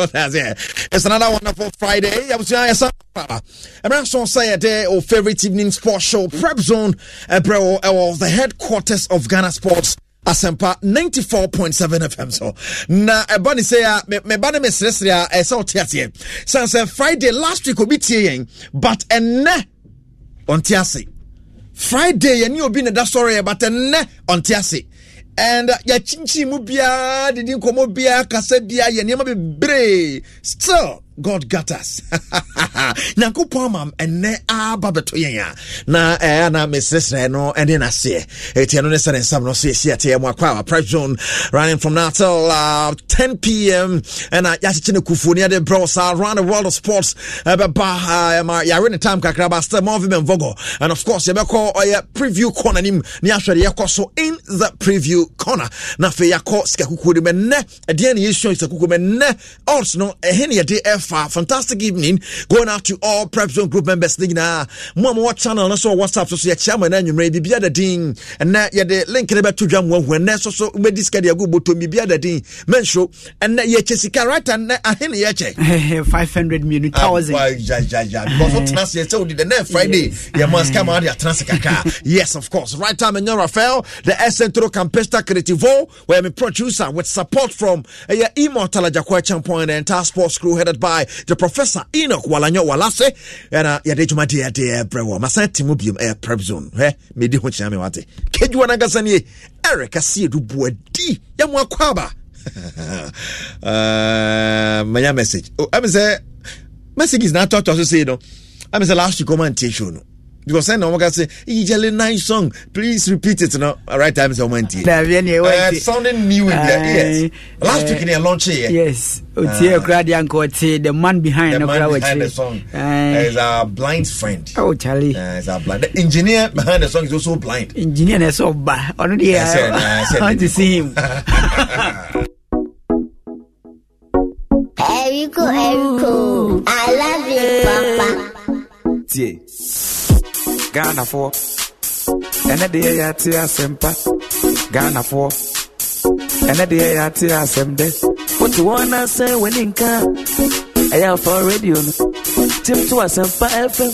That's it. It's another wonderful Friday. I was yes, I'm so say a day or favorite evening sports show prep zone. Bro, uh, uh, the headquarters of Ghana Sports. asempa 94.7 fm uh, so na ɛba ne sɛ me meba ya. meserɛsere a ɛsɛ wote aseɛ sane sɛ friday last week obi tie yɛn but ene on ɔnte ase friday yɛne obi ne da sɔre yɛ but on ɔnte ase and uh, ya mu mubia didi nkɔmmɔ biara ya biara yɛ nneɛma still God got us. Nyankopɔn ma ɛnɛ ene a yɛn a na eh na mesesrɛ no ɛne naseɛ ɛtiɛ no ne sɛ ne nsam no so yɛsi ɛteɛ mu akɔ a price zone running from now till uh, 10 p.m. and yɛakyekye ne kufuo ne yɛde brɛ wo saa around the world of sports ɛbɛba uh, ɛma yɛawe ne time kakra ba sɛ Marvin Benvogo and of course yɛbɛkɔ ɔyɛ preview corner nim ne ahwɛ de yɛkɔ so in the preview corner na afei yɛakɔ sikakukuo no mɛnɛ ɛdeɛ ne yɛsua sikakukuo mɛnɛ odds no ɛhe ne yɛde ɛf far. Fantastic evening going out to all Prep Zone group members. Nina, Mom, what channel? Also, WhatsApp. So, your chairman and you may be the ding. And that eh, you're the link about eh, to jam one when that's also made this career good to me be the ding. Men show and that eh, you're Chessica right and I hear you. 500 million ah, thousand. Because what trans you told the next Friday, You must come out your transica. Yes, of course. Right time and your Rafael, the Essentro Campesta Creativo, where I'm producer with support from your Immortal Jacoa Champion and entire sports crew headed by. by the professor Enoch Walanyo Walase. And uh, yeah, eh, they do my dear, dear, brew. My son Timobium air eh, prep zone. Eh, me di hunch yami wate. Kejuan Agasani, Eric, I see du buedi, yamwa kwaba. uh, my message. Oh, I'm say, message is not taught to say, no. I'm say, last you come and teach you. No. because I know what I say. It's a nice song. Please repeat it. Now, all right time uh, is on Monday. Uh, sounding new in their ears. Last week in a launch here. Yes. Uh, Otie Okradi Uncle the man behind the, man behind the song uh, is our blind friend. Oh, Charlie. Uh, is our blind. The engineer behind the song is also blind. Engineer is so bad. I want to see him. Erico, Erico, I love you, Papa. Yeah. Ghana for. Any day I tear sempa, Ghana for. Any day I tear semde. What you wanna say when in car? I have for radio. Tim to us and five FM.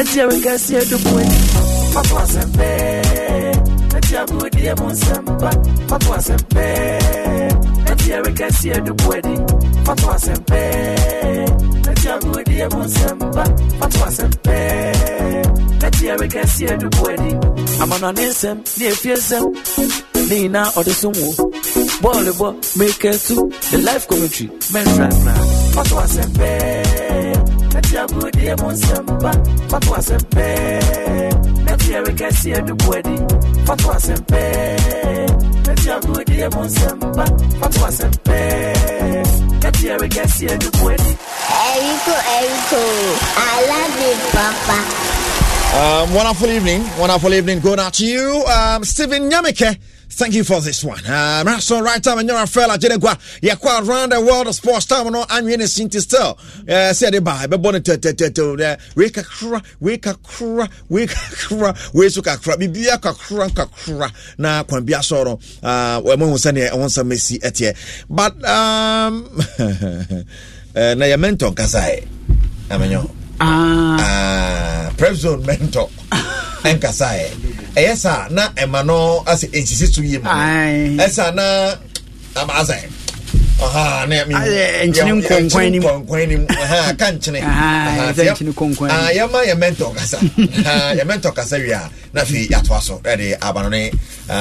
And here we can see the boy. Papa was a bear. And here we the Monsampa. Papa was a bear. And here we can see the boy. Papa was a bear. Mudia Monsemba, Fatmasempe, that year we can see the wedding. I'm on an insem, near Fiesem, Nina or the Sumo, Bollywood, make us to the life commentary, men's right now. Fatmasempe, that year Mudia Monsemba, Fatmasempe, that year we can see the wedding. Fatmasempe, that year Mudia Monsemba, Fatmasempe, that year we can see the wedding. Eriko, Eriko. I love you, Papa. Um, wonderful evening. Wonderful evening going out to you. Um, Stephen Yamike. Thank you for this one. Um, that's time. And you're a fella, Jedegua. You're quite around the world of sports time. No, I'm in a city still. Said it by, but bonnet, wake a cra, wake a cra, wake a cra, wake a cra, be a cra, cra. Now, can be a sorrow. Uh, when we send it, I want some messy at here. But, um, Eh, na yɛ mentor nkasaɛ amanyɛ ah. uh, ah, prep mentor nkasaɛ ɛyɛ saa na ɛma no asɛ ɛnsisi so yie mu ɛsaa na ama asɛ ka nkyene yɛma yɛ mentor kasa yɛ mentor kasa wie a na afei yɛatoa so ɛde aba no ne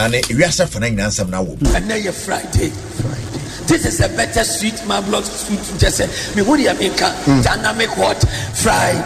ne ewiasɛ fa no nyinaa nsɛm no awɔ mu ɛnɛ yɛ friday friday this is a better sweet blood sweet just say me who do you make a dynamic what fried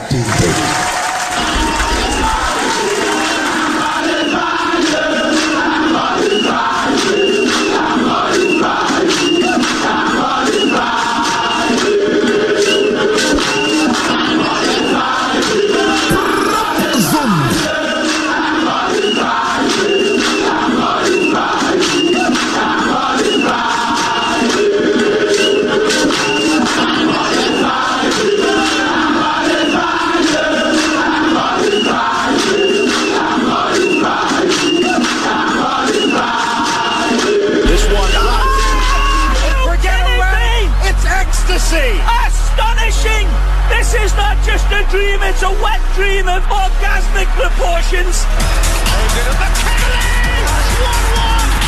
It's a wet dream of orgasmic proportions.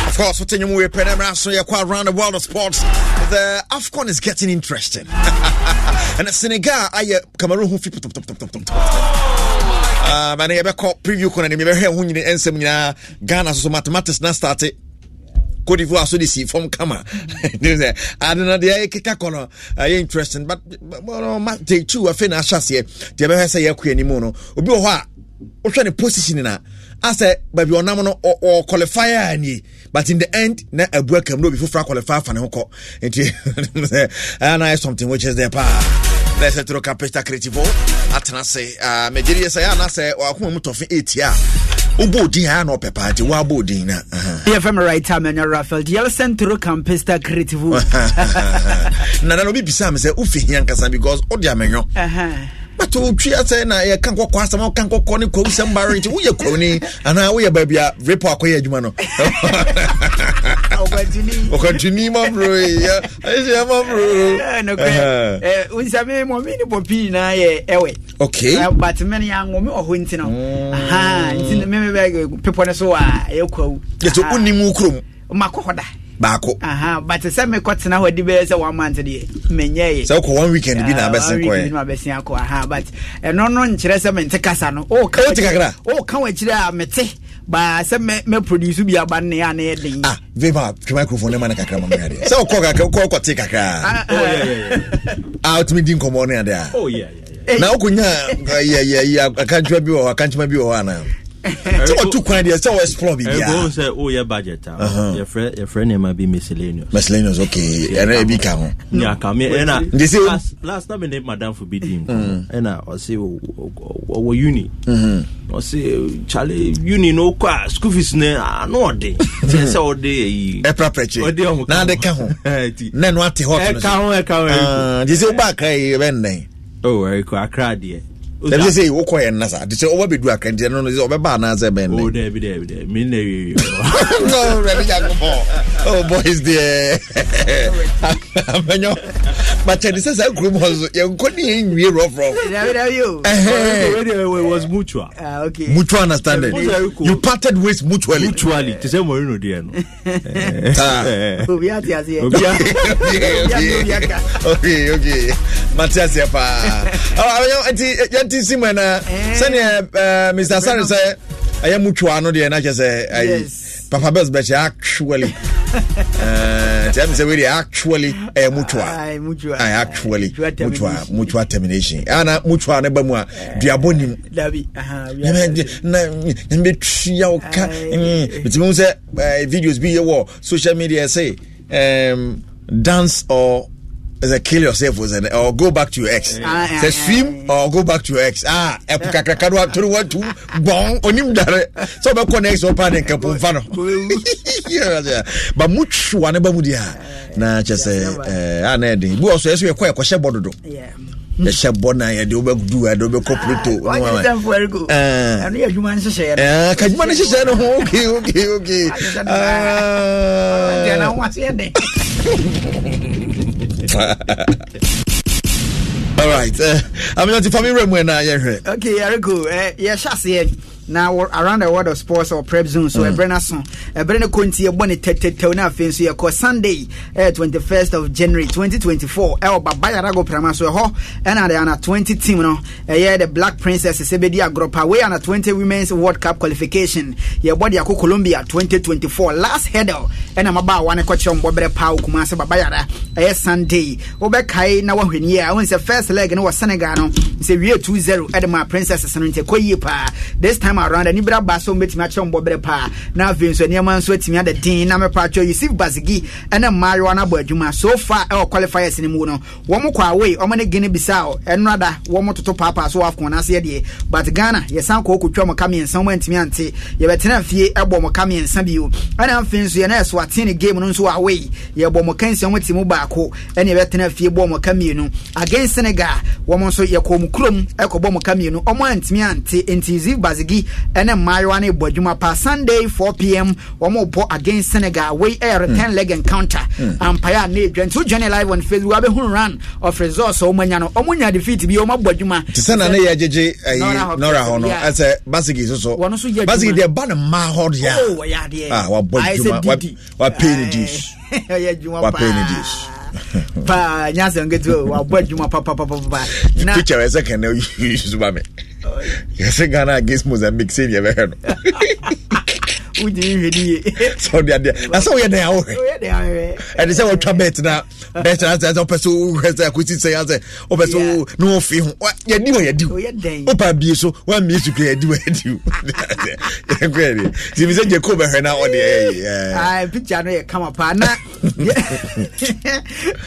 Of course, we're continuing with Penamra, so you're quite around the world of sports. The AFCON is getting interesting. and Senegal, I uh, Cameroon, who people. Um, and I have a preview, and I have a nsɛm nyinaa ghana so mathematics now started. Cote d'Ivoire so they see from Kama. I don't know the Kika I interesting, but well, they too. I feel I shall see. The other say, Yaku anymore. Obi Oha, what's the position in her? asɛ baabi ɔnam no qualify any, but in the end na abua come no before foforɔ akɔlifaya fa ne ho kɔ nti sɛ ɛyɛ na ayɛ something which is there paa lẹsẹ toro kapita kiritivo atena se uh, megyerie sɛ yɛ anasɛ ah, wakoma mu tɔfe ɛtia wobɔ odin aa na ɔpɛ paa nti woabɔ odin no yɛfɛ me right time ɛnyɛ rafael yɛlsɛn toro campista creative nana no obi me sɛ wofi hia nkasa because wode amenwɔ bɛtɔ twia asɛe na yɛka nkɔkɔ asɛm woka nkɔkɔ ne kurowsɛm bare nti woyɛ kuroni anaa woyɛ baabi a repo akɔyɛ adwuma no ɔkwatuni mamroɛmamronsame mɔme ne bɔpi nyinaa yɛ ɛwɛ but mene yɛawɔme ɔhɔ nti no nti memebɛ pepɔ no so ah, a ɛyɛ kwawu ɛsɛ wonim wo kurom makɔ hɔ da baako. aha but sɛ mekɔtena hɔ de bɛyɛ sɛ one month deɛ menyɛ yɛ. sɛ wokɔ one weekend bi na ah, abɛsen kɔ yɛ. one weekend bi na abɛsen akɔ aha but ɛno no nkyerɛ sɛ mente kasa no. o kan wɔ akyire a mete baa sɛ mɛ mɛ produce bi aba ne a ne yɛ den. ah vema twe microphone ne ma ne kakra ma mi adeɛ sɛ wokɔ kakra wokɔ kɔ te kakra. a ah, ah. oh, wotumi di nkɔmɔ ne adeɛ a. Oh, eh. na wokɔ nya eh, akantuma bi wɔ hɔ akantuma bi wɔ hɔ anaa. tí wọ́n tún kwan deɛ sɛ wọ́n explore bi bia. ɛgbɔn sɛ o oh, yɛ budget a yɛfrɛ yɛfrɛ nneɛma bi miscellaneous. miscellaneous okay ɛnna ebi ka ho. yà kà mí last last time ne madam fo bi di nkɔ mm. ɛnna ɔsi ɔwɔ oh, oh, uni mm-hmm. ɔsi kyale uni no kɔ a school fees ne ano ɔdi kyɛ sɛ ɔdi eyi. ɛpra pɛkyɛ ɔdi ɔmo kan n'ade ka ho n'anu ate hɔ. ɛka ho ɛka ho ɛyiko. ɛka ho ɛka ho ɛyiko. ɛka ho ɛka ho ɛyiko. ɛka ho ɛka ho ɛyiko. ɛka ho dem sɛ sɛ wokɔ yɛ nna saa de sɛ wɔbɛdu akranteɛ no oh, no sɛ ɔbɛba anaasɛ bɛnneboys deɛ amanyɔ bakyɛde sɛ saa kurom hɔ so yɛnkɔ ne yɛnwie rɔfrɔf mutual understanding you parted ways mutually mutually te sɛ mɔrino deɛ no okay okay mate aseɛ paa nti Eh, eh, eh, ti si mu ɛna sɛnea mr sari sɛ ɛyɛ mu twaa no deɛ n'akyɛ sɛ ayi papa bɛs bɛkyɛ actually tí a mi sɛ wei de actually ɛyɛ mutua ayi actually mutua mutua termination ana mutua ne ba mu a duabɔ nim na bɛ tuya o ka bitim sɛ videos bi yɛ wɔ social media ɛsɛ um, dance or. As a kill yourself with an or go back to your ex. Ah, yeah. Say yeah. swim or go back to your ex. Ah, epuka kakadwa turu one two bon onim dare. So be connect so pan nke pomfa no. Ba mutu ane ba mudia. Na che say eh ana ah, e dey. Bu also yeso ekwa ekwa she bododo. Yeah. yɛhyɛ bɔ na yɛde wobɛdu a yɛde wobɛkɔ protoadwuma no hyehyɛ no ho okok ok ah, all right uh, i'm not the family room when i hear okay eriko go. Uh, yeah shasi now around the world of sports or prep zone so a mm. no a ɛbrɛ no kɔnti yɛbɔ ne tɛtɛtɛw no afei nso yɛkɔ sunday 21st eh, of january 2024 ɛwɔ baba rago prama so ɛhɔ ɛna de ana 20 team no ɛyɛ the black princess sɛ bɛdi agorɔ pa ana 20 women's world cup qualification yɛbɔ de akɔ colombia 2024 last hurdle Ena maba awa ne kɔkyerɛ mbɔberɛ paa wo kuma sɛ baba sunday wobɛkae na woahwɛni a wohu sɛ first leg no wɔ senegal no sɛ wie 2-0 ɛde princess princesses no nti this time come around ɛni bira baasa wɔn bɛtumi akyerɛ wɔn bɔ bere paa na afei nso nneɛma nso atumi ada den na mɛpa atwa yusuf basigi ɛna mmaayewa no abɔ adwuma so far ɛwɔ qualifiers no mu no wɔn kɔ away wɔn ne guinea bissau ɛnura da wɔn toto paapaa so wɔ afɔn n'ase deɛ but ghana yɛsan kɔ okotwa mo ka mmiɛnsa wɔn antumi ante yɛbɛtena fie ɛbɔ mo ka mmiɛnsa bio ɛna afei nso yɛn ɛso atene game no nso wɔ away yɛbɔ mo ka nsia wɔn ti mu baako ɛna yɛbɛtena fie bɔ mo ka mmienu against senegal wɔn nso yɛkɔ mo kurom ɛkɔ bɔ mo ka mmienu wɔn antumi ante nti yusuf basigi ɛne mmaayewa no bɔ adwuma pa sunday 4pm wɔn bɔ against senegal wei ɛyɛ return hmm. leg encounter hmm. ampaya a ne edwa nti wogyane live on facebook abɛhu run of results a wɔn anya no wɔn nya defeat bi wɔn abɔ adwuma. te sɛ na ne yɛ gyegye ayi nora hɔ no ɛsɛ basiki soso basiki deɛ ba ne mmaa hɔ deɛ oh, a ah, wabɔ adwuma wapɛ ne dis wapɛ ne dish paa nyansi nketewa o wabɔ adwuma papapapa. na picture ɛsɛ kɛnɛ yusufu ba mi yɛsɛ ghana against mozambique sɛ ni ɛbɛ hɛ no wogye hwɛni yesɛwodeadeɛ na sɛ woyɛ dɛn awohwɛ ɛde sɛ wɔtwa bet na bet na sɛ wopɛ sɛ wohwɛ sɛ akosi sɛ a sɛ wopɛ sɛ ne wɔfe ho yɛdi wa yɛdi wopa bie so woammie su kra yɛdi wa yɛdi yɛkɔɛde nti bi sɛ gyeko bɛhwɛ na ɔde ɛyɛ picture no yɛ kama paa na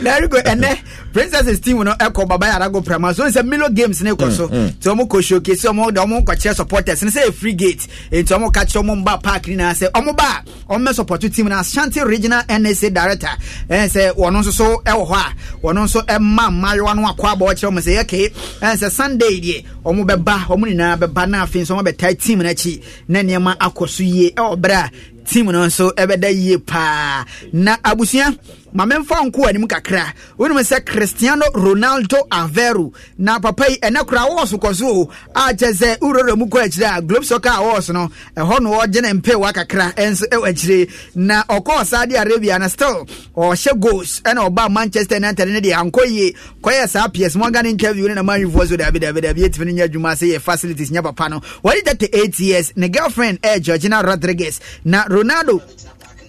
narigo ɛnɛ princesses team no ɛkɔ baba yɛ arago prama so sɛ milo games ne kɔ mm, so nti mm. ɔmo kɔ showcase ɔmo de ɔmo kɔkyerɛ supporters ne sɛ yɛ free gate nti eh, ɔmo ka kyerɛ ɔmo mba park ne nyinaa sɛ ɔmo ba a ɔmo support team na ashanti regional nsa director ɛn sɛ wɔn nso so ɛwɔ hɔ a wɔn nso ɛma mmaayewa no akɔ abɔ ɔkyerɛ wɔn sɛ yɛkɛ ɛn sɛ sunday deɛ ɔmo bɛba ɔmo nyinaa bɛba na afei nso ɔmo bɛtae team n'akyi na nneɛma akɔ so yie ɛwɔ berɛ a team no nso ɛbɛda yie paa na abusua ma memfa nko anim kakra wonim sɛ cristiano ronaldo avero na papa yi ɛnɛ kora wɔɔso kɔ so o a kyɛ sɛ worɔrɔ mu kɔ akyirɛ a globe soccer a wɔɔso no ɛhɔ no ɔgye ne mpewa kakra ɛnso ɛwɔ akyire na ɔkɔɔ saudi arabia na still ɔhyɛ goals ɛna ɔbaa manchester united ne deɛ ankɔ yie kɔyɛ saa ps morgan interview ne na man namanwifoɔ so dabidabidabi ɛtumi no nya adwuma se yɛ facilities nya papa no wɔde 38 years ne girlfriend ɛ eh, georgina rodriguez na ronaldo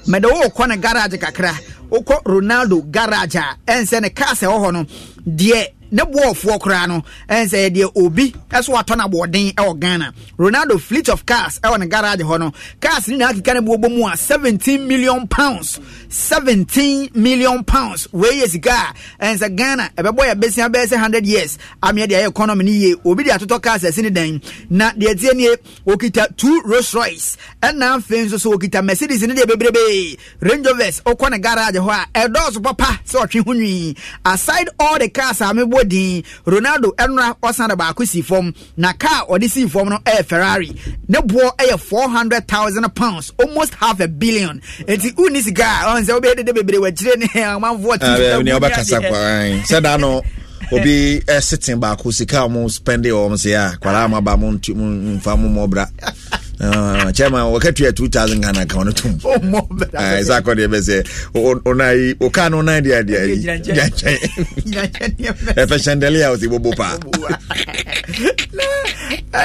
mede wowɔkɔ no garage kakra wokɔ ronaldo garage a ɛnsɛ ne kaa sɛ wɔ hɔ no deɛ ne bɔɔfoɔ koraa no ɛnsɛ yɛdeɛ obi ɛso watɔ no aboɔden ɛwɔ ghana ronaldo fleet of cars ɛwɔ ne garage hɔ no cars ne naakeka ne boɔbɔ mu a 17 million pounds seventeen million pounds wei yɛ sika a ɛnsa ghana ɛbɛbɔ yɛ besia bɛyɛ sɛ hundred years ameɛ deɛ ayɛ economy ne yie obi de atotɔ cars ɛsi ne dan na deɛ tie nie okita two rolls royce ɛna afei nso so okita mercedes ne deɛ bebrebe range rovers okɔ ne garage hɔ a ɛdɔɔso papa sɛ ɔtwe ho nwi aside all the cars a mebɔ din ronaldo ɛnora ɔsan de baako si fam na car ɔde si fam no ɛyɛ ferrari ne boɔ ɛyɛ four hundred thousand pounds almost half a billion eti wuni sika a ɔn sɛ wobɛyɛ dede bebree wakyire ne amanfoɔ tnea wobɛkasa kwan sɛ da no obi seten baako sika mo spende ɔm sɛ a ah, kwaraa ma ba momfa mo mmɔbra ah, chairman wɔka tua 2000 ghana ka ɔno tom ah, ɛsɛ akɔdeɛ bɛ sɛ onayi wokaa no onan deɛ adeɛ gyankyɛn ɛfɛ chandelier wo sɛ bobo paa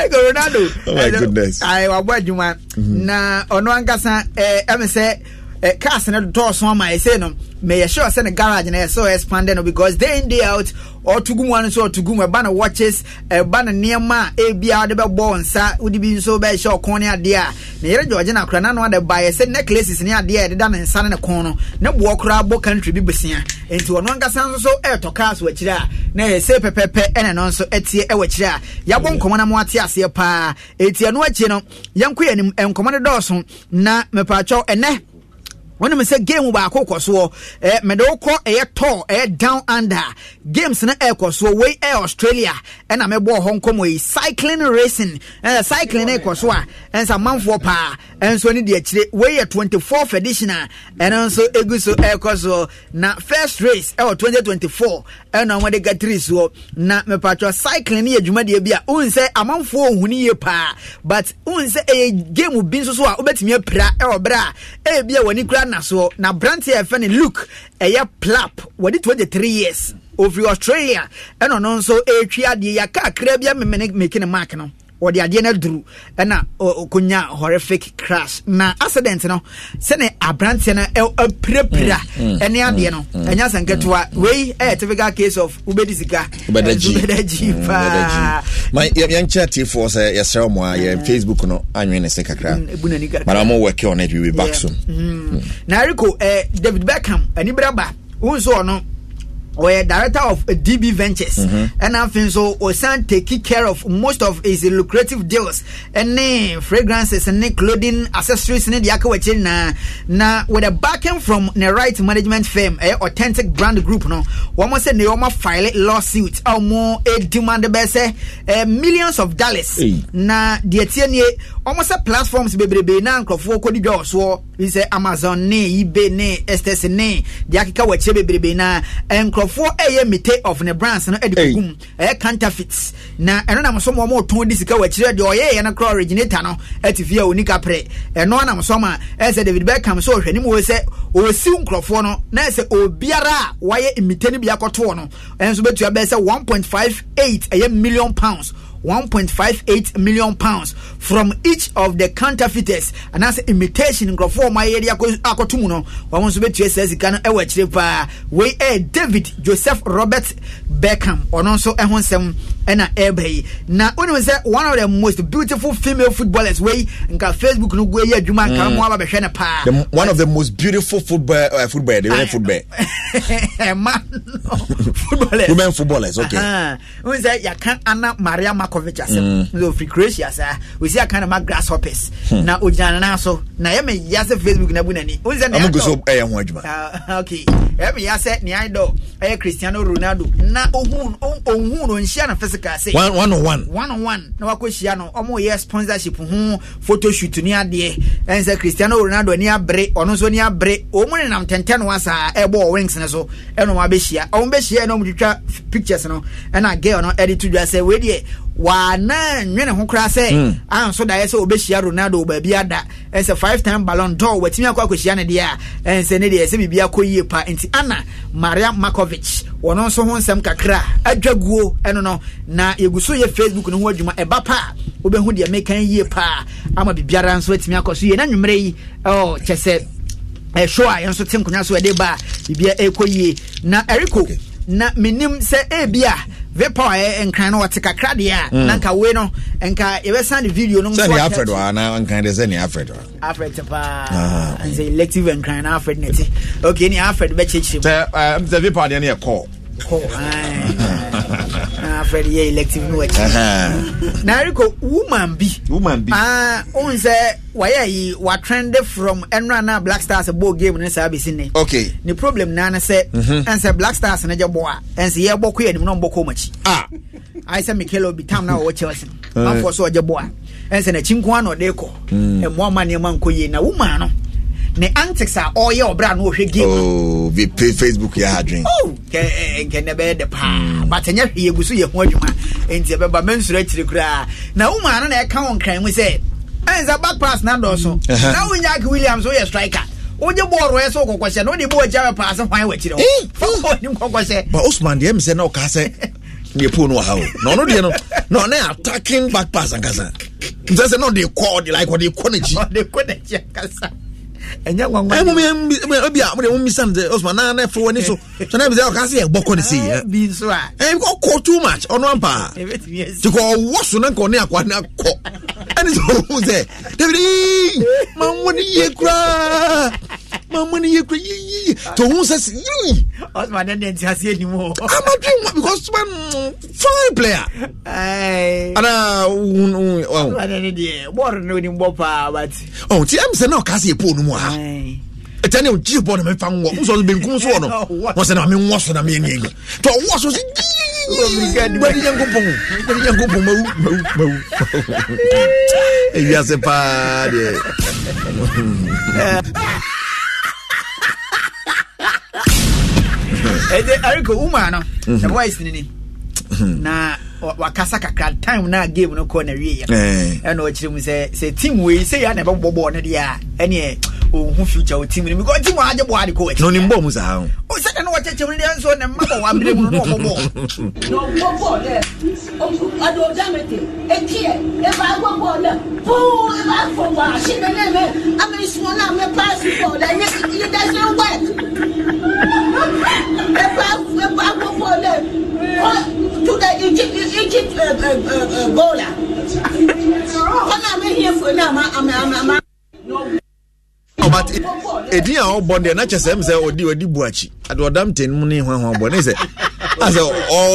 ronaldo oh wabɔ adwuma mhm. na ɔno ankasa ɛme sɛ ɛ eh, cars no dɔɔso ama ɛsɛ no mɛyɛ sure sɛ ne garage no ɛsɛ expand no because day in day out ɔtugu mu ano nso ɔtugu mu ɛba ne watches ɛba ne nneɛma a ebi a ɔde bɛbɔ nsa wode bi nso bɛhyɛ ɔkɔn ne adeɛ a ne yɛrɛ gyɔgye na akora nanu ade ba yɛ sɛ necklaces ne adeɛ a yɛdeda ne nsa ne ne kɔn no ne boɔ koraa bɔ country bi besia nti ɔno ankasa nso so ɛɛtɔ cars wɔ akyire a na yɛ sɛ pɛpɛpɛ ɛna no nso ɛteɛ ɛwɔ akyire a yɛabɔ nkɔmɔ na mo ate aseɛ paa eti ɛno akyi no yɛnko yɛ nkɔmɔ no dɔɔso na mepatwɛw ɛnɛ wonim sɛ game baako kɔ soɔ eh, mede wokɔ ɛyɛ eh, tɔ ɛyɛ eh, down under games no ɛɛkɔ soɔ wei ɛyɛ australia ɛna mebɔɔ hɔ nkɔmmɔ yi cycling racing ɛnɛ cycling no ɛkɔ so a ɛnsa manfoɔ paa nso ne deɛ akyire wei yɛ 24th edition a ɛno nso ɛgu so ɛrekɔ soɔ na first race ɛwɔ 2024 ɛna wɔde gatiri soɔ na mepatwɔ cycling ne yɛ dwumadeɛ bi a wohu sɛ amanfoɔ ohuni yie paa but wohu sɛ ɛyɛ game bi nso so a wobɛtumi apira ɛwɔ berɛ a ɛyɛ bi a wɔni kura nasoɔ na branteɛ a ɛfɛ ne luke ɛyɛ plap wɔde 23 years ofiri australia ɛna ɔno nso ɛretwi adeɛ yɛaka akra bi amemene meki mark no wɔde adeɛ no aduru ɛna ɔkɔnya horrific crash na accident no sɛne aberanteɛ no apirapira mm, mm, ɛne adeɛ mm, no ɛnya sɛ nketewa wei ɛyɛ typical case of wobɛdi sika wobɛdagyi paa yɛnkyerɛ atiefoɔ sɛ yɛsrɛ mo a yɛ facebook no anwene ne se kakra mara mo wɔke on it we be back soon na eriko david beckham anibra ba wo nso ɔno ɔyɛ director of db ventures ɛna afei nso ɔsan take care of most of his lucrative deals ɛne fragrances ne clothing accessories ne deɛ aka wɔakyiri nyinaa na with backing from ne right management firm ɛyɛ eh, authentic brand group no wɔn sɛ ne wɔn afile lawsuit a wɔn demand bɛsɛ ɛɛ eh, eh, millions of dollars na deɛ tie nie wɔn sɛ platforms bebrebe na nkurɔfoɔ kɔdi dwa ɔsoɔ bi sɛ amazon ne ebay ne estes ne deɛ akeka wɔakyiri bebrebe na nkurɔfoɔ nkurɔfoɔ ɛyɛ mete of ne brands no ɛde kɔkum ɛyɛ counterfeit na ɛno nam so ma ɔmo tɔn de sika wɔakyerɛ deɛ ɔyɛ yɛ no kora originator no ɛte fie a onika prɛ ɛno nam so ma ɛsɛ david beckham sɛ ɔhwɛ ne mu sɛ ɔsiw nkurɔfoɔ no na ɛsɛ obiara a wayɛ mete no bi akɔtoɔ no ɛnso bɛtua bɛyɛ sɛ 1.58 ɛyɛ million pounds 1.58 million pounds from each of the counterfeiters and anaasɛ imitation nkurɔfoɔ ɔmo ayɛ de akɔto mu no wɔn nso bɛtua sɛ sika no ɛwɔ akyire paa wei ɛyɛ david joseph robert beckham ɔno nso ɛho nsɛm ɛna ɛɛba yi na onim sɛ one of the most beautiful female footballers wei nka facebook no gu eyi adwuma nka mm. mo aba bɛhwɛ ne paa. one of the most beautiful football uh, football de women football. ɛma no footballers. women footballers okay. Uh-huh. onim sɛ yaka ana mariama makovic asɛm lofri croatia saa wɔsi aka na ma grasshoppers hmm. na ɔgyina nana so na yɛma ya sɛ facebook na bu nani wohu sɛ neagu so ɛyɛ ho adwuma okay yɛma ya sɛ ne idol ɛyɛ eh, cristiano ronaldo na ɔhu ɔhu no ɔnhyia na physical sɛ one on one one on one na wakɔhyia no ɔmo yɛ sponsorship ho hmm, photo shoot ne adeɛ ɛn eh, sɛ cristiano ronaldo ani abere ɔno nso ani abere ɔmo nenam tɛntɛn wa saa ɛbɔ eh, wings ne so ɛna ɔmo abɛhyia ɔmo bɛhyia ɛna ɔmo twitwa pictures no ɛna girl no ɛde to dwa sɛ wei deɛ wana nwene ho koraa sɛ hmm. anso daeɛ sɛ wɔbɛhyia ronaldo baabi ada ɛsɛ five time ballon dor watumi akɔ akɔhyia no deɛ a ɛnsɛ ne deɛ sɛ biribia kɔ yie pa nti ana maria markovic wɔno nso ho nsɛm kakra adwa guo ɛno no na yɛgu so yɛ facebook no ho adwuma ɛba pa a wobɛhu deɛ mekan yie paa ama biribiara nso atumi akɔ so yie na nwummerɛ yi ɛwɔ kyɛ sɛ ɛhwɛ a yɛn nso te nkonnwa so ɛde ba a biribia ɛrekɔ yie na ɛrekɔ na menim sɛ ebia vapor ɛ nkran no wɔte kakra deɛ a mm. na nka wei no nka yɛbɛsan ne video no sɛne afred wa na nkran de sɛne afred wa afred te paa ɛnsɛ ah. elective nkran na afred ne te okay ni afred bɛkyekyere mu sɛ vapor deɛ no yɛ kɔɔ Oh, afɛde ah, yɛ elective no akyi na eriko woman bi woman bi ah ohun sɛ wayɛ yi watrende from ɛnura na black stars ball game ne saa besi ne okay ne problem naa ne sɛ ɛnsɛ black stars ne gye bɔ a ɛnsɛ yɛ bɔ kɔ yɛ nimu na bɔ kɔ akyi ah ayi sɛ mikelo bi tam na ɔwɔ chelsea afɔ so ɔgye bɔ a ɛnsɛ n'akyi nko ano ɔde kɔ ɛmoa mm. e ma nneɛma nko yie na woman no ne antics a ɔyɛ ɔbra no ɔhwɛ game oh bi pe facebook yɛ adwen oh kɛ kɛ ne bɛyɛ de paa hmm. but ɛnyɛ hwee egu so yɛ ho adwuma nti ɛbɛba mɛnsoro akyire koraa na wo maa no na ɛka wɔn kran mu sɛ ɛnsa back pass na dɔɔso na wonya williams woyɛ striker wogye bɔɔlo yɛ sɛ wokɔkɔ hyɛ na wode bɔɔ gya paase hwan wakyire hɔ eh, fɔwɔ eh. ni kɔkɔ hyɛ ba osman deɛ mi na ɔka sɛ deɛ pole no wɔ ha o na ɔno deɛ no na ɔne attacking back pass ankasa n sɛ sɛ na ɔde kɔ ɔde like ɔde kɔ n'akyi ɔde kɔ n'akyi ankasa ɛnyɛ nwanwa. ɛmu mi obi a mo de mo mi san de ɔsùn anan ne fo wani so so ne sɛ ɔka se yɛ bɔkɔ ne se eh. yɛ. bi nso a. ɛn eh, ɔkɔ too much ɔno ampa. Eh, ti kɔ ɔwɔ so na ne akɔ ne akɔ ɛni sɛ ɔhun sɛ dabi ma n wɔ yie koraa maama ni yɛ kura yiyi to ohun sɛ si yiyi. ɔsùnmọ̀ adé ní ẹ̀ ti ase ẹni mu. ama dwi mu because man mm, fine player. ana ohun ohun. ɔsùnmọ̀ adé ni deɛ bɔɔlu ni o ni bɔ paa bati. Oh, ɔn ti ɛmu sɛ náà ɔka se epo onumu ha ɛtɛni e o jiri bɔɔlu mi fa nwɔ nsɔsɔ benkum so wɔ no wɔn sɛ na mi nwɔ so na mi eni eyi to ɔwɔ so si yiyi gbẹdí yẹn kó pọ̀n gbẹdí yẹn kó pọ̀n mẹ́wú mẹ́wú mẹ́wú èyí ase paa de. Eh. ɛdɛ eh, ariko eh, woman no ɛboa mhm. ɛsini ni mhm. na wakasa kakra time na game no kɔ na wie yɛ eh. ɛna ɔkyerɛ mu sɛ sɛ team wei sɛ yɛ na ɛbɛbɔ bɔɔ no deɛ a ɛneɛ ɔhu future wɔ team no mu because team agye bɔɔ ade kɔ wɔ akyi no nimbɔ mu saa ho o sɛ na wɔkyɛ kyɛm no deɛ nso na mma bɔ wɔ abere mu no na ɔbɔ bɔɔ na ɔbɔ bɔɔ dɛ ɔde ɔda mete ɛtiɛ ɛfa agɔ bɔɔ dɛ poo ɛfa afɔ wɔ ahye na ne mɛ amɛ sumo na mɛ pass bɔɔ dɛ yɛ yɛ dɛsɛ wɛ ɛfa ɛfa agɔ bɔɔ dɛ kɔ to the egypt Egypt uh, uh, uh, uh bowler. Wọ́n náà mi yẹ fún mi àmà àmà àmà. ọba ti edi a ɔbɔ deɛ na kyɛ sɛ m sɛ ɔdi ɔdi bu akyi ade ɔdam tɛn mu ne hwan hwan bɔ ne sɛ asɛ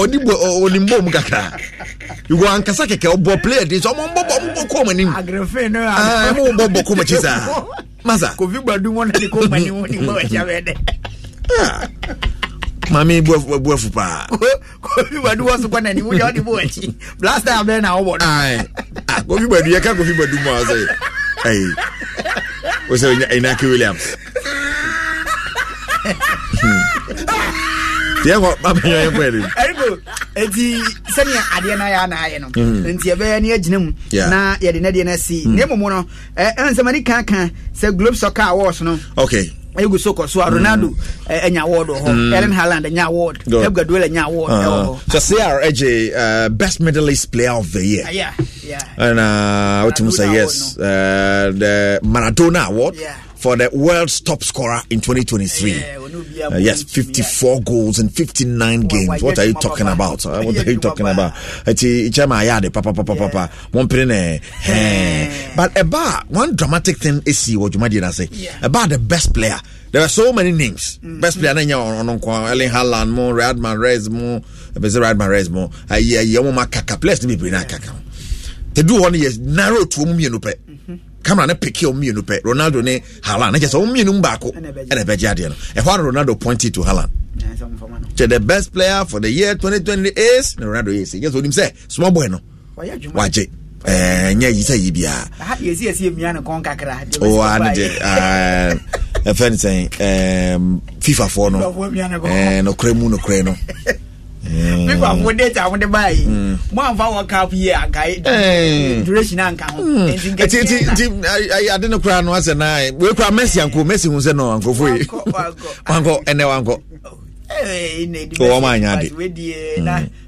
ɔdi bu ɔnim bɔ mu kakra igu ankasa kɛkɛ ɔbɔ player de sɛ ɔmo mbɔbɔ ɔmo bɔ kɔn mu anim ɛmo bɔ bɔ kɔn mu akyi saa masa kofi gbadumɔ na ne kɔn mu anim ni mo ɛkyɛ bɛ dɛ maame bu afu paa. kofi badu wɔ so kɔ nani mu yɛ ɔde bɔ akyi blaster abɛn na ɔwɔ no. Ah, kofi badu yɛ ka kofi badu mu a ɔsɛ ayi ɔsɛ ɛnaki williams. tiɛ kɔ abɛnyɛ yɛn fɛ de. ɛriko eti sani adeɛ na yɛ ana ayɛ no hmm. nti ɛbɛyɛ ni egyina mu na yɛde ne deɛ na si ne hmm. mu mu no ɛ eh, ɛnsɛmani eh, kankan sɛ globe soccer awards no. okay egu so kɔ mm. eh, eh, oh. mm. eh, ah. oh. so a ronaldo ɛnya award wɔ hɔ ellen haaland ɛnya award edgar duel ɛnya award ɛwɔ hɔ. so cr ɛgye best medalist player of the year ɛna wotum sɛ yes uh, the maradona award. Yeah for the world's top scorer in 2023. Uh, yes, 54 goals in 59 games. What are you talking about? Uh, what are you talking about? It's a Papa, papa, papa, But about one dramatic thing is what you might say about the best player. There are so many names. Mm-hmm. Best player na nyɛ ɔno nko Erling Haaland mo, Riyad Mahrez mo, ɛbɛsɛ Riyad Mahrez mo. Ayi ayi ɔmo ma kaka players ni bebree na kaka. Tedu hɔ no yɛ narrow tuo mu mmienu pɛ camera ne pick o mmienu pɛ ronaldo ne halan ne kyɛ sɛ wɔn mmienu baako ɛna ɛbɛgye adeɛ no ɛhɔ ara ronaldo pointed to halan kyɛ the best player for the year 2020 is na ronaldo yɛ sɛ yɛ sɛ onim sɛ small boy no wagye ɛɛ nyɛ yi sɛ yi biara. yɛsi yɛsi emia ne kɔn kakra. Oh, ah, ah, eh, fifa fɔ no ɛɛ nɔkura eh, mu nɔkura no. mípa mo date àwọn de báyìí mo àǹfà world cup yìí àǹkà eh. duration àǹkà ho nti nkẹtí ẹ na. ade ne kura no asẹ naa eh. wee kura messi anko messi hun sẹ nọ anko foyi wankọ ẹnẹ wankọ. wọ́n mọ̀ ànyá de.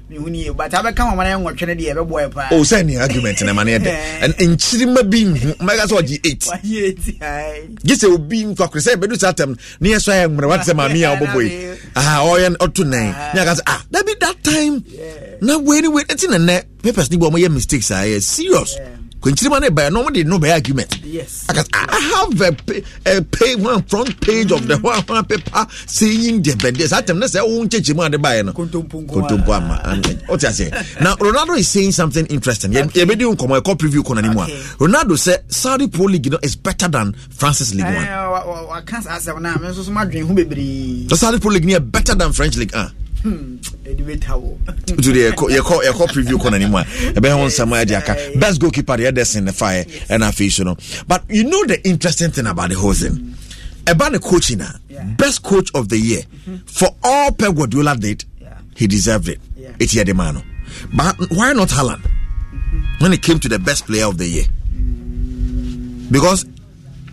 mehu nie but abɛka mama no ɛnwɔtwe no deɛ ɛbɛboɛ paa o sɛ ne argument na ma ne ɛdɛ nkyirima bi nhu mɛka sɛ ɔgye 8 gye sɛ obi nkwakore sɛ ɛbɛdu saa tam ne yɛ so ayɛ mmerɛ wate sɛ maame a wobɔbɔ yi ɔyɛ ɔto nan ne aka sɛ ah da oh, oh, ah. ah, bi that time na wei ne wei ɛti nɛnɛ papers ne bi ɔmɔyɛ mistakes a ɛyɛ serious yeah. kwenkyirima ne bɛyɛ no de no bɛyɛ argument. yes. I, have a, pay, a pay one front page of the one mm. one paper saying the bɛdeɛ saa tɛm ne sɛ ɔmo nkyɛnkyɛnmu ade baa yɛ no. kontompo nkoma kontompo ama o ase. na Ronaldo is saying something interesting yɛ bɛ di nkɔmɔ ɛkɔ preview kɔnɔ ni mu a Ronaldo sɛ Saudi Pro League no is better than Francis League eh, One. wa wa wa kan sa asɛm na mi nso ma dwen ho bebree. Saudi Pro League ni yɛ better than French League. Uh nti hmm. deɛ yɛkɔ preview kɔ n'anim a ɛbɛyɛ ho nsɛm a yɛde aka best goalkeeper deɛ ɛdɛ sen ne fa yɛ ɛna afei so no but you know the interesting thing about the whole thing ɛba ne coaching a best coach of the year mm-hmm. for all Pep Guardiola did he deserved it eti yɛde maa no but why not Haaland mm-hmm. when it came to the best player of the year mm. because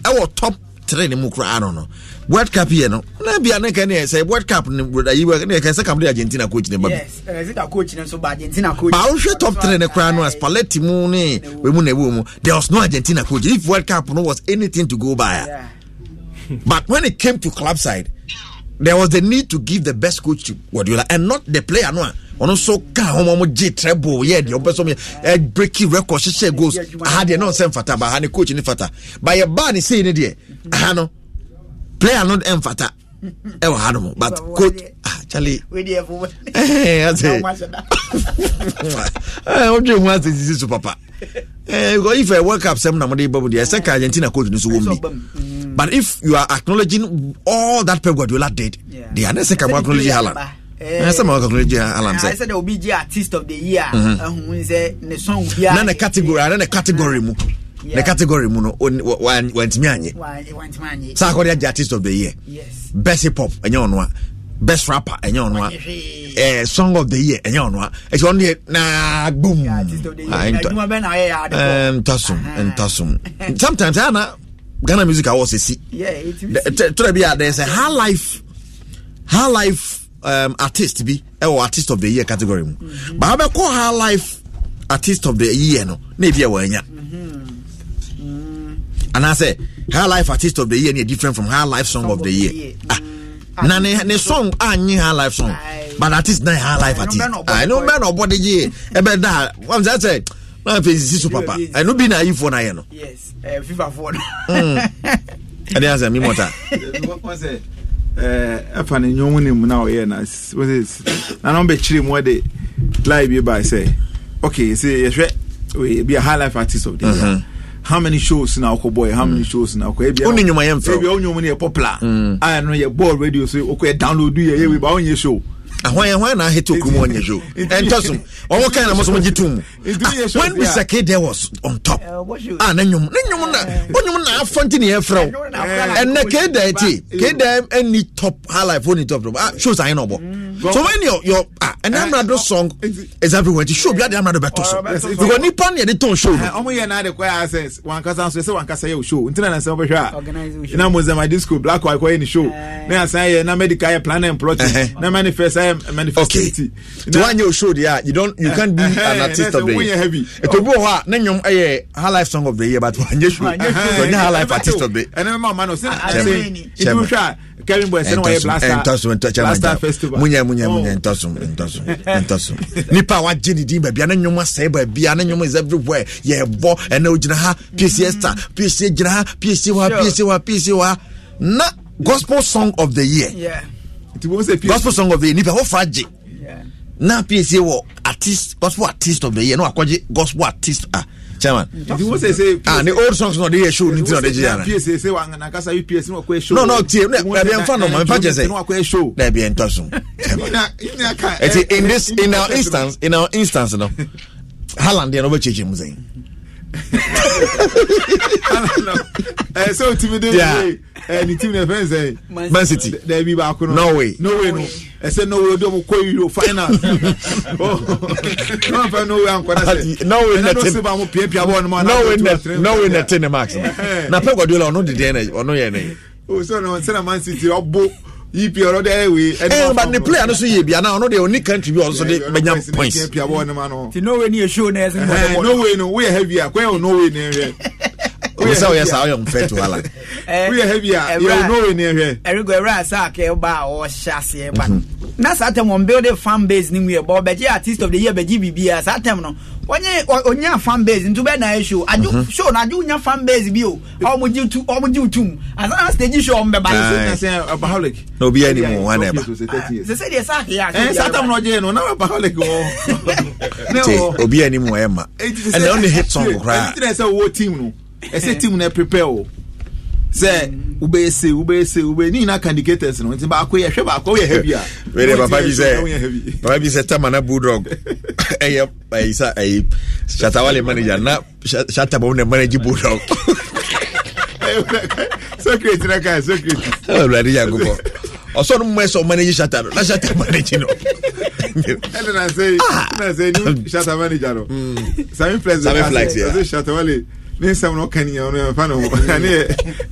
ɛwɔ top three ne mu I don't know world cup yɛ no na bia ne ka ne yɛ sɛ world cup ne ayi ne yɛ sɛ kam de argentina coach ne ba bi yes argentina coach ne nso argentina coach ba wohwɛ top three ne koraa no as paletti mu ne wemu na ewu mu there was no argentina coach if world cup no was anything to go by yeah. but when it came to club side there was the need to give the best coach to Guardiola and not the player no ɔno nso ka ahoma mo gye treble yɛ deɛ ɔbɛ so yɛ breaking record hyehyɛ goals aha deɛ na ɔnsɛ mfata ba aha ne coach ne fata ba yɛ baa ne sei ne deɛ aha no. Mm-hmm. player not ɛmfata ɛwɔ ha nom but coach actually wodwe ho ase sisi so papa eh, because if a world cup sɛm na mode bɔmu deɛ ɛsɛ ka argentina coach no so wɔ mbi but if you are acknowledging all that pep guardiola did deɛ ane sɛ ka mo acknowledge eh, I said the artist of year. Uh halan ɛsɛ ma acknowledge halan sɛ Then a category then a category mm. mu ne category mu no wantumi anyɛ saa akɔde agye artist of the year yes. best hip hop ɛnyɛ ɔno best rapper ɛnyɛ ɔno a eh, song of the year ɛnyɛ ɔno a ɛti ɔno deɛ naa boom ntasom ah, ntasom eh, sometimes ɛyɛ na ghana music awards esi tura eh, bi a there is a high life high life um, artist bi ɛwɔ artist of the year category mu mm -hmm. baa bɛ kɔ high life artist of the year no na ebi ɛwɔ ɛnya and I say high life artist of the year ni different from high life song, song of the year. Of the year. na ne ne song a nye her life song but artist least na her life artist. I know bɛ na ɔbɔ de yie da wɔn sɛ sɛ na afei sisi so papa ɛnu bi na ayi fo na yɛ no. yes ɛɛ eh, fifa fo no. ɛdi yà sɛ mi mɔta. ɛɛ ɛfa ne nyɔnwo ne mu na ɔyɛ na wɔsɛ nana bɛ kyerɛ mu ɛde lie bi ba say okay sɛ yɛhwɛ ebi a high life artist of the year. Mhm how many shows na ọkọ bọ yẹ how many mm. shows na ọkọ ebi. ó ní nyuma yẹn fẹ́ o ebi nyuma yẹn popular. Mm. a ah, yẹn no radio so ọkọ yẹ download yẹ yẹ wíwá ó yẹ show ahwan ahwan na ahete okumu onye jo ɛntɔ ɔwɔ kan na mɔsɔn gye tum when bisake there was on top a ne nwom ne nwom na eh. o nwom na afɔ nti ne yɛ frɛw ɛnɛ keda eti ɛni top highlight fo ni top top ah shows anyi na ɔbɔ so when your your ah ɛnɛ eh, amrado oh, song is everywhere ti show bi adi amrado bɛ to so because nipa ni yɛde tɔn show no. ɔmu yɛ n'ade kɔ access wankasa nso sɛ wankasa yɛ o show ntina na sɛn bɛhwɛ a Ina mozambique school black white kɔ yɛ ni show eh. na yɛ san yɛ na medical yɛ plan and plot na manifest yɛ um, manifestivity. Okay. To one your show, yeah, you don't, you eh, can't be uh, an eh, artist of the year. Heavy. To go ha, then you a high life song of the year, but one your show, but high life artist of the. And then my man was saying, if you try. Kevin Boy sɛ na wɔyɛ blaster festival munya munya oh. munya ntɔsum ntɔsum ntɔsum nipa a wagye ne din baabia ne nnwom asɛe baabia ne nnwom is everywhere yɛbɔ ɛnɛ ogyina ha piesie star mm-hmm. piesie gyina ha piesie hɔ ha piesie hɔ ha piesie hɔ ha na gospel song of the year. Yeah gospel song of the year nipa hɔ fa gye na psa wɔ artist gospel artist of the year na wakɔgye gospel artist Ah. chairman. Mm. Ah ni old songs náà ọ̀dẹ́ yẹ show ní ti náà ọ̀dẹ́ jẹ́ yàrá. PSA sẹ wà ngana kasa UPS ní wà kọ́ ẹ show. No no tie ẹ̀bí ẹ̀nfa nọ mọ̀ ẹ̀nfa jẹ sẹ. Ẹ̀bí ẹ̀ntọ́ sùn. Ẹ̀ti in this in our instance in our instance no Haaland yẹn no bẹ kyekyere mu sẹ́yìn. sɛ otumi de ne tim ne fɛn sɛ man city daabi baako no norway norway no ɛsɛ norway de kɔ euro final ɔmo fɛ no se ba mo piapia bɔ norway nɛte ne marks na pɛ gɔdola ɔno dedeɛ na ɔno yɛ ne. o na man city ɔbo. yipi ọrọ dẹ ewe. ẹ ba ne player no so yie bi ana ọno de oni country bi ọsọ de bẹnya points. ti norway ni esu na ẹsẹ. Eh, norway no wo yẹ heavy a kò yẹ norway ni ẹ ebi sɛ oyɛ saa oyɛ nfɛ to ala. wúyɛ hɛ bi a yɛ onóore ni ɛhwɛ. ɛrigo ɛwura asa akɛ ba a ɔhyɛ aseɛ ba. na saa tɛm wɔn build a fan base ni mu yɛ bɔ ɔbɛgye artist of the year bɛgye bibi a saa tɛm no wɔnye ɔnya fan base ntu bɛ na yɛ show adu show na adu nya fan base bi o ɔmo gye tu ɔmo gye tu mu asan stage show ɔmo bɛ ba yi so na sɛ abaholic. na obi yɛ ni mu wɔn na ɛba. sɛsɛ deɛ saa akɛ yɛ. saa tɛm na ɔgye yɛ no na abaholic wɔ. te obi yɛ ni mu ɛma ɛna ɔne hit song koraa. ɛti na ɛsɛ wo team no ɛsɛ team na prepare o sɛ wobɛyɛ se wobɛyɛ se wobɛyɛ ne nyinaa candidators no nti baako yɛ hwɛ baako yɛ heavy a wɛrɛ papa bi sɛ papa bi sɛ tamana bulldog ɛyɛ ɛyi sa ɛyi shatawale manager na shatabɔ ne manager bulldog secret na kan secretary ɛwɔ wuladi yago bɔ ɔsɔ no mɛ sɔ manage shata no na shata manage no ɛna na se ah! na se ni shata manager no hmm. sami flex sami flex yɛ ɔsɛ shatawale ne nsɛm no ɔka nea ɔno ɛmfa ne ho ɛne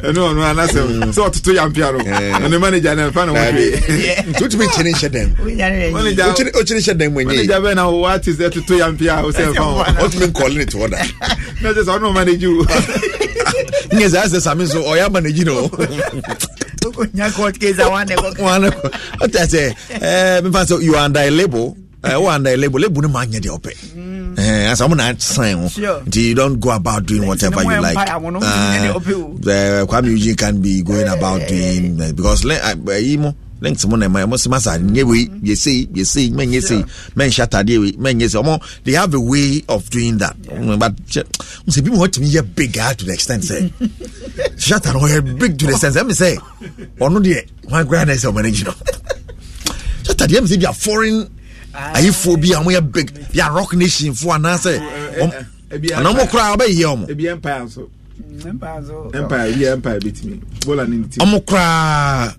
ɛno ɔno anasɛm mm. sɛ ɔtoto yampea no ɔne manager no ɛmfa ne ho hwee nti wotumi nkyene nhyɛ dan wokyene hyɛ dan mu ɛnyɛ manager bɛn na wo artist ɛtoto yampea a sɛ ɛmfa ho ɔtumi nkɔle ne toɔ da na sɛ ɔno manage wo nyɛ saa sɛ same eh, so ɔyɛ manage no ɔtasɛ memfa sɛ you are under a label ɛwɔ eh, anda label label ma nyɛ deɛ ɔpɛ asa mo na sign o nti you don't go about doing whatever you like kwame ah, oh. eugene eh, can be going about eh. doing because yi mo links mo na ɛma ɛmo sima sa nye wei mm-hmm. yɛ sei yɛ sei mɛ nye sei mɛ nhyɛ atadeɛ wei mɛ nye sei ɔmo they have a way of doing that mm, but n sɛ bi mo tumi yɛ big ah to the extent sɛ shata no yɛ big to the extent sɛ ɛmi sɛ ɔno deɛ wɔn akora na ɛsɛ ɔmo ɛna gyina shata deɛ ɛmi sɛ bi a foreign. ayifoɔ bi a wɔn yɛ big bi a rock nation fo anaasɛ anam kora ɔbɛyɛ wɔn. empire bi eh, empire bi timi bola ni ti. ɔmo kora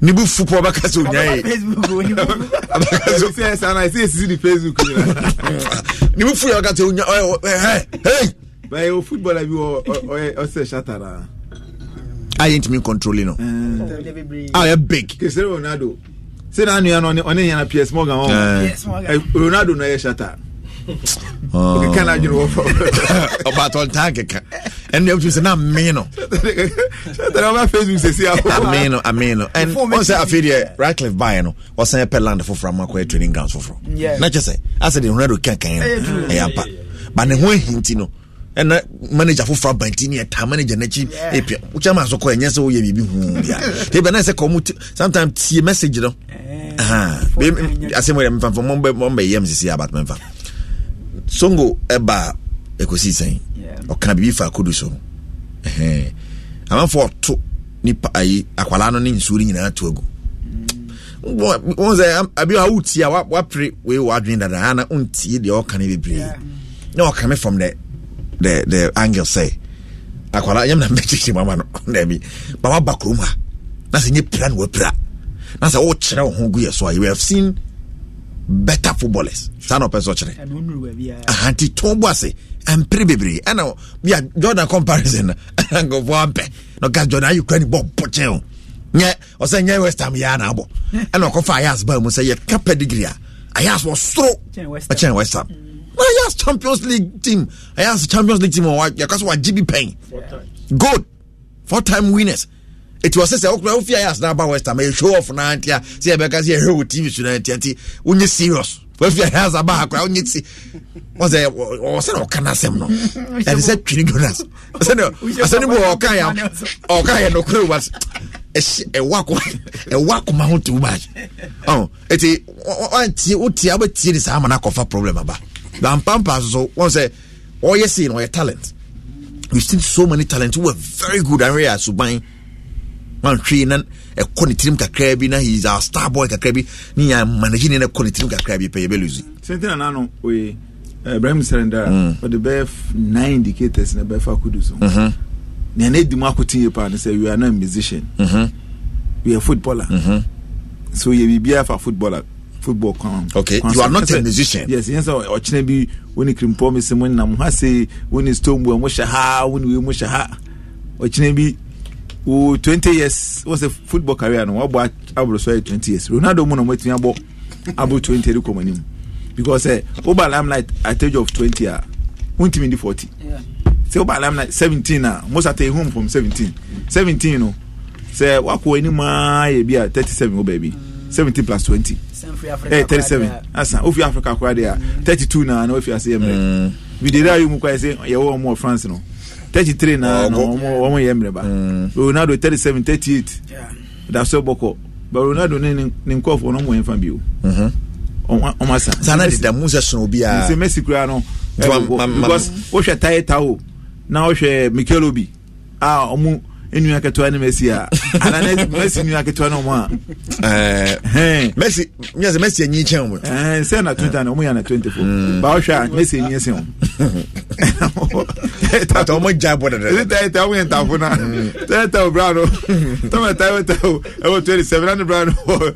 ne bu fu pɔ ɔbɛka sɛ onya ye ne bu fu yɛ ɔka sɛ onya bɛyɛ o footballer bi wɔ ɔyɛ ɔsɛ shata na. a yɛ ntumi controlling no eh. a ah, yɛ big. Cristiano Ronaldo sɛ na anua no ɔne yɛna piers morgan ɔ oh. ronaldo no ɛyɛ shata okeka no adwene wɔ ɔbatɔntaa keka ɛnɛ wotu sɛ na me no ɔba facebook sɛsi ame no ame no ɛnɔ sɛ afei deɛ ratcliff baɛ no ɔsan yɛpɛ land foforɔ ama kɔyɛ training grounds foforɔ na kyɛ sɛ asɛ deɛ ronaldo kankan no ɛyɛ apa ba ne ho ahinti no ɛna manager foforɔ abanti ne ɛta manager n'akyi ɛpia wokyɛ ma so kɔ ɛnyɛ sɛ woyɛ biribi huu bia nti bɛna sɛ kɔ mu sometime tie message no eh, asɛm wɛrɛ mfamfa mɔmbɛyɛ m sisi abat mɛmfa songo ɛba ɛkɔsii sɛn ɔka biribi fa kodu so amanfoɔ ɔto nipa ayi akwalaa no ne nsuo no nyinaa to agu mm. wọn sɛ abi a wotie a wapere wei wɔ adwene dada ana wontie deɛ ɔka ne bebree na ɔka me fam dɛ the the angle sɛ akwara nyɛ na mɛkyekye mama no daabi ma waba kurom ha na sɛ nyɛ pira na wapira na sɛ wokyerɛ wo ho guyɛ so a you have seen better footballers saa na ɔpɛ sɛ ɔkyerɛ ahanti tɔn bo ase ampere bebree ɛna bia jordan comparison no ɛna nkɔfoɔ ampɛ na ɔka jordan ayɛ kura ne bɔ bɔkyɛn o nyɛ ɔsɛ nyɛ west ham yɛ ana abɔ ɛna ɔkɔfa ayas baa mu sɛ yɛka pedigree a ayas wɔ soro ɔkyɛn west ham mm na yas champions league team yas champions league team wa yaka so wa gb pain gold four time winners eti wɔ sɛ sɛ oh, wokura wofi ayas na aba west ham ɛyɛ show off na ntia sɛ yɛbɛka sɛ yɛhwɛ wɔ tv so na ntia nti wonyɛ serious wafi ayas aba ha kora wonyɛ si wɔsɛ wɔwɔ sɛ na ɔka n'asɛm no ɛde sɛ twene jonas sɛne asɛne mu ɔka yɛ ɔka yɛ nokore wa ɛhyɛ ɛwɔ akoma ɛwɔ akoma ho too much eti wɔntie wotie wobɛtie ne saa ama no akɔfa oh, problem aba Dan Pampas so one say all oh, you see your talent. We seen so many talent who are very good and rare Suban. One tree and a conitrim kakrabi na is our star boy kakrabi ni ya managing na conitrim kakrabi pe yebeluzi. Same thing anano we eh, Ibrahim Serenda for mm. the best nine indicators na befa kudu so. Mhm. Na di mu akotin pa na say we are not a musician. Mhm. We are footballer. Mhm. So you be be a footballer football kan. okay you are not a musician. yes Yes. sọ ọ̀kyinẹ bi wọn ni kirimpọ mi sẹ mo nam ha sẹ wọn ni stone boy mo hyẹ ha wọn ni wei mo hyẹ ha ọ̀kyinẹ bi wo twenty years wọ́n sẹ football career no wọ́n bọ aburusọ yẹ twenty years ronaldo mu na wọ́n ti yàn bọ abo twenty ẹni kọ́ mọ̀ because ẹ wọ́n bá limelight at age of twenty a wọ́n ti mi di forty sẹ wọ́n bá limelight seventeen a most at a home from seventeen seventeen no sẹ wakọ ẹni mọ́ ayẹ bi a thirty seven wọ́n bẹ̀ẹ̀ seventeen plus twenty. Eh, thirty seven asan ah, ofi africa kora de a mm. thirty two na na ofi ase yɛ mmerɛ bidere ayi mu kora sɛ yɛwɔ ɔmo wɔ france no thirty three na na ɔmo ɔmo yɛ mmerɛ ba ronaldo thirty seven thirty eight daso bɔkɔ but ronaldo ne ne nkɔfo no mo yɛn fa bi o ɔmo asan sanni deda mu sɛ sunu biara nse messi kura ah. no ɛwɔ eh, because wohwɛ taye tawo na wohwɛ mikel obi a ah, ɔmo nua ketewa ne messi a ana messi nua ketewa no mu a eh, messi nyɛ sɛ messi anyi kyɛn mu sɛ na 20 na ɔmo yɛ na 24 hmm. ba ɔhwɛ a messi anyi sɛ mu tata ɔmo gya bɔ dada tata tata ɔmo yɛ ntafo na hmm. tata o bra no tata tata o tata o ɛwɔ 27 na ne bra no wɔ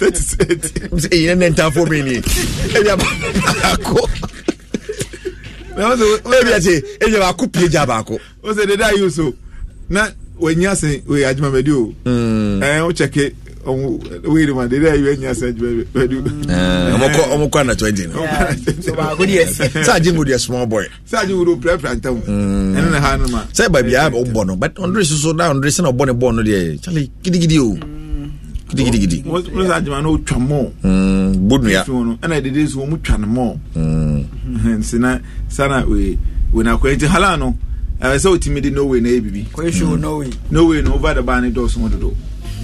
38 eyi ne ntafo mi ni ebi abako ebi ati ebi abako pie gya baako. o sɛ dede ayi o so na wɔnyi ase wɔyɛ adwumamadi o ɛn hmm. eh, o kyɛke ɔmo wɔyɛ de ma de dɛ ɛyɛ wɔnyi ase adwumamadi o. ɔmo eh, kɔ ɔmo kɔ ana twenty no. baako de eh, ɛsɛ. sáà jingu de small boy. sáà jingu de pɛrɛpɛrɛ ntɛm hmm. ɛne na ha no ma. sɛ e baabi a ɔbɔ no but ɔndere soso na ɔndere sɛ na ɔbɔ ne bɔɔl no deɛ kyale gidigidi o gidigidigidi. wọ́n sọ àjùmọ̀ náà ó twa mọ́. Hmm, boduya. ɛnna dede so wɔn mu twa mọ́. nsina sanna wei wei na kɔ eti hala ɛwɛ eh, sɛ wotumi de norway na ɛyɛ bibi mm. norway no over the ban ne dɔɔso ho dodo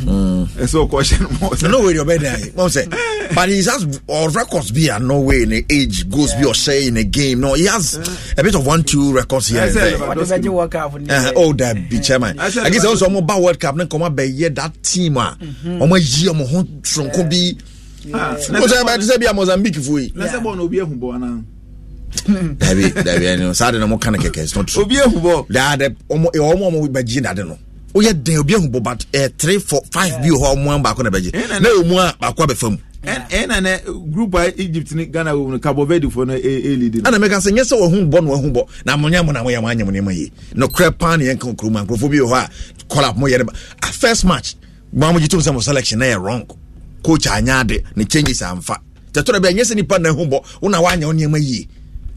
ɛsɛ mm. eh, ɔkɔhyɛ no mɔ norway deɛ ɔbɛdae mom sɛ but he has all records bi a norway ne age goals bi ɔhyɛ in a game no he has a bit of one two records here and there uh, oh that be chairman i guess also ɔmo ba world cup ne nkɔmɔ abɛyɛ that team a ɔmo ayi ɔmo ho soronko bi ɔsɛ ɛbɛte sɛ bi a mozambique fo yi na sɛ bɔɔ na obi ahu bɔɔ anaa dabi dabi ɛni saa de na ɔmo kan ne kɛkɛ it's not true. obi ehu bɔ. daa dɛ ɔmo ɔmo ɔmo bɛ gyi dade no o yɛ den obi ehu bɔ but ɛɛ eh, three four five bi hɔ ɔmo an baako na bɛ gyi ne omo a baako a bɛ fam. ɛna nɛ group a egypt ni ghana wo no cabo verde fo no eli eh, eh, di no. ɛna mɛka sɛ nyɛ sɛ wɔn ho bɔ na wɔn ho bɔ na mo nyɛ mo na mo yɛ mo anyɛ mo nneɛma yie nɔkura pan yɛn kan kuruma nkurɔfoɔ bi wɔ hɔ a kɔla mo yɛ ne ba a first match gbɔn mo gyi tom sɛ mo selection na yɛ wrong coach anya de ne changes anfa tɛtɔ dɛ bɛ nyɛ sɛ nipa na ho bɔ wɔn na wɔanyɛ wɔn nneɛma yie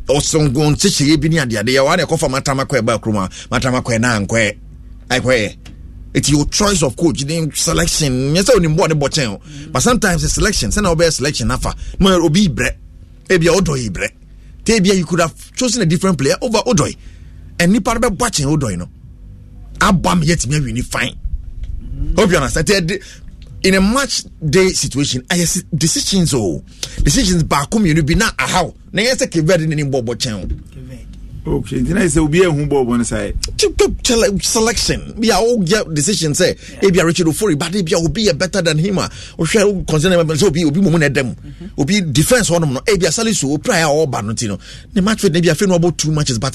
ɔsongo nkyekyere bi ne adeade yɛ wane ɛkɔfa matama kɔɛ ba kurom a matama kɔɛ na ankɔɛ ɛkɔɛ ɛti your choice of coach ne selection nyɛ sɛ onim bɔɔ ne bɔ o but sometimes selection sɛna wobɛyɛ selection nafa. ma obi brɛ ebia wodɔ yi brɛ te ebia you could have chosen a different player over odoi and nipa no bɛbɔ kyɛn odoi no abam yɛtumi awini fine mm. hope you understand in a match day situation ayɛ decisions o oh. decisions baako mmienu bi na ahaw na yɛ sɛ keved ne ne bɔbɔ kyɛn o. Okay. nti na yɛ sɛ obi ehu bɔbɔ ne saa yɛ. selection bi a o yɛ decision sɛ ebi eh. a richard ofori ba de bi a obi yɛ better than him a ah. o hwɛ concern ɛmɛ sɛ obi obi mɔmu na ɛdɛm obi defence hɔnom no ebi a salisu o pra a ɔba no ti no ne match fit ne bi a fɛn no ɔbɔ two matches but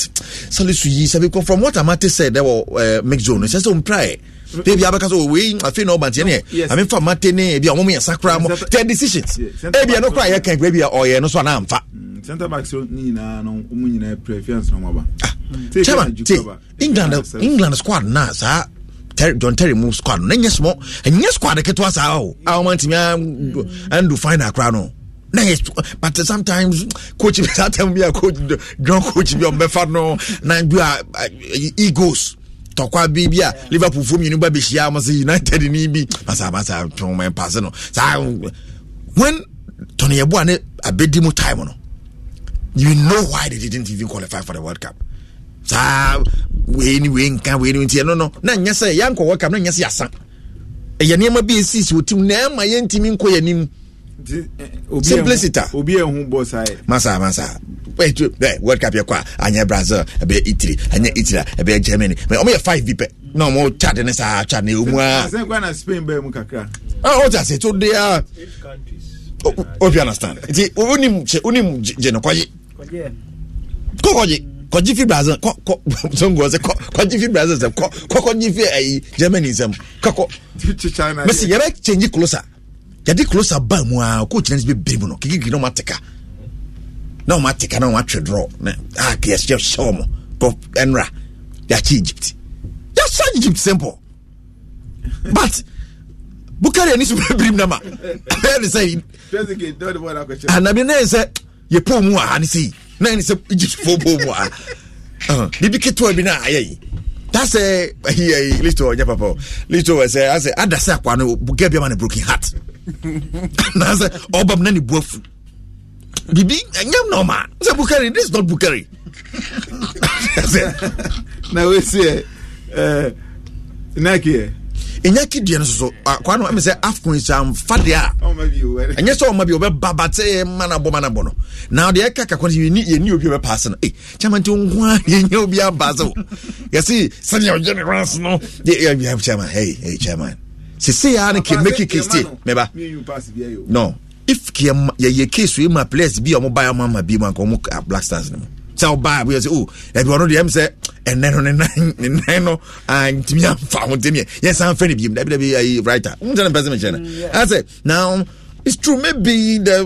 salisu yi sabi from what amate said ɛwɔ ɛɛ mix zone sɛ sɛ o n pra yɛ tebi abɛka sɛ wei afei na ɔba ntiɛ neɛ ame fa mate ne ebi a ɔmo yɛ sakra mo tɛ decisions ebi ɛno kora yɛ kan kura bi a ɔyɛ no so ana amfa mm, center back so nyinaa no ɔmo nyinaa preference na ɔmo aba chairman te england england squad na saa Terry, John Terry mu squad no ɛnyɛ small ɛnyɛ squad ketewa saa o oh, a ah, ɔmo oh, ntumi andu ah, mm, mm. final kora no na but sometimes coach bi saa time bi a coach john coach bi ɔmo bɛfa no na do a ah, egos tɔkwa bi bi a liverpool fo mmienu ba bɛhyia mo sɛ united ni bi basabasa twom mpase no saa when tɔno yɛboa ne abɛdi mu time no you know why they didn't even qualify for the world cup saa wei ni wei nka wei ni nti ɛno no na nyɛ sɛ yɛankɔ world cup na nyɛ sɛ yɛasa ɛyɛ nneɛma bi ɛsisi wɔ tim na ɛma yɛntimi nkɔ yɛnim Eh, simplicity obi ehun bɔ saa yɛ. masa masa wait bɛ world cup yɛ kɔ a anyɛ brazil ɛbɛ italy anyɛ italy ɛbɛ germany mɛ ɔmu yɛ five bi pɛ na ɔmu chad ne saa chad ne emu aa. asen na spain bɛɛ mu kakra. ah o ti a se to de aa o fi understand nti o ni cɛ o ni jɛnɛ kɔji kɔkɔji fi brazil kɔ kɔ sɔngu ɔsɛ kɔ kɔji fi brazil sɛ kɔ kɔkɔji fi ɛyi eh, germany sɛm kɔkɔ mɛ si yɛrɛ change closer yɛde closer baa mu a coach no bɛbiri mu no kikiki na ɔmateka na ɔmateka na ɔmatwe drɔ na yɛhyɛ hyɛ ɔmo kɔ ɛnra yɛakye egypt yɛhyɛ egypt simple but bukari ani so bɛbiri mu nama ɛyɛ ne sɛ anabi na yɛ sɛ yɛpɔ mu a ne sɛ na yɛ ne sɛ egypt fo bɔ mu a uh-huh. biribi ketewa bi na ayɛ yi tasɛ ahiayi lito ɔnyɛ papa lito ɛsɛ asɛ adasɛ akwa no bukari bi ama ne broken heart anaasɛ ɔbam na ne bu afu bibi ɛnyɛ nɔɔma sɛ bukari this not bukari na wesiɛ nakiɛ ɛnyaki deɛ no soso akwaa no ɛmɛ sɛ afcon samfa deɛ a ɛnyɛ sɛ ɔma bi ɔbɛba bate ma no abɔ ma no abɔ no na deɛ ɛka ka kwan sɛ yɛni yɛni obi ɔbɛpaase no kyama nti nko a yɛnyɛ obi abaase wo yɛse sɛdeɛ ɔgye ne rans no yɛ chairman hey hey chairman sisi ya ne ke make ke stay me ba no if ke ye ye case ma players bi o mo buy ma ma bi ma ko mo black stars no sɛ ɔbaa bi sɛ o ɛbi ɔno deɛ m sɛ ɛnɛ eh, no ne nan ne nan no antumi ah, amfa ho ntɛmi yɛ san fɛ ne bi mu dabi dabi ayi writer n tɛ ne mpɛ sɛ mi kyɛn na asɛ now it's true maybe the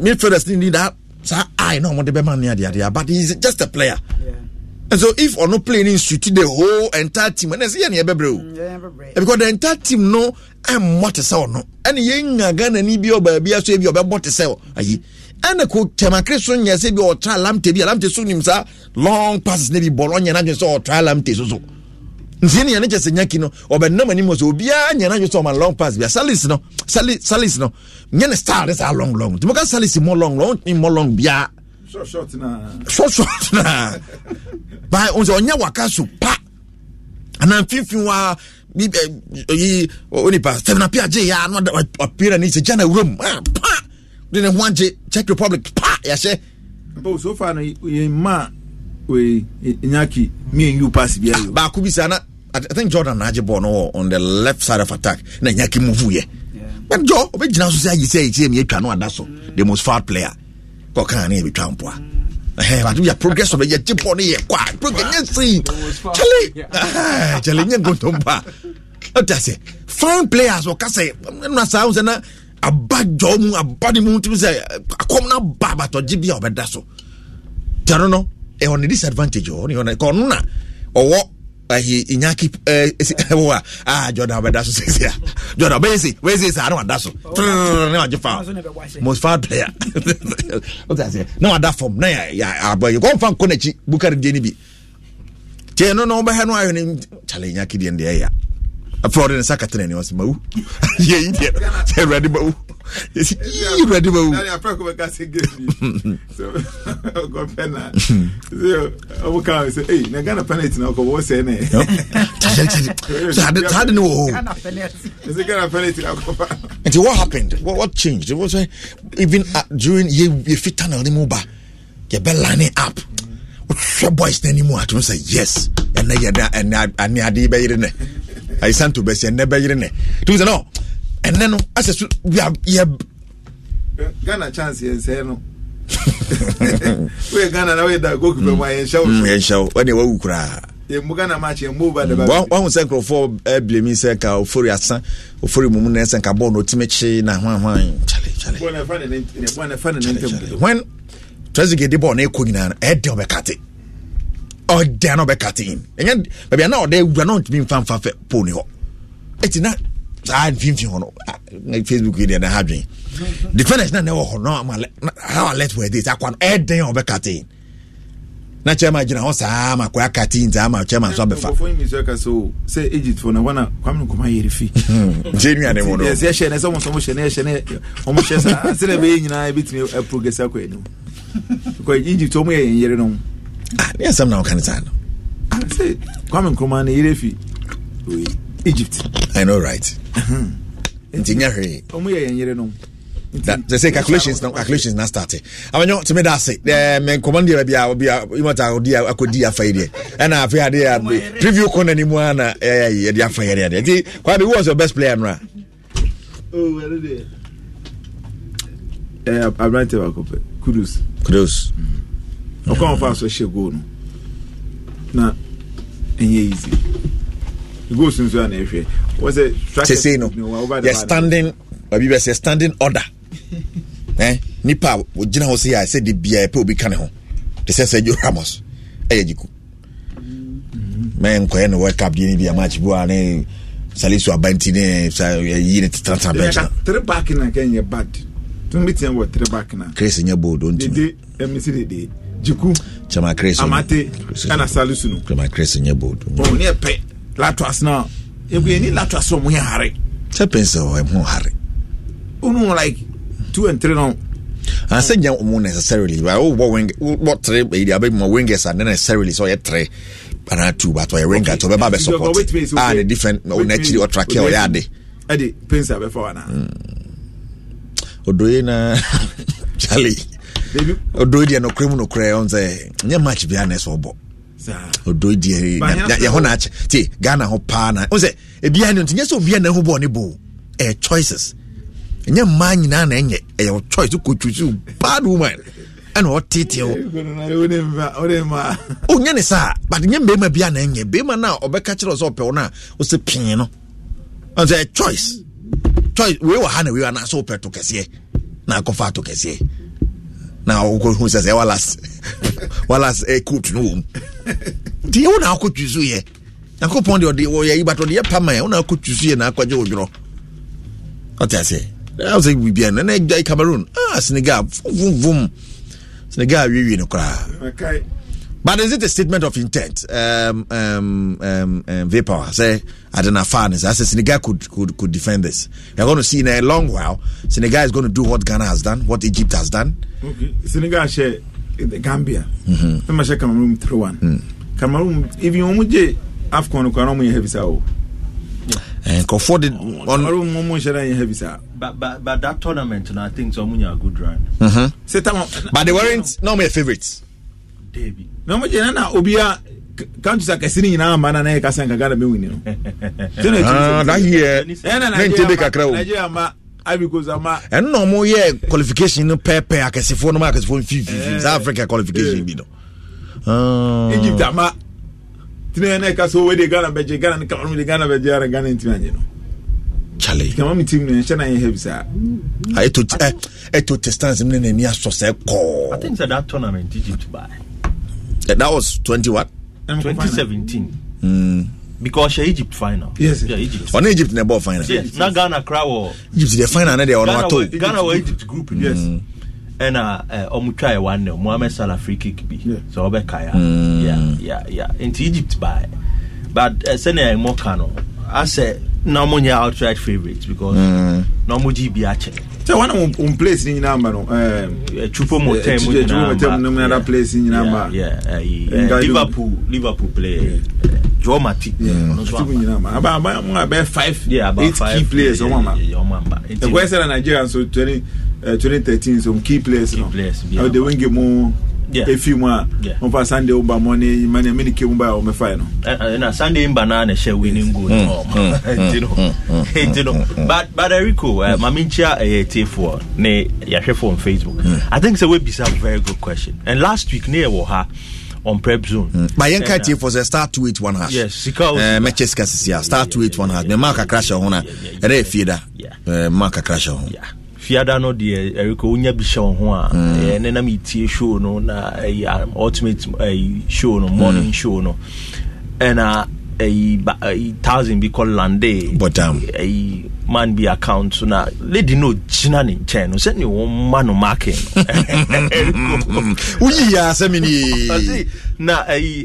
midfielders need that saa eye na ɔmo de bɛ ma ne adeade but he is just a player. Yeah. And so if ɔno play no nsuti the whole entire team and sɛ yɛ any yɛbɛbrɛ o mm, because the entire team know I'm what to sell no And ɛmmɔ te sɛ be ɛne yɛnya ghanani bi ɔbaabi a so bi ɔbɛbɔ te sɛ ayi ɛne ko tɛmakere so nyɛ sɛ bi ɔtra lamte bi a lamte so nim saa long passes ne bi bɔl ɔnyɛ n'adwene sɛ ɔtra lamte so so nti ne yɛne kyɛ sɛ nyaki no ɔbɛnam anim sɛ obiaa nyɛ n'adwene sɛ ɔma long pass bia salis no salis no nyɛ ne star ne saa long long nti mɔka salis mɔ long long ɔntwe mɔ long biaa short short na short short na by onse onye waka so pa ana mfimfin wa bi eh, yi onipa seven apia je ya no apira ni se jana wuram ah, pa de ne ho anje Czech Republic pa ya hye bo so far no ye ma we nyaki me and you pass bi ayo ah, ba ku bi sana i think jordan na je ball no on the left side of attack na nyaki move ye but jo obegyina so say ayi say ayi me atwa e, no ada so the most far player kɔkaa ne yɛbɛtwa mpoa yɛ progress ɔbɛ yɛgye bɔ ne yɛ kɔ a progress nyɛ sei kyale kyale nyɛ nkontompo a ɔte fine players ɔka sɛ ɛna saa wo sɛ na aba dwɔ mu aba ne mu ntimi sɛ akɔm no aba abatɔgye bi a ɔbɛda so tɛno no ɛwɔ disadvantage hɔ ne ɔno na ɔwɔ ahi inyaki ɛwɔ a aa jordan bɛ da so sisi a jordan bɛyɛ si bɛyɛ si sa ne wa da so tɛrɛrɛ ne wa gye fa most fa dɔ ya o ti a seɛ ne wa da fam ne y'a y'a abɔ ye kɔn fa nkɔ n'akyi bukari diɛ ni bi tiɛ no na ɔbɛhɛ no ayɔ ne kyale inyaki diɛ deɛ ya afɔ ɔde ne sa katana ni ɔsi ma wu yɛ yi diɛ sɛ ɛwurade ma wu yɛsi yii wurade ma wusade ne wɔ hɔ nti what happened what, what changed was, even uh, during yɛfi tunnel ne mu ba yɛbɛ line up wohwɛ boys no animu atom say yes And na ɛnɛ yɛne ade bɛyere nɛ ayisanto bɛsi ɛnɛ bɛyere nɛ tum sɛ no ɛnɛ no asɛ so yɛ. ghana chance no ghana na woyɛ mu a mm, yɛn hyɛw. yɛn hyɛw wɔn wawu koraa. ghana sɛ nkurɔfoɔ ɛbile eh, sɛ ka ofori asa ofori mumu na ɛsɛ nka bɔɔl na otimi kye na hwan hwan na de bụ na ekɔ nyinaa ɔbɛkate ɔdɛ na ɔbɛkate yin ɛnyɛ baabi a na ɔdɛ na ɔntumi fɛ hɔ saa mfimfin hɔ no ah, facebook yi deɛ na ha dwen defenders na na ɛwɔ hɔ no ama how alert were they akwa no ɛɛdɛn a ɔbɛka na chairman gyina hɔ saa ma kɔɛ aka ten saa ma chairman nso abɛfa. nkɔfɔ yi misɛn ka so oh, sɛ egypt fɔ na wɔna kwame nkɔmɔ ayɛ refi. Hmm, nse nua ne mu no. yɛsɛ ɛhyɛ ne sɛ wɔn sɔn mo hyɛ ne ɛhyɛ ne wɔn hyɛ saa asɛnɛ bɛyɛ nyinaa ebi tumi ɛprogress akɔ anim kɔ egypt wɔn yɛ yɛrɛ no. Ah, ne yɛ sɛm na ɔka ne saa no. Ah, sɛ kwame nkɔmɔ ne yɛrɛ fi egypt i know right mm-hmm. nti nya hwee ɔmo yɛ yɛn yere nom they say calculations now calculations now start amanyo to me that say mm-hmm. me command dey bia obi you must odi akodi afa dey and afi ade ya preview corner ni mu ana eh ya dey afa ya dey ti kwa be was your best player no oh where dey eh abrante wa ko kudus kudus mm. o kon fa so she go no na enye easy goals nso a na ehwɛ wɔsɛ sese no yɛ standing babi bɛ sɛ standing order ɛn eh? nipa a ogyina hɔ se yɛ sɛ de bia ɛpɛ obi ka ne ho te sɛ Sergio Ramos ɛyɛ jiku mɛ nkɔyɛ ne World Cup deɛ ne bi a match bu ne Salisu Abanti ne sa yi ne tetanta bɛn kan. three back na kɛ n yɛ bad tun bɛ tiɲɛ wɔ three back na. Chris n yɛ bold o n dede ɛmisi de de jiku. caman Chris amate ɛna Salisu no. caman Chris n yɛ bold. ɔn ne yɛ pɛ latras na ebuyeni latras ɔmo yɛ hare. sɛ pɛnsɛ wɔ ɛmo hare. unu like two and three now. and ah, say nya ɔmo necessarily Wa o bɔ wenge o bɔ three eyi abe mo wenge sa ne necessarily so ɔyɛ three ana two but ɔyɛ wenge ati ba abɛ support ah the different ɔn'akyiri ɔtrake ɔyɛ ade. ɛdi pɛnsɛ abɛ fɔ ana. na. Hmm. odoye na charlie odoye deɛ nɔkura mu nɔkura yɛ ɔn sɛ n yɛ match bi a na ɛsɛ ɔbɔ ɔdɔ diɛ yɛhɔ na akyɛ ghana ho paa na ɔsɛ ebiara ni o ti nyɛ bo choices ɛnyɛ na ɛnyɛ o choice ko tutu bad woman ɛna ɔteteɛ wo onyɛ ne saa but nyɛ mmarima bia na ɛnyɛ barima no a ɔbɛka kyerɛ sɛ ɔpɛ wo choice choice wei wɔ ha na wei anaasɛ wopɛ to kɛseɛ na akɔfa to kɛseɛ na wokɔhu sɛ sɛ walas walas ɛkot no wɔ m nti wo na akɔtwi so yɛ nyankopɔn deɛ ɔde wɔyɛyi but ɔde yɛ pa ma ɛ wo na akɔtwi so yɛ na akɔgye wo dworɔ ɔte aseɛ sɛ biribia no na ɛgyae cameroon ah senegal vomvom senegal wiewie no koraa But is it a statement of intent? Um, um, um, um Vapor, say, I don't know, fairness. I said Senegal could, could, could defend this. you are going to see in a long while, Senegal is going to do what Ghana has done, what Egypt has done. Okay. Senegal she the Gambia. Mm-hmm. Remember, Cameroon 3 1. Mm. Cameroon, if you to, AFCON, you have to nkɔfoɔ de ɔn but but but that tournament i think so many a good run. Mm-hmm. but they weren't no favorites. debi na mo gyina na obia countries akɛse no nyinaa ma na na ah, yɛ kasa nka ghana bɛwini no nantebe kakra o ɛno na ɔmo yɛ qualification no pɛpɛ akɛsefoɔ no ma akɛsefoɔ mfififi eh. saa africa qualification bi no ah. egypt ama tinɛ na ɛka sɛ owede oh, ghana bɛgye ghana ne cameroon de ghana bɛgye gana ghana ntimi agye no chale kama mi team no ɛhyɛ na yɛhɛ bi saa ɛto ɛto testance mu ni n'ani asɔ sɛ kɔɔ i think sɛ that tournament egypt baa Eh, that was 20 what? 2017. Mm. Because she Egypt final. Yes. Egypt. On Egypt ne ball final. Yes. Not Ghana crowd Egypt the final na they on Ghana, Ghana, Ghana Egypt group. Hmm. Yes. And uh, um uh, try one no Mohamed Salah free kick be. So Obekaya. kaya. Hmm. Yeah, yeah, yeah. Into Egypt by. But uh, Senegal more cano. I said no money outright favorites because mm. no mo GB actually sɛ wana wo place no nyinaa ma no twupɔmɔtɛm nom nada place nyinaa eh, eh, eh, mabɛyɛ key players ɔmama ɛkɔɛ sɛ na nigeria nso 2013 some key players no ɔde wenge mu yeah. efi mu a yeah. mfa sunday wo ba mo ne ma ne mini ke mu ba wo me fai no na sunday mba na na share winning goal mm, oh, mm, mm, no you know you know but but eriko uh, maminchia eh uh, eh, t4 ne ya hwe on facebook mm. i think so we be some very good question and last week ne wo ha on prep zone. Mm. But yɛn ka tie for sɛ star two eight one hash. Yes, sika o. Ɛɛ mɛkyɛ sika sisi a star two eight one hash mɛ maa kakra hyɛ ho na ɛdɛ yɛ fie da. Ɛɛ maa kakra hyɛ ho. fiada no deɛ ɛreka wonya bi hyɛ wo ho a mm. ɛyɛ ne nam yɛtie show no na ɛyɛ ultimate show no morning mm. show no ɛna ɛyi ba ɛyi thousand bi kɔ lande. bɔtam ɛyi man bi account na lady no gyina ne nkyɛn no sɛni wɔn ma no marking. wuyi ya asɛmi ni ye. na ɛyi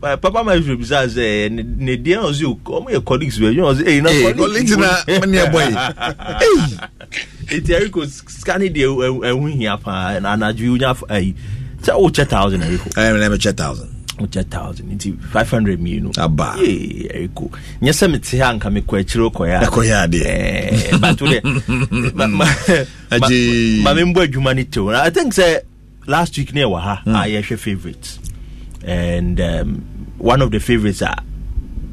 papa maa fi bisa sɛ ne deɛ ɔsi o yɛ colleagues bɛ yɔn ɔsi ɛyi na colleagues na ne yɛ bɔ yi. eti ɛriko scanning deɛ ɛhu hia paa anadu yɛ ɛyi sɛ o kyɛ thousand ɛriko. ɛyɛ mi na mi kyɛ thousand wokyɛ thousand nti five hundred mmienu aba yee ɛriko nyɛ sɛ mete ha nka mekɔ akyire ya. akɔyɛ adeɛ bato deɛ eh, ma membɔ adwuma no tew i think sɛ last week ne ɛwɔ ha hmm. a yɛhwɛ favorites and um, one of the favorites a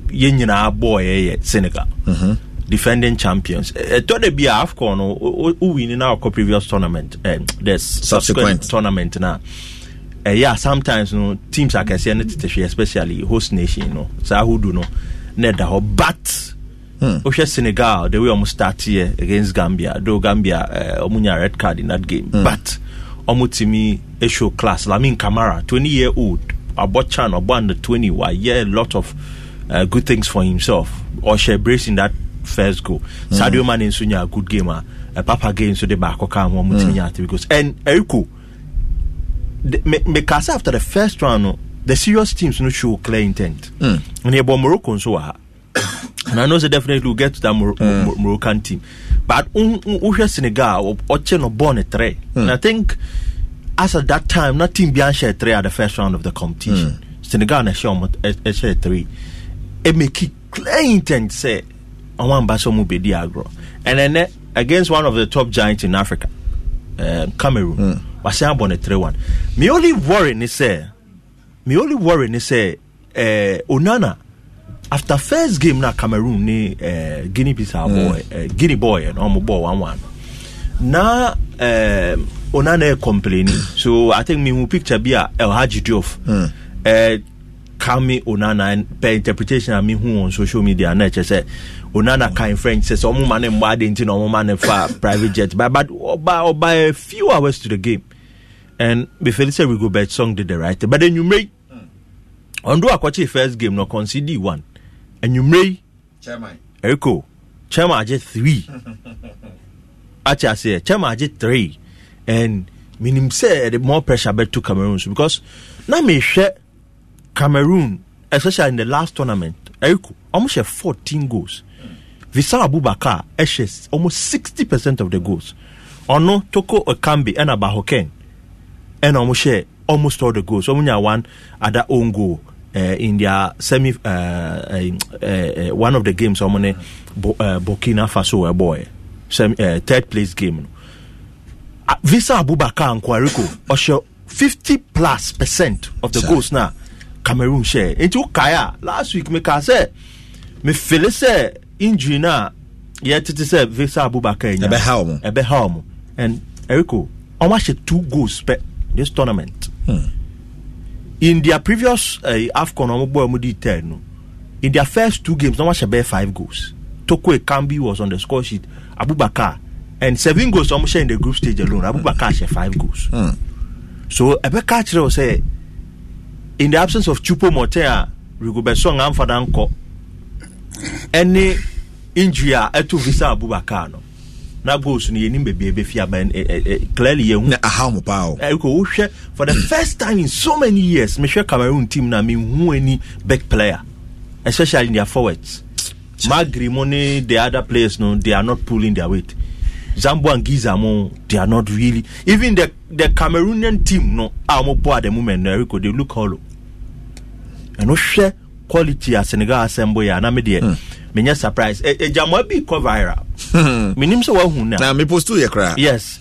yɛn nyinaa bɔɔ yɛyɛ senegal mm-hmm. defending champions eh, ɛtɔ da bi a afcon no wowini na wokɔ previous tournament eh, the subsequent, subsequent tournament na ɛyɛ eh, a sometimes no teams akɛseɛ no tete hwɛ especially host nation no saa ahodu no na ɛda hɔ but wohwɛ hmm. senegal the way ɔmo starteɛ against gambia though gambia ɔmo uh, nya red card in that game mm. but ɔmo tumi show class lamin kamara twenty year old abɔchan ɔbɔ under 20 wayɛ a lot of uh, good things for himself ɔhyɛ brace in that first goal mm. sadio mane nso nya good game a uh, eh, papa game nso de baako ka ho ɔmo tumi nya ate because and eriko Me mekase after the first round no the serious teams no show clear intent mm. and yɛbɔ morocco nso wɔ ha and i know they definitely will get to that Mor- mm. Mor- moroccan team but wohwɛ senegal ɔkyɛ no bɔɔ ne trɛ and i think as at that time na team bi anhyɛ trɛ at the first round of the competition mm. senegal na ɛhyɛ ɔmo ɛhyɛ trɛ ɛmɛki clear intent say, I want sɛ ɔmo bɛdi agorɔ and then eh, against one of the top giants in africa uh, cameroon mm wahyɛ abɔ no 3 one. me only worry ne sɛ me only worry ne sɛ eh, onana after first game na cameroon ne eh, guinea bisa mm. boy mm. eh, guinea boy eh, na ɔmo bɔ one. 1 na eh, onana yɛ complaining so i think mehu picture bi a elhaji diof mm. Eh, kami onana pɛ interpretation a mehu on social media na ɛkyɛ sɛ onana kan french sɛ sɛ ɔmo ma ne mbɔ ade nti na ɔmo ma ne fa private jet but ɔba ɔba a few hours to the game and mefɛli sɛ rigobert song did the right but anwummerɛ yi ɔndo akɔkye first game no ɔkɔnsi di one anwummerɛ yi eriko chairman agye three akyɛ aseɛ chairman agye three and minim sɛ ɛde more pressure to cameroon so because na mehwɛ cameroon especially in the last tournament eriko ɔmo hyɛ fourteen goals hmm. visa abubakar ɛhyɛ eh, almost sixty percent of the goals ɔno toko okambi ɛna bahoken ɛna ɔmo hyɛ almost all the goals ɔmo nya one other own goal uh, in their semi uh, uh, uh, one of the games ɔmo ne Bo, uh, Burkina Faso ɛbɔɛ semi uh, third place game no uh, ah, Visa Abubakar Nkwariko ɔhyɛ fifty plus percent of the goals na Cameroon hyɛ nti Kaya. last week mi kaa sɛ mi fele sɛ injury na yɛ tete sɛ Visa Abubakar ɛnya ɛbɛ ha ɔmo ɛbɛ ha ɔmo and Eriko ɔmo ahyɛ two goals pɛ this tournament. Hmm. In their previous uh, AFCON, Omugbo third. No? In their first two games, no one should bear five goals. Tokwe Kambi was on the score sheet. Abubakar and seven goals ọmọ ṣe in the group stage alone Abubakar ṣe five goals. Hmm. so Ebeka kyerɛ o say, in the absence of Chupo Motin a Rigobesong amfada nkɔ ɛne injury a ɛto visa Abubakar no na goals no yɛnim baabi ɛbɛfi aba eh, eh, eh, clearly yɛhu na aha mo paa o ɛkɔ wohwɛ for the first time in so many years mehwɛ cameroon team na mehu ani back player especially in their forwards magri mo ne the other players no they are not pulling their weight Zambo and Giza mo they are not really even the the Cameroonian team no a ah, mo po at the moment no Erico they look hollow ɛno hwɛ quality a Senegal assemble yɛ anamdeɛ hmm. menyɛ surprise ɛgyamɔ bi kɔ viral menim hmm. sɛ woahu no na meposto yɛ koraa yes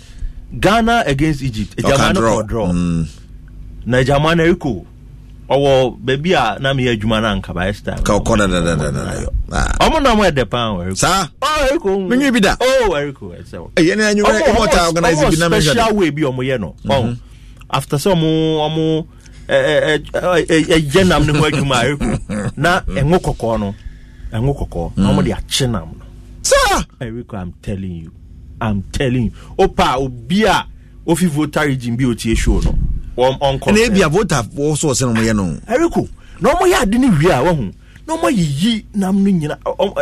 ghana against egypt agyama no draw mm. na agyama no ɛrekɔ ɔwɔ baabi a na meyɛ adwuma no anka baɛ sta kɔkɔ dadadadada ah. ɔmo na mo ɛdɛ paa saa menwe bi da ɛyɛne anwumɔta organise bi special way bi ɔmo yɛ no mhm. after sɛ ɔmo ɔmo ɛyɛ nam no ho adwuma ɛrekɔ na ɛngo kɔkɔɔ no ɛngo kɔkɔɔ na ɔmo akye nam no sir. Eric, I'm telling you, I'm telling you. Opa, obi a ofi voter regime bi o tie show no. Wɔn ɔnkɔ. Na ebi a voter wɔsɔ ɔsɛn wɔn yɛ no. Eric, na wɔn yɛ adi ni wi a wɔn ho. na ɔmo yiyi nam no nyina ɔmo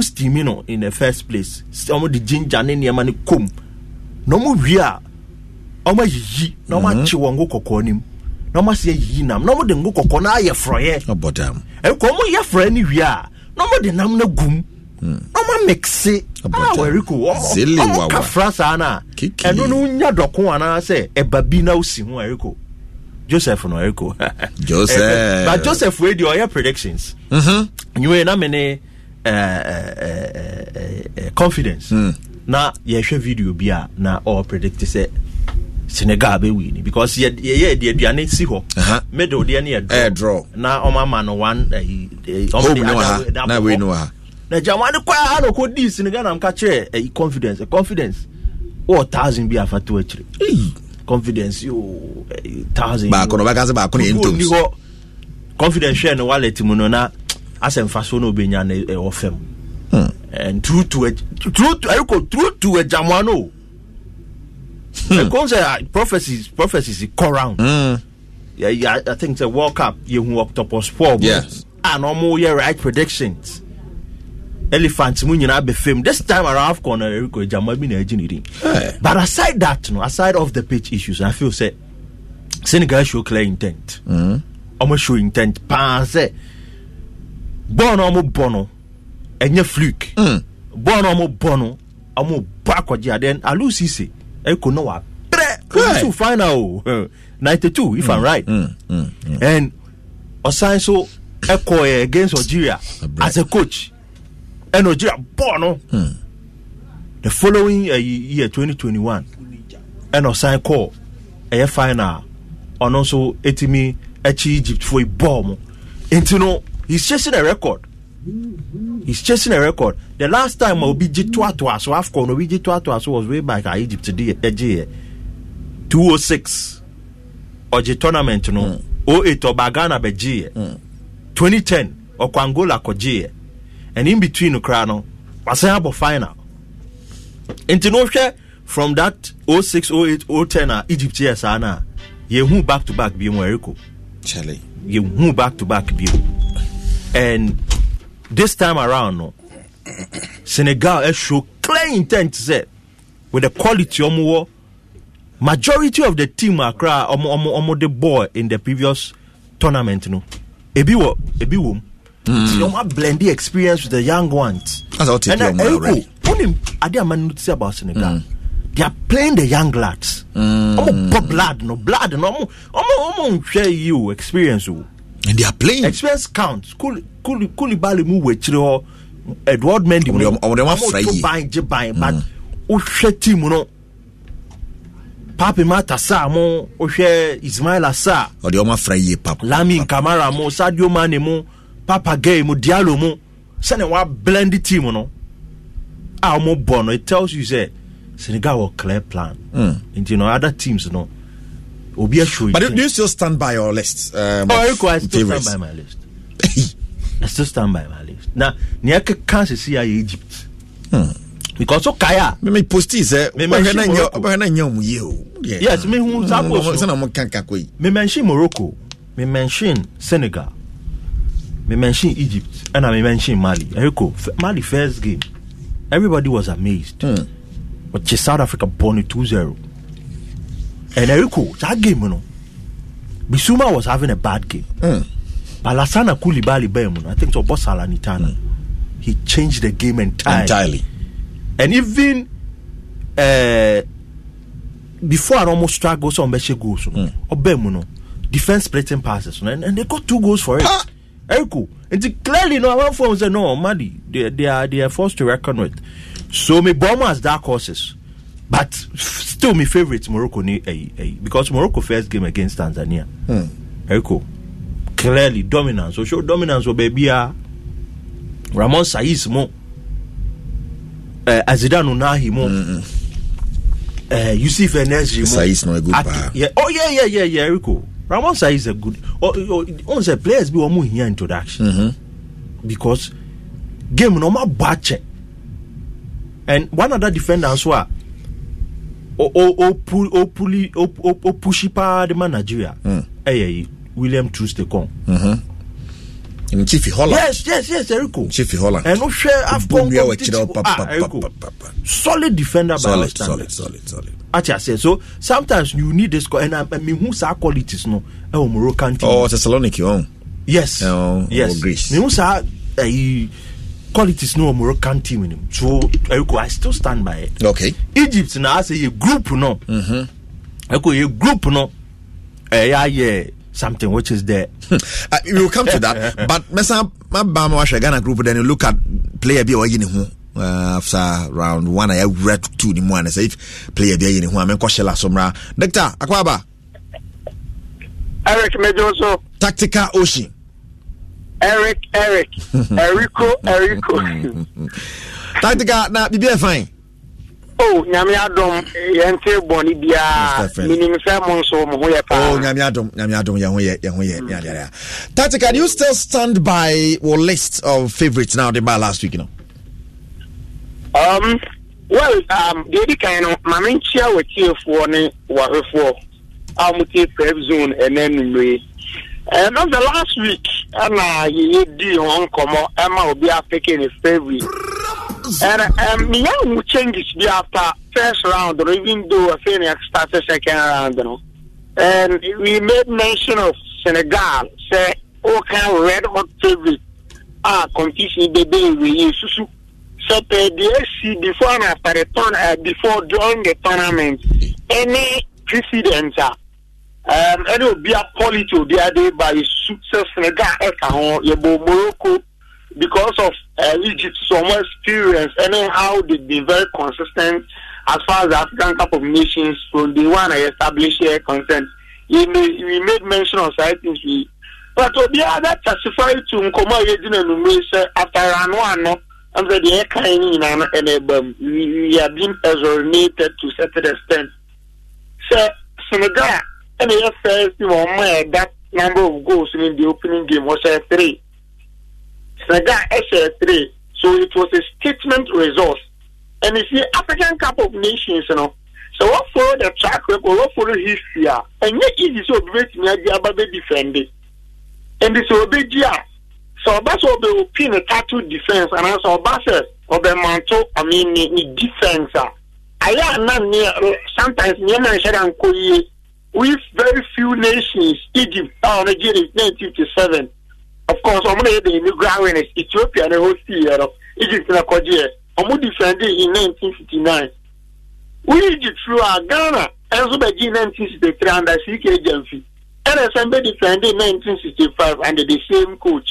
eh, steamy no in the first place ɔmo di ginger ne nneɛma no kom na ɔmo wie a ɔmo ayiyi na ɔmo akye wɔn ngo kɔkɔɔ nim na ɔmo asɛ ayiyi nam na ɔmo de ngo kɔkɔɔ na ayɛ frɔyɛ ɛkɔ oh, um, ɔmo yɛ frɔyɛ no wie a na ɔmo de nam no gum. ɔma mixe a wɔreko ɔmo kafra saa na ɛno no nya dɔko anaasɛ ɛba bi na osi ho eriko. joseph no ɛreko joseph eh, eh, but joseph wey deɛ ɔyɛ predictions nyiwe na mene confidence na yɛhwɛ video bi a na ɔɔ predict sɛ senegal bɛwi ni because yɛyɛ de aduane si hɔ middle deɛ ne yɛ draw na ɔma ma no one ɔma de na wei no wa ha na germany kɔ ha na ɔkɔ dii sini ghana kyerɛ ɛyi confidence confidence wɔ thousand bi afa to akyire confidence yoo thousand baako na ɔbɛka sɛ baako na yɛ ntom so confidence hwɛ no wallet mu no na asɛmfa so na obɛnya no ɛwɔ fam and hmm. true to true to ɛyikɔ true to ɛgyamoa no hmm. ɛkɔn sɛ prophecies prophecies kɔ round mm. yeah, yeah, i think sɛ world cup yɛhu octopus four yeah. and ɔmo yɛ right predictions elephant mu nyinaa bɛ fam this time around afcon eriko ejama bi na egyi ne din eh. but aside that no aside of the pitch issues i feel say senegal show clear intent mm. ɔmo mm show intent paa sɛ bɔɔl na ɔmo bɔ no ɛnyɛ fluke mm. bɔɔl na ɔmo bɔ no ɔmo bɔ akɔgye adeɛ alu sise eriko na wa brɛ kɔsu final o ninety two if mm. i'm right mm. Mm. Mm. and ɔsan so ɛkɔɛ against algeria as a coach ɛna ɔgyina bɔɔl no the following uh, year 2021 ɛna ɔsan kɔ ɛyɛ final ɔno nso Etimi, akyi egypt foɔ bɔɔl mu nti no he's chasing a record he's chasing a record the last time uh, obi gye toatoa so afcon no obi gye toatoa so was way back at uh, egypt de ɛgye yɛ 206 ɔgye tournament no hmm. oh eight ɔba ghana bɛgye yɛ 2010 ɔkɔ angola kɔgye yɛ and in between no koraa no wasan abɔ final nti no hwɛ from that 06 08 010 a egypt yɛ saa no a yɛhu back to back bio mu ɛrekɔ yɛhu back to back bio and this time around no senegal ɛshow eh, clear intent sɛ with the quality ɔmo wɔ majority of the team akora ah, ɔmo ɔmo ɔmo de ball in the previous tournament no ebi wɔ ebi wɔ mu nti ɔmo ablend experience with the young ones. as ɔte kí ɔmo awurɛ ɛyiko ɔnim adi ama no ti about senegal. Hmm. They are playing the young lads. Ọmọ hmm. bọ blood no blood no ọmọ ọmọ ọmọ nhwẹ yi o experience o. Oh? And they are playing. Experience counts. Kulibali mu wɔ akyire hɔ Edward Mendy mu. Ɔmɔ de wɔn afra yie. Ɔmɔ to ban gye ban but wohwɛ team no papi mata saa mo wohwɛ Ismail asa. Ɔde wɔn afra yie pap. Lamin Kamara mo Sadio Mane mo papa gay mu dialo mu sɛne wa blend team no a wɔn bɔ no it tells you sɛ senegal wɔ clear plan mm. nti no other teams no obi ahwɛ but do you still stand by your list um, oh equal i still favorites. stand by my list i still stand by my list na nea keka sisi ayɛ egypt hmm. because o kaya. mímí posti sɛ eh, ɔbɛhɛ náà nyɛ ɔbɛhɛ náà nyɛ ɔmu yie o. yes mi hu sábò so sani ɔmu kankan koyi. mi mention morocco mi mention senegal me mention Egypt and I me mention Mali. Eriko, Mali first game, everybody was amazed. Mm. But South Africa won it 2-0. And Eriko, that game, you know, Bisuma was having a bad game. Mm. But Lassana Koulibaly, you know, I think so, boss Alanitana, mm. he changed the game entirely. Entirely. And even uh, before I almost struggled goals on Beshe goals, you know, mm. defense splitting passes, you know, and, and they got two goals for it. Pa- Eko. It's clearly no one form say no Mali. They they are they are forced to reckon with. So me bomb as dark horses. But still me favorite Morocco ni eh, eh, because Morocco first game against Tanzania. Hmm. Eko. Clearly dominance. So show dominance or baby ah. Ramon Saiz mo. Eh, Azidane Unahi mo. mm Uh, hmm. eh, Yusuf Enesri mo. Saiz no a good At, yeah. Oh yeah yeah yeah yeah Eko. Ramosa is a good. Or, or, players, say players be one introduction mm-hmm. because game no more bache. And one other defender as well. O o o pull o pull o o pushy pa the Nigeria. Mm. Hey, eh, eh, hey, William Truste Kong. Mm-hmm nchifi holland yes yes yes eriko nchifi holland ẹnu hwẹ afcon competition ah eriko solid defender solid, by all standards solid solid solid ati ase so sometimes you need this and i mean who saa qualities no ẹwọ moroccan team ọ oh, thessaloniki ọhún oh. yes uh, yes greece mi n saa ẹyi qualities no wọ moroccan team ni so eriko i still stand by it okay egypt na ase ye group no ẹkọ mm-hmm. ye group no ẹ yà yẹ something which is there. Hmm. uh, we will come to that. but Mesa Mabama Washa Ghana group then you look at player B or Yinihu. Uh, after round one, I read two in the morning. So if player B in who I'm in Koshela Somra. Akwaba. Eric Mejoso. Tactical Oshi. Eric, Eric. Erico, Erico. Tactical, now, nah, be fine. Oh, nyame adom yɛnte bɔne biaa menim sɛ mo nso mo ho yɛ paa oh, nyame adom nyame adom yɛ ho yɛ yɛ ho yɛ yadeyadeya tatica do you still stand by your list of favourites now The baa last week you know. um well um deɛ di kan no ma menkyia watiefoɔ ne wahwefoɔ a motie prep zone ɛnɛ nummerɛ And eh, that's the last week, and I did Hong Kong, Emma will be picking his favorite. And um, me um, will change this after first round, or even though Phoenix started second round. You know. And we made mention of Senegal, say, okay, oh, red hot favorite. Ah, competition, baby, we use. So, the SC before and after the tournament, uh, before during the tournament, any precedence? Ah, um, ɛne obia polity obia de ba yɛsu senegal ɛka ho yɛbɔ morocco because of uh, egypt some experience ɛne how they been very consistent as far as the african cup of nations from the one i establish here consent we made we made mention of certain things we but obia that testify to nkɔmɔ a yɛdi na numere after ano ano ɛnfɛ deɛ ɛka yɛn nyinaa no ɛna ɛba mu we we are being exonerated to certain extent sɛ senegal ɛna yɛ fɛɛsi wɔn mo yɛ that number of goals in the opening game wɔhyɛ three senegal ɛhyɛ three so it was a statement result and you see african cup of nations you no know, so wɔn follow the track record wɔn follow history a ɛnyɛ easy sɛ obi betumi adi aba bɛ defend it and sɛ obi gyi a sɛ ɔba sɛ ɔbɛ opi ne tattoo defence anaasɛ ɔba sɛ ɔbɛ manto ɔmi ne ne defence a ayɛ anan ne sometimes nneɛma nhyɛ da nkɔ yie with very few nations egypt a wọn gye ne nineteen fifty seven of course wọn na yɛ de immigrant winners ethiopia na host yɛ no egypt na kɔgye yɛ wọn defend in nineteen fifty nine wọn egypt through a ghana nso bɛ gye nineteen sixty three under ck jamfi ɛna ɛsɛn bɛ defend in nineteen sixty five under the same coach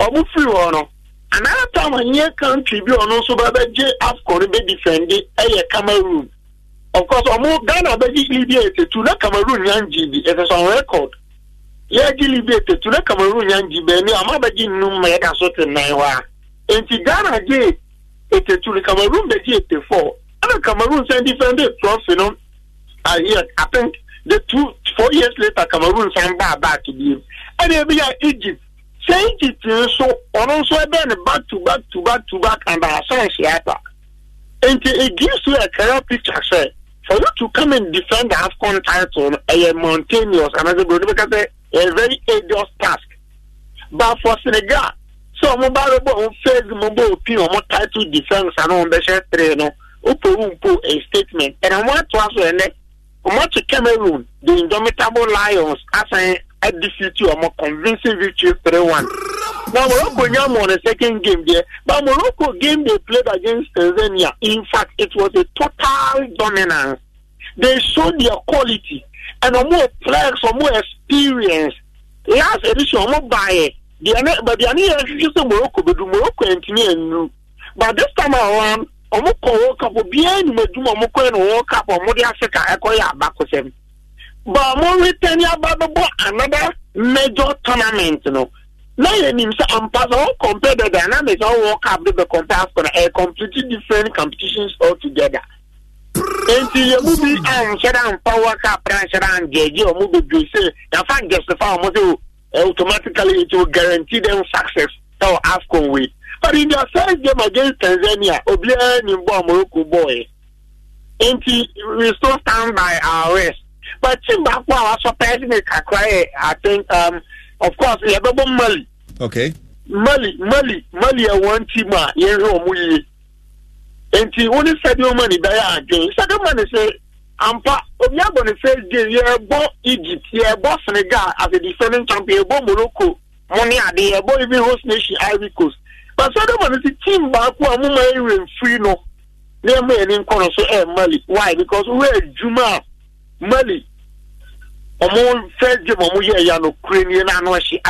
wọn firi hɔ no another time a nye country bi ɔno nso bɛ bɛ gye afcon bɛ defend ɛyɛ cameroon of course ọmọ ghana bẹji libya etetu na cameroon yan ji bi it is on record yẹji libya etetu na cameroon yan ji bẹẹ ni ọmọ bẹji nnum ma yẹda so ti nan wa nti ghana je etetu ni cameroon bẹji ete four ẹna cameroon sẹ different day trophy no i think the two four years later cameroon san baa back bi ẹna ebi ya egypt sẹ egypt nso ọno nso ẹbẹ ni back to back to back to back and asan si ata nti it gives you a clear picture sir for you to come and defend the AFCON title eh, a mountainous and as a good because eh, a very arduous task. But for Senegal, so I'm about on face mobile opinion on title defense and on the share trainer, Upo a statement. And I want to ask you, eh, I want to Cameroon, the indomitable lions, as a defeat you, I'm a convincing victory 3 1. Now Morocco won on the second game there, but Morocco game they played against Tanzania. In fact, it was a total dominance. They showed their quality and a more flex a more experience. Last edition, a more buy it. But the other is Morocco, but Morocco and Tinian. But this time around, a more World Cup will be in Meduma, a more World Cup, or more Africa, a Koya Bakosem. But more return another major tournament, you know. Now yɛ nim sɛ ampa sɛ compare the dynamics a wɔwɔ cup de bɛ compare afcon completely different competitions altogether nti yɛ mu bi anhyɛda ampa wɔ cup na anhyɛda angyeegye wɔn bebree sɛ yafa gɛsifa wɔn sɛ automatically it will guarantee them success So ask afcon wei but in their first game against tanzania obiara ni bɔ boy. bɔɔɛ nti we still stand by our rest but team baako a wasɔ pɛɛsi ne kakra yɛ i think. Um, of course yɛbɛbɔ mali okay mali mali mali ɛwɔ nti mu a yɛnhwɛ ɔmo yie nti wone sadio mani bɛyɛ adwen sadio mani sɛ ampa obi abɔ ne first game yɛbɔ egypt yɛbɔ senegal as a defending champion yɛbɔ morocco mo ne ade yɛbɔ even host nation ivory coast but sadio mani sɛ team baako a mo ma ɛwɛ mfiri no ne ɛma yɛ ne nkɔ no so ɛɛ mali why because wo adwuma a mali ɔmo first game ɔmo yɛ ya no kure ni na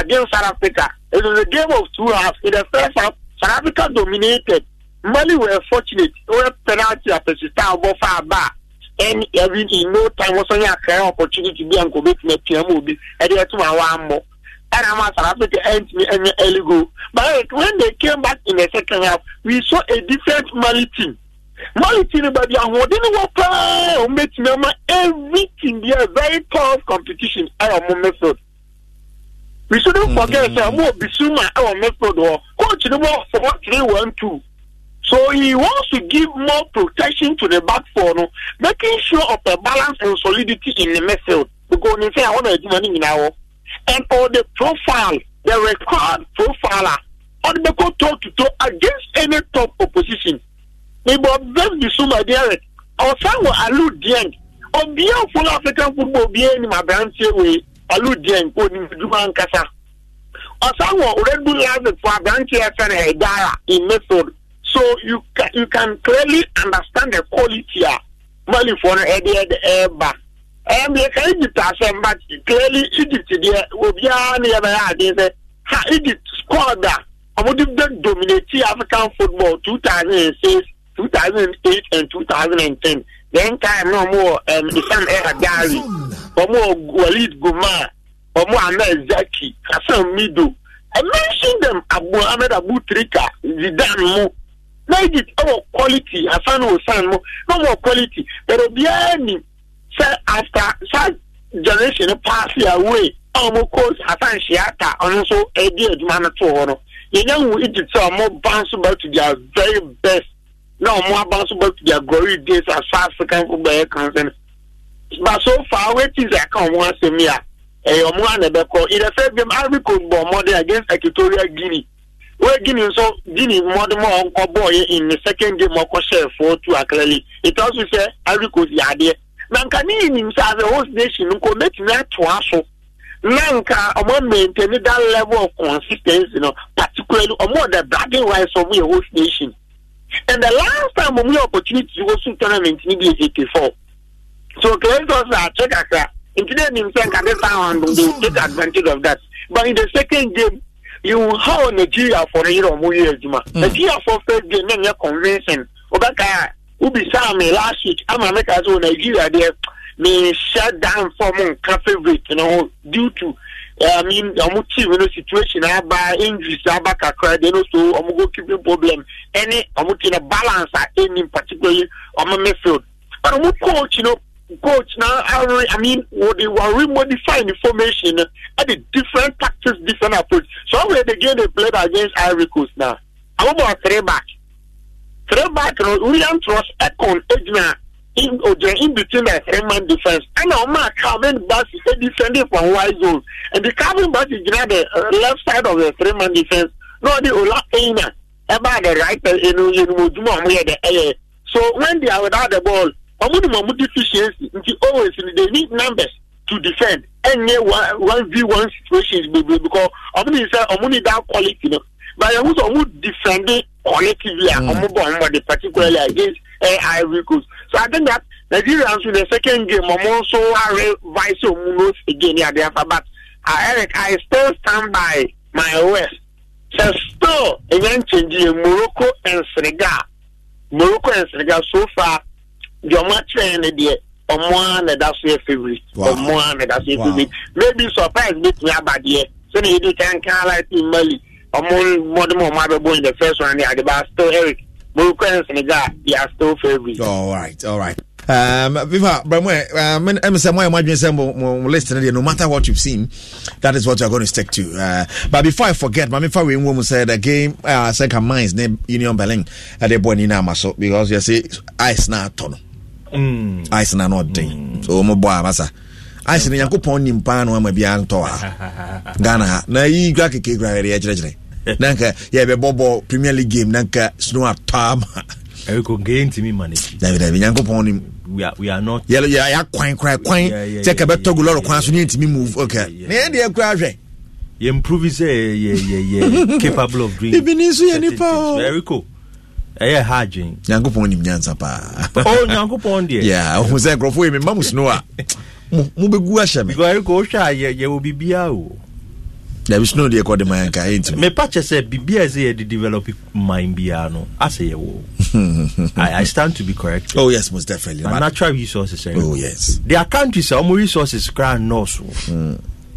against south africa it was a game of two halves in the first half south africa dominated mali were fortunate were penalty apɛsita abɔ fa aba And even in no time wɔsɔn yɛ akɛyɛ opportunity bi a nko betuma pia mu obi ɛde ɛtum awa ambɔ ɛna ma south africa ɛntumi ɛnyɛ early goal but when they came back in the second half we saw a different mali team. Quality ni baabi ahoɔden wɔ paa a wɔbɛtumi ama every team bi a very tough competition a wɔn method. We shouldn't forget sɛ wɔn wɔ Bisuma a wɔn method wɔ coach ni wɔ four three one two. So he wants to give more protection to the back four no making sure of a balance and solidity in the midfield because ne nsa ahoɔden adwuma ne nyinaa wɔ and all the profile the record profiler ɔde bɛ kɔ toe to toe against any top opposition mebɔ observe bi so my dear ɔsan wɔ alu dieng obiara folo african football biara anim aberanteɛ wei alu dieng kò ní adwuma nkasa ɔsan wɔ red bull lansing for aberanteɛ fɛn ɛdara in method so you can you can clearly understand the quality a malifoɔ no ɛde ɛde ɛɛba ɛyɛ mi ka egypt asɛm but clearly egypt deɛ obiara ne yɛ bɛyɛ adeɛ sɛ ha egypt squad a wɔde dominate african football two thousand and six. 2008 and 2010 Then time no more. wɔ ɛm um, isam ɛra gari ɔmo wɔ walid goma ɔmo ahmed zaki Hassan mido i mentioned them abu ahmed abu trika zidane mo it is ɛwɔ quality Hassan hosan mo no more quality but obiara ni after saa generation pass away a ɔmo coach hasan shiata ɔno nso ɛdi adwuma no to hɔ no yɛn nyɛ wu egypt sɛ ɔmo back to their very best na ɔmo aba nso back to their glory days asase kanfo bɛyɛ kansa no but so far wetin is I ɔmo asɛm yi a ɛyɛ ɔmo a na ɛbɛkɔ in the first game ivory coast bɔ ɔmɔden against equatorial guinea wey guinea nso guinea mɔden mu a ɔnkɔ bɔɔ in the second game ɔkɔ hyɛ four two akɛlɛli it also sɛ ivory coast yɛ adeɛ na nka ne yɛ nim sɛ as a host nation nko metumi atoa so na nka ɔmo maintain that level of consistency, ten cy no particularly ɔmo ɔda bragging rights ɔmo yɛ host nation. And the last time we opportunity was to tournament in the 84. So Clayton check us out. In today, himself can be found and take advantage of that. But in the second game, you have Nigeria for a year or more years, ma. Hmm. Nigeria for first game, then you're convincing. Obaka, who be me last week, I'm a make us Nigeria there. Me shut down for mon favorite, you know, due to I mean, I'm team You know, situation about uh, injuries, about uh, kakra, then so I'm go keeping problem. Any I'm looking a balance at uh, any particularly on my midfield. But I'm coach, you know, coach now. I, I mean, what they were remodifying information at the different tactics, different approach. So I'm the game they played against Ivory Coast now. I'm about three back, three back. You know, William Trust, Ekon, Edna. Eh, in between oh, in between a human defense and our man calvin bassey say defending from wide zone and the calvin bassey gyina the uh, left side of the three man defense na ɔde ola eina ɛba the right enu uh, enumoduma ɔmo yɛ the air. so when they are without the ball ɔmo ni ɔmo deficiency nti always they need numbers to defend Any one one v one situations bebree because ɔmo ni sɛ ɔmo ni that quality no but ɛho sɛ ɔmo defend collectively a ɔmo bɔ ɔmo bɔ particularly against. eh, Ivory Coast. So I think that Nigerians in the second game, I'm also a vice Munos again here, therefore. But uh, Eric, I still stand by my West. So still, again, changing Morocco and Senegal. Morocco and Senegal so far, your match and the ọmọ anada so yẹ favorite ọmọ anada so yẹ favorite maybe surprise bi tun abadeɛ sani yedi kankan like mali ọmọ mọdun mọ ọmọ abẹ bọ in the first round ni adiba still eric All right, all right. Um, Viva, Bramwe, um, MSM, my dream, listen, no matter what you've seen, that is what you're going to stick to. Uh, but before I forget, my before we woman said the game, uh, second mines, name Union Berlin, at uh, the born in Amaso, because you see, ice na tunnel. Hmm. Ice na not thing. Hmm. So, my boy, massa. Ice in Yakupon in Pan, one may be Antoa. Ghana, na you got a cake right here, nanka yɛbɛbɔbɔ premier league game nanka snow atɔ ama dabidabi nyankopɔn nim yɛyɛ kwan kora kwan sɛ ka bɛtɔ go lɔre kwan so ne yɛntumi move ok na yɛn deɛ kora hwɛ yɛmprove sɛ yɛyɛ capable of doing bibini nso yɛ nipa o ɛyɛ ha adwen nyankopɔn nim nyansa paa nyankopɔn deɛ ɔhu sɛ nkurɔfoɔ yɛ memma mu snow a mobɛgu ahyɛ me wohwɛ a yɛwɔ biribiaa o dabi snow deɛ kɔ de ma yanka ɛyɛ ntoma. mepa kyɛ sɛ bibi a ɛsɛ yɛ de develop mind biara no asɛ yɛ wɔ I, stand to be correct. oh yes most definitely. na natural resources eh? oh yes. their countries a eh, wɔn resources kora nɔɔso.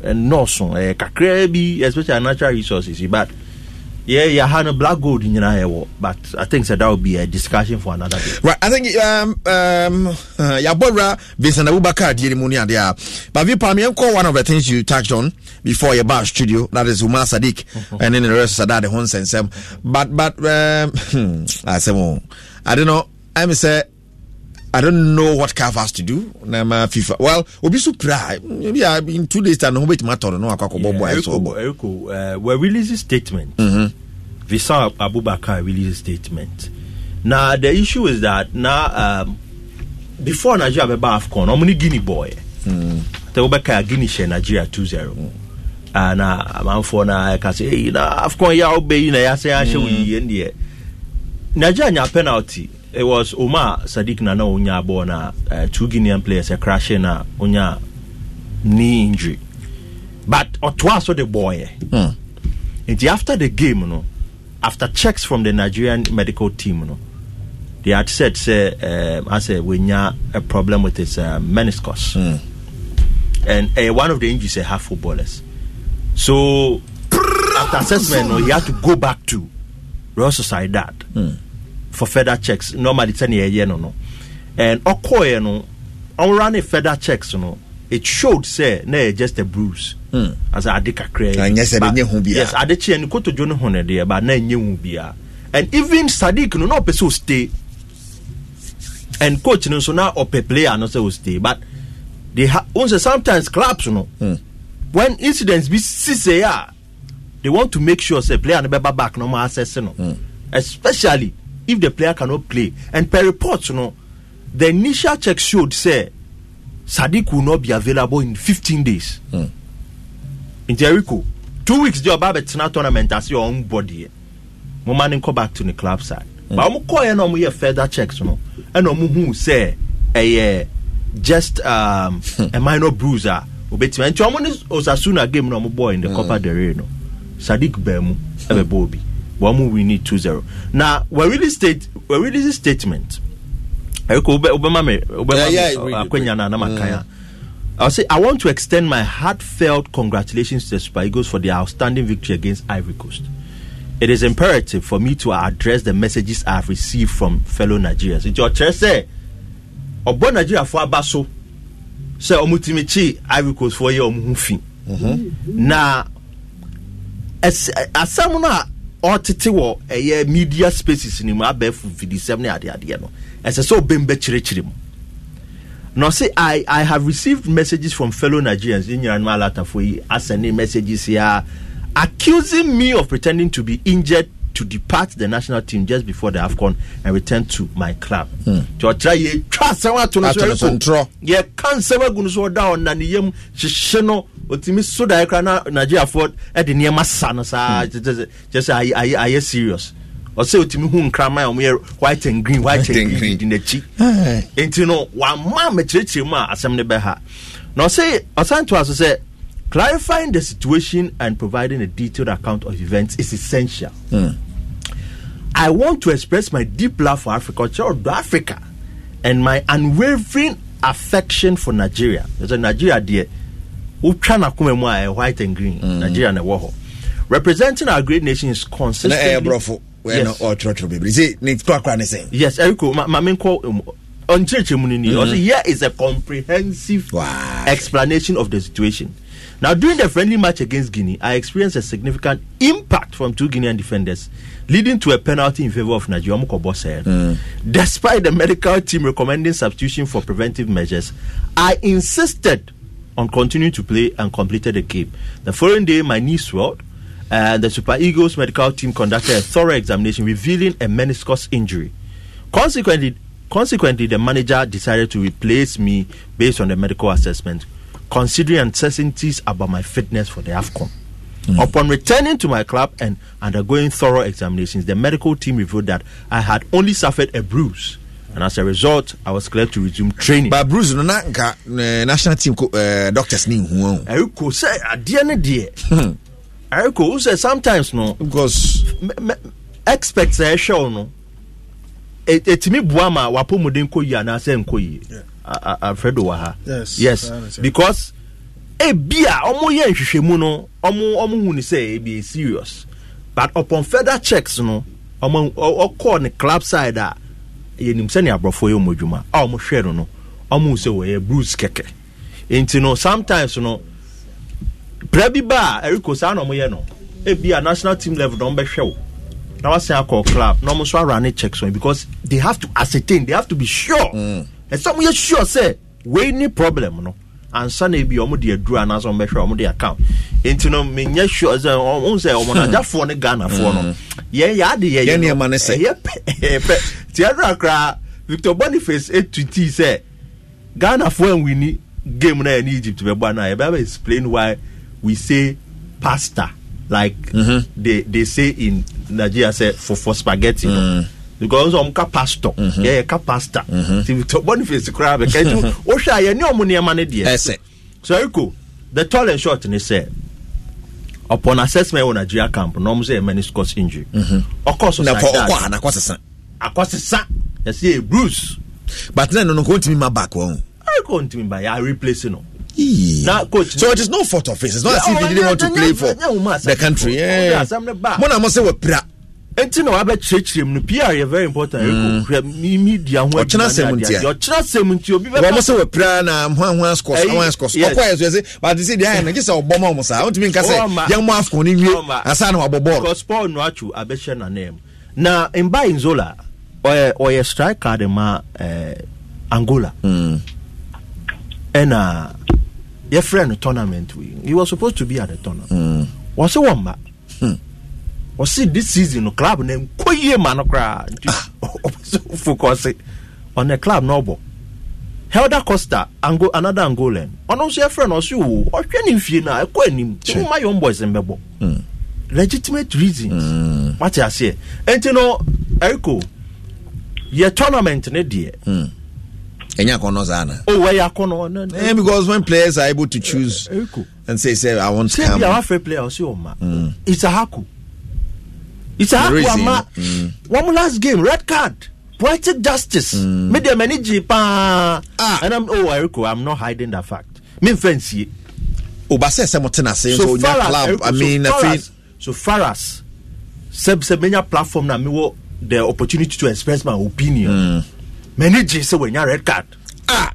nɔɔso ɛyɛ kakra bi especially natural resources but. yeah, yeah, a Black Gold in Yanaewo. But I think so that will be a discussion for another day. Right. I think um um uh Yabora Vincent Abubakar money there. But we Pamian call one of the things you touched on before your bar studio, that is Umar Sadiq mm-hmm. and then the rest of that the Honsen Sam. But but um I said I don't know. I'm say I don't know what CAF has to do. Nama FIFA. Well, obi so pra. Maybe uh, in two days time, no wait matter. No akwa bobo I so bobo. Eriko, uh, we release a statement. Mm-hmm. Visa Abubakar released a statement. Now the issue is that now um, before Nigeria be Afcon, I'm only Guinea boy. Mm-hmm. The Abubakar Guinea share Nigeria 2-0. Mm-hmm. Uh, na amanfoɔ na ɛka sɛ hey, na afcon yɛ a wobɛyi na yɛasɛ ahyɛ mm. wo yiyɛ ndeɛ nigeria nya penalty it was Omar Sadiq Nana Unya born uh, uh, two Guinean players a crashing uh, unya knee injury. But Otwaso the boy. Eh? Mm. And after the game, you know, after checks from the Nigerian medical team, you know, they had said, say, uh, I said, we have a problem with his uh, meniscus. Hmm. And uh, one of the injuries, uh, half footballers. So after assessment, you know, he had to go back to Royal Society. Mm for further checks normally sɛnea ɛyɛ no no and ɔkɔɛ no ɔnrane further checks no it showed say, na ɛyɛ just a bruise mm. as ade kakrayes ade kyeɛ no kotodwo no ho no deɛ ba na ɛnyɛ hu biaa and even sadiq no na ɔpɛ sɛ ɔstay and coach no so na ɔpɛ player no sɛ ɔstay but they ha wọn sɛ sometimes clubs no mm. when incidents bi sise a ah, they want to make sure say player no bɛba back na ɔmo assess no hmm. especially if the player cannot play. And per report, you know, the initial check showed say Sadiq will not be available in 15 days. Mm. In Jericho, two weeks the Obaba Tina tournament as your own body. Mama didn't come back to the club side. Mm. But I'm calling on here further checks, you know. And I'm who say a uh, just um, hmm. a minor bruiser. Ah, Obetime. And Chomon is Osasuna game no boy in the mm. Copa del Rey. Sadiq Bemu, mm. Ebe Bobby wɔn mu win it two zero na wɔn really state wɔn really statement ɛkò wobɛma mi wobɛma mi akonya na anam akanya i say i want to extend my heartfelt congratulations to the super eagles for their outstanding victory against ivory coast it is imperative for me to address the messages i have received from fellow nigerians nti ɔkyerɛ sɛ eh? ɔbɔ nigeriafoɔ aba so sɛ ɔmo tìmi kyi ivory coast foɔ yɛ ɔmo ho fi na asɛm no a ɔtete wɔ ɛyɛ media spaces ne mu abɛɛfo fidisɛm ne adeadeɛ no ɛsɛ sɛ ɔbɛm bɛkyerɛkyerɛ mu na ɔse I, i have received messages from fellow nigerians ne nyina no alatafoɔ yi asɛne messages yi accusing me of pretending to be injured to depart the national team just before the AFCON and return to my club. Hmm. To try ye twa on otimi so just hu nkraman a ɔmoyɛ white and green white and green di n'akyi nti no wama mɛkyerɛkyerɛ mu a asɛm no bɛha na ɔsɛ ɔsan to aso sɛ clarifying the situation and providing a detailed account of events is essential mm. I want to express my deep love for Africa, or Africa, and my unwavering affection for Nigeria. There's a Nigeria there. Eh, white and green. Mm. Nigeria and Warhol. Representing our great nation is eh, consistently. Yes. Oh, yes, Eriko, my um, main call on church mm-hmm. is a comprehensive wow. explanation of the situation. Now, during the friendly match against Guinea, I experienced a significant impact from two Guinean defenders leading to a penalty in favor of Nigeria Mukobose. Mm. Despite the medical team recommending substitution for preventive measures, I insisted on continuing to play and completed the game. The following day, my knee swelled. And the Super Eagles medical team conducted a thorough examination revealing a meniscus injury. Consequently, consequently, the manager decided to replace me based on the medical assessment, considering uncertainties about my fitness for the AFCON. Mm. Upon returning to my club and undergoing thorough examinations, the medical team revealed that I had only suffered a bruise. And as a result, I was cleared to resume training. But bruise no na nka eh, national team uh, doctors ni hu o. Eriko say adie ne die. Eriko who say sometimes no. Because experts say show no. E, Etimi buama wapomuden koyi anase nkoyi. Alfredo wa ha. Yes. Yes. Because ebi a wɔn yɛ nhwehwɛmu no wɔn wɔn hu ne sɛ ebi yɛ e serious but upon further checks no wɔn ɔkɔɔ ne club side a yɛnim sɛnea aborɔfo yɛ wɔn adwuma a wɔn hwɛ no no wɔn hu sɛ wɔyɛ bruise kɛkɛ nti no sometimes no pra bi ba a ɛrekɔ saa na wɔn yɛ no ebi a national team level na wɔn bɛhwɛ wo na wɔasan akɔ club na wɔn nso ara ne checks on because they have to ascertain they have to be sure ɛsɛ wɔn yɛ sure sɛ wei ni problem no ansa na ebi ɔmo de aduru anaasɛ ɔmo bɛhwɛ ɔmo de account nti no menyɛ sure sɛ ɔmo sɛ ɔmo nagyafoɔ hmm. ne ghanafoɔ no hmm. yɛn yɛ ade yɛ yɛ no ɛyɛ pɛ ɛyɛ pɛ tia dura koraa victor boniface etu tii sɛ ghanafoɔ wini game na yɛ ne egypt bɛ bɔ ana yɛ bɛ explain why we say pasta like mm -hmm. they they say in nigeria say for for spaghetti. Mm. No? Hmm because ɔmo ka pastor yɛyɛ ka pastor ti boniface koraa bɛ kɛ nti wohwɛ a yɛne ɔmo nneɛma no deɛ ɛsɛ so eko the tall and short ni sɛ upon assessment wɔ nigeria camp na ɔmo sɛ yɛ many scores injury ɔkɔ so like that ɔkɔ ana akɔsesa akɔsesa yɛsi yɛ bruce but na nono ko ntumi ma back wɔn ɛkɔ ntumi ba yɛ replace no. coach, so it is no fault of his. It's not yeah, as if he didn't want to play for the country. Yeah. Mona must say we're nti na wabɛkyerɛkyerɛ mu no pr yɛ very important mm. ɛkɔhwɛ media ho ɔkyena sɛm ntia ɔkyena sɛm nti obi bɛwɔmɔ sɛ wapira na mhoahoa skɔskɔ ɔkɔyɛ so ɛsɛ but sɛ deɛ ayɛ no gye sɛ ɔbɔ ma ɔm saa wontumi nka sɛ yɛmmɔ afcon no nwie asa na wabɔ bɔɔl spɔl no atwo abɛhyɛ nanam na mba nzola ɔyɛ strike card ma eh, angola mm. ɛna yɛfrɛ no tournament he was supposed to be at the tournament wɔse mm. wɔmma hmm ɔsi this season no club na nkɔ yie ma no koraa nti ɔbɛsɛ fokɔse ɔnɛ club na ɔbɔ helda costa ango another angolan ɔno nso yɛfrɛ no ɔsi wo ɔhwɛ ne mfie no a ɛkɔ anim tí mo ma young boys mbɛbɔ hmm. legitimate reasons hmm. wate aseɛ nti no eriko yɛ tournament ne deɛ. Mm. ɛnyɛ akɔnɔ saa na. o wɔyɛ akɔnɔ. ɛɛ eh, because when players are able to choose uh, and say say i want to come. sebi awa fɛ player ɔsi o ma. it's a hmm. haku. Isa Wama mm. wɔn last game red card poetic justice mi de mɛni gyi paa and I'm oh Eriko I'm not hiding that fact mi nfɛ nsie. Obasɛ sɛ mo tena ase nso onya club eh, I mean so far as so far as sɛ sɛ menya platform na mi wɔ the opportunity to express my opinion mm. Many mɛni gyi sɛ wɔnya red card. Ah.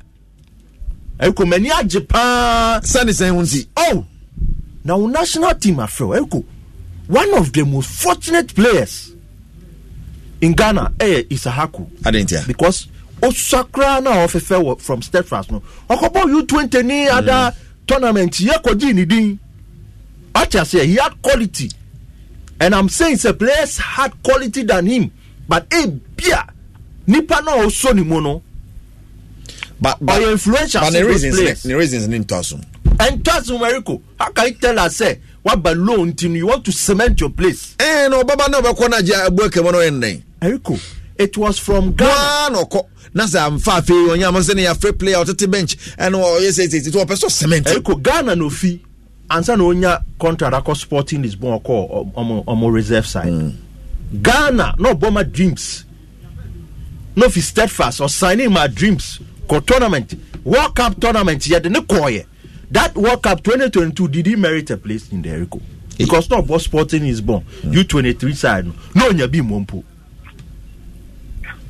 Eriko mɛni agye paa. Sani sɛ n ho nsi. Oh na wo national team afrɛ Eriko one of the most fortunate players in ghana ɛyɛ eh, isahaku adentia ah. because osua koraa na ɔfɛfɛ wɔ from steadfast no ɔkɔbɔ u twenty ni ada hmm. tournament yɛ kɔgye ne din say he had quality and i'm saying say players had quality than him but ebia eh, nipa naa ɔsɔ ne mu no but but ɔyɛ influential to those players. but ne reasons ne reasons ne ntɔ so. ɛntɔ so mɛriko how can you tell us say. Eh, waba loan nti you want to cement your place. ɛn eh, na ɔbaba náà ɔbɛkɔ náà jẹ abu ekemo náà ɛnna. eriko it was from ghana. ghana ɔkɔ na sɛ amfa afei ɔnyɛ amon sɛ ne yɛafrɛ player ɔtete bench ɛne ɔyɛ sɛsɛsi nti ɔpɛ sɛ cement. eriko ghana na ofi ansa na onya contract akɔ sporting lisbon ɔkɔ ɔmo ɔmo reserve side. Mm. ghana na ɔbɔ ma dreams No ofi steadfast ɔsigning ma dreams kɔ tournament world cup tournament yɛde ne kɔɔyɛ that World Cup 2022 did he merit a place in the Erico? Because not what Sporting is born. Yeah. U23 side no nyabi mompo.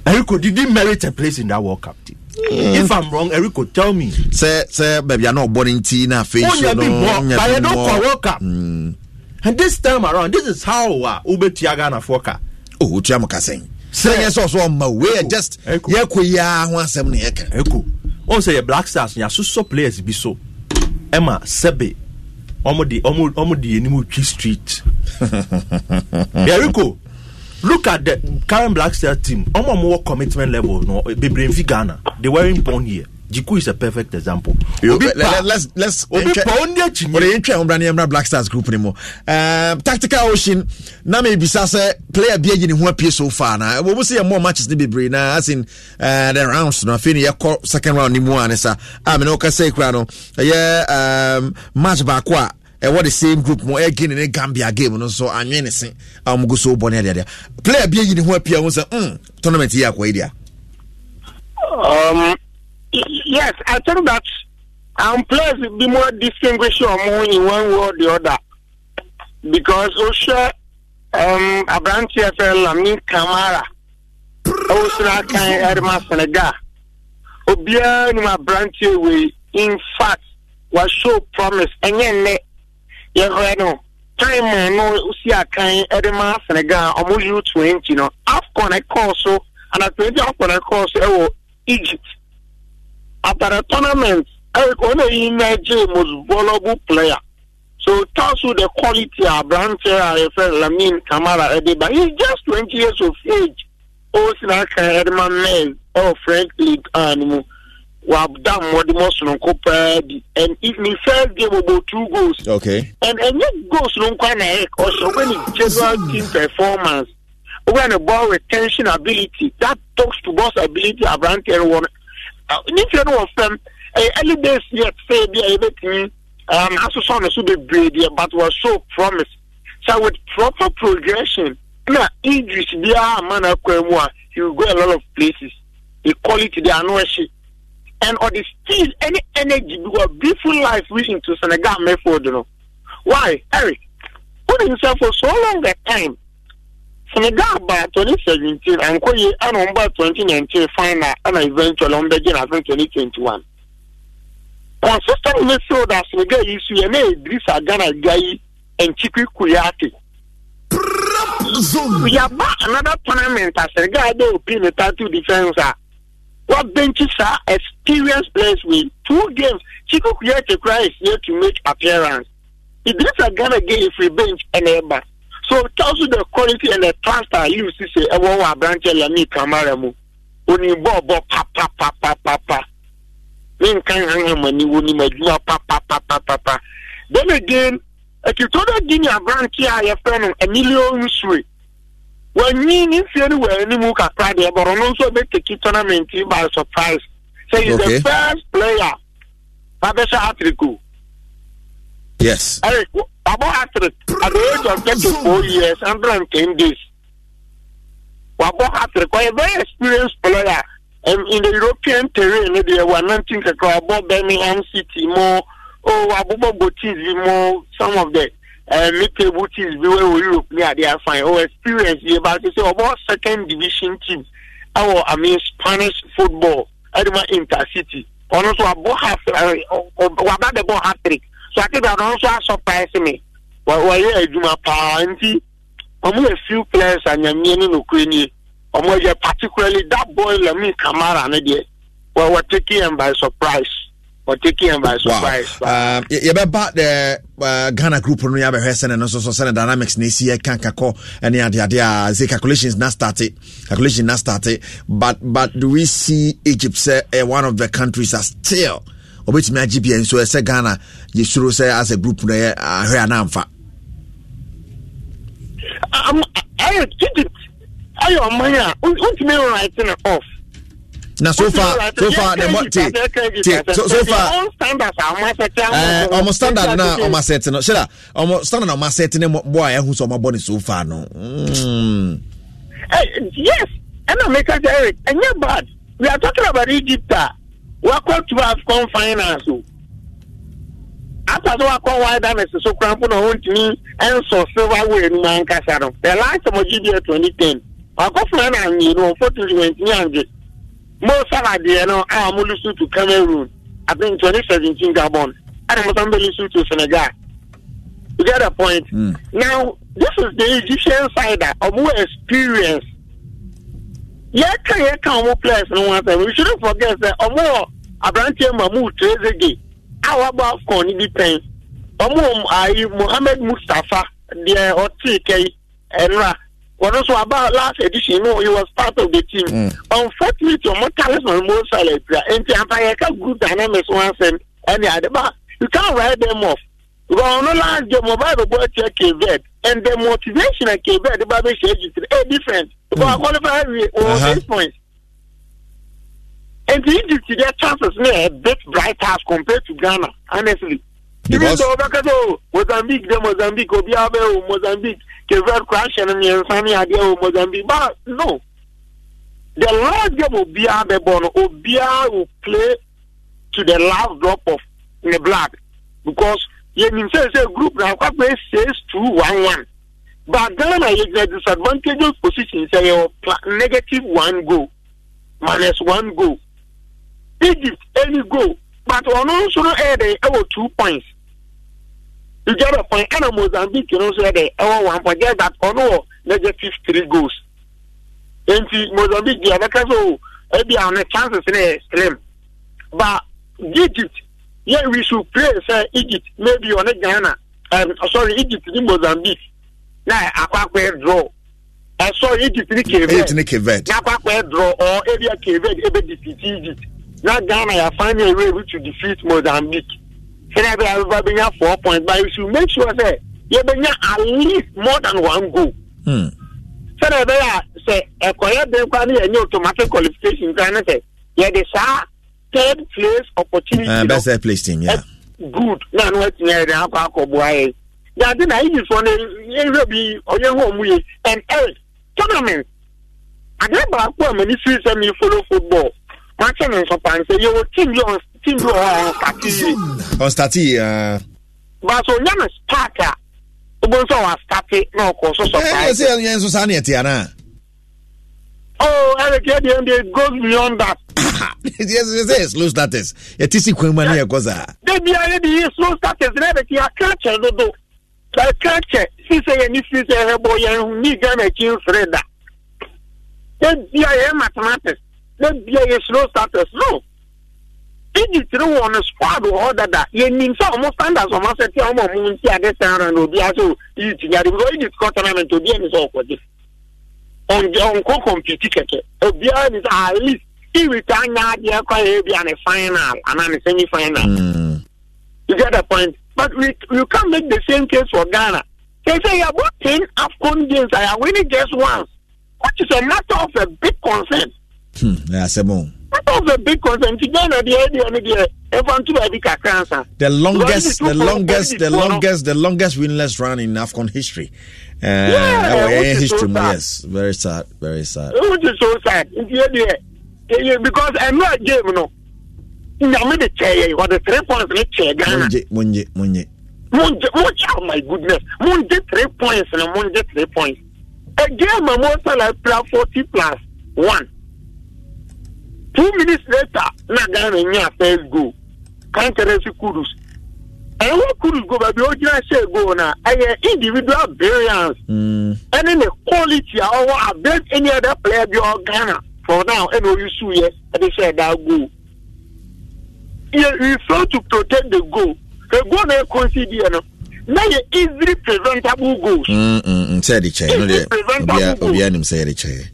Erico did he merit a place in that World Cup team? Mm. If I'm wrong, Erico, tell me. Say, say, baby, you're not born in Tina. Face, no, no, but I don't call World Cup. Mm. And this time around, this is how uh, Ube Tiagana Foka. Oh, Utiamu Kaseng. sɛnyɛ yes ɔsɛ ɔma we are just yɛkɔ yi ara ho asɛm ne yɛka ɛko ɔhu sɛ yɛ black stars yɛasosɔ players bi so ɛma sɛbe ɔmode ɔmode yɛnim twi street yɛreko look at the current black star team ɔmo ɔmo wɔ commitment level no bebree nfi ghana they were born here Jiku is a perfect example. You, let, let, let's let's yɛmra black stars group anymore. um, tactical ocean na mebisa sɛ player bia gye ne ho apie so far na ɛwɔ mu sɛ more matches no bebree na asen uh, the rounds Now afei ne second round no mu a ne sa a mene woka sɛ kura no ɛyɛ um, match baako a ɛwɔ the same group mu ɛyɛ guinea ne gambia game no nso anwe ne se a wɔn gu so bɔ ne adeadeɛ player bia gye ne ho apie a wɔn sɛ hmm, tournament yi akɔ yi deɛ yes, I think that I'm pleased to be more distinguished among in one way or the other. Because Osha, um, Abranti FL, Lamin Kamara, Osra Kan Edma Senegal, Obia Nima Abranti, we, in fact, was show promise, and yet, eh, you know, time no usi akan edema Senegal omo you U20 no AFCON call so and I twenty AFCON ẹkọ so oh, Egypt after a tournament oneyi eh, mmeje most valuable player so to the quality aberante a yɛfrɛ eh, lamin kamara ɛde ba he's just twenty years of age ɔsi oh, na aka ɛdema mɛs oh, french league a ah, no mu wabda mmɔde mɔ sononko paa bi and ne first game ɔbɔ two goals okay. and ɛnyɛ goals no nkwa na ɛyɛ ɔhyɛ wobɛne general team performance wobɛ ne ball retention ability that talks to boss ability aberante no wɔ Ah, ne mfie no wɔ fam early eh, days yet sɛ bi a yɛbɛtumi um, asosɔ no so bebree deɛ but was so promise so with proper progression na injuries biara ama na akɔ mu a he will go a lot of places equality de ano ɛhye and the still any energy bi wɔ beautiful life we to senegal You know why eric who dey himself for so long a time senegal by 2017 ankɔ yie ɛna wɔn ba 2019 final ɛna eventually wɔn bɛgye na 2021 consistent ne si o da senegal yi so yɛ ne edrisa ghana gya yi nkyikwi kuyate. yaba another tournament a senegal de opi ne title defence a ah. wabenchi saa experienced players with two games kyikwi kuyate kura is here to make appearance idrisa ghana gya efiri bench ɛna ɛba. so it the quality and the transfer you see say ẹ wọ wọ abirante lẹmi mu then again ekitodo dini ni a yɛfrɛ no emilio nsue wɔnyi ne nfie no wɔ anim kakra deɛ tournament by surprise so he's okay. the first player atriko yes. Babo hat-trick at the age of 24 years, 110 days. Babo hat-trick, a very experienced player. And um, in the European terrain, they were not thinking about Birmingham City more, oh, Abubo Botis more, some of the uh, mid-table teams where we look near, they are fine. Oh, experience, yeah, but it's about second division teams. Our, I mean, Spanish football, Edema Intercity. Honestly, Babo hat-trick, uh, Wabba the ball hat-trick sakida no nso asɔpaese me wɔyɛ adwuma paa nti ɔmo yɛ few players a nyameɛ ne nokure nie ɔmo particularly that boy lamin kamara ne deɛ wɔ wɔ taking him by surprise wɔ taking him by surprise. wow um, yɛbɛba eh, ghana group no yɛabɛhwɛ sɛne no nsoso sɛne dynamics na ɛsi ɛka kakɔ ne adeade a sɛ calculations na starte calculations na starte but but do we see egypt sɛ eh, one of the countries are still ɔbɛtumi agye bia nso ɛsɛ ghana yɛsuro sɛ asɛ group no yɛ ahwɛ a um, wontumi na so far so far ne mo te te so so far ɔmo standard na ɔmo asɛte no hyɛda ɔmo standard na ɔmo asɛte ne bo a ɛho sɛ ɔmo abɔ ne so far no. Mm. Eh, yes ɛna meka sɛ eric ɛnyɛ bad we are talking about egypt a. Ah wakɔ tu afcon finance o after sɛ wakɔ wider nurse so kora mpo na ɔntumi nsɔ silver way no mu ankasa no the last time ɔgye deɛ 2010 wakɔ finance mmienu unfortunately wɔntumi angye mo sara deɛ no a mo lusu to cameroon i think 2017 gabon ɛna mo san bɛ lusu to senegal you get the point. Mm. now this is the egyptian side that ɔmo experience yɛka yɛka ɔmo players no ho asɛm we shouldn't forget sɛ ɔmo wɔ aberanteɛ mahmood trezege a wabɔ afcon no bi pɛn ayi mohammed mustapha deɛ ɔtee kɛyi ɛnora wɔno nso aba last edition no he was part of the team mm. unfortunately ɔmo talisman mo sala apira nti ampa yɛka group dynamics ho asɛm ɛne ade you can't write them off because ɔno last game ɔba ɛbɛbɔ atia kvet and the motivation I gave her, the Bible says it's a different. But I hmm. qualify with all these points. And the Egypt, their chances are a bit brighter as compared to Ghana, honestly. Because Even though Obaka so Mozambique, the Mozambique, Obiabe, oh, Mozambique, Kevin Crash, and Miansani Adia, oh, Mozambique. But no. The last game Obiabe Bono, Obia will play to the last drop of the blood. Because yɛnim sɛ sɛ group na akwakɔ six two one one but ghana yɛgyina disadvantageous position sɛ yɛwɔ negative one goal minus one goal egypt any goal but ɔno nso no ɛyɛ dɛ ɛwɔ two points you get a point ɛna mozambique no nso yɛ dɛ ɛwɔ one point just that ɔno wɔ negative three goals nti mozambique deɛ bɛka so ebi a ne chances ne yɛ slim but egypt yeah, we should pray say Egypt maybe on a Ghana um, oh, sorry Egypt ni Mozambique na akwakwa draw uh, sorry Egypt ni Cape Verde Egypt ni na akwakwa draw or area Cape Verde ebe defeat Egypt na Ghana ya find a way to defeat Mozambique say na be aruba be nya four point but we should make sure say ye be at least more than one goal hmm. say na be ya say ekoye eh, dem kwa ni ye automatic qualification kan na say ye dey third place opportunity. Uh, best third place team, yeah. Good. Na no wetin yɛ de akɔ akɔ bu ayɛ. Yade na eyi fɔ ne yɛrɛ bi ɔyɛ hɔ mu ye and ɛ tournament. Ade baako a mani siri sɛ mi follow football. Maa kyɛ ne nso pan sɛ yɛwɔ team bi ɔn team bi ɔn start yi. Ɔn start Baaso nyɛ no start a. Obo wa start na ɔkɔ so eh, surprise. Ɛ ɛ sɛ yɛn nso saa ni ɛte Oh, Eric, yeah, it goes beyond that. yes, yes, yes, slow status. Yet is equal money, yeah, cause I. They be already slow status. never see a catcher, no, no. But catcher, she say, and if you say, hey, eh, eh, boy, you need them a kill Freda. They be a eh, mathematics. They be a slow status. no. Did you throw on a squad or other that? You mean so almost standards or must say, I'm a moon, see, I get down and will be as you eat together because it is cotton and to be any sort of ɔnkɔ kɔmpiti kɛkɛ at least anya final semi final mm. you get the point but we you can make the same case for ghana they say about ten afcon games and are winning just once which is a matter of a big concern. Hmm, yeah, a big concern the longest the longest the longest the longest winless run in afcon history. Uh, yeah, oh, yeah, history, so yes, very sad, very sad. Which is so sad. Because I'm not game, you know. no. nyame de kyɛɛ yɛ the three points ne kyɛɛ ghana monye monye monye monye oh my goodness monye three points And monye three points a game I'm most like plus forty plus one two minutes later na ghana nya Can't goal kankeresi kudus ɛwɔ kuru go baabi ogyina hyɛ go na individual variance ɛne hmm. ne quality a ɔwɔ abeg any other player bi ɔ ghana for now ɛna oyi su yɛ ɛde hyɛ ɛda goal yɛ refer to protect the goal the goal na ekonsidi yɛ no na yɛ easily preventable goals. sɛ ɛde kyɛn no deɛ obiara nim sɛ ɛde kyɛn.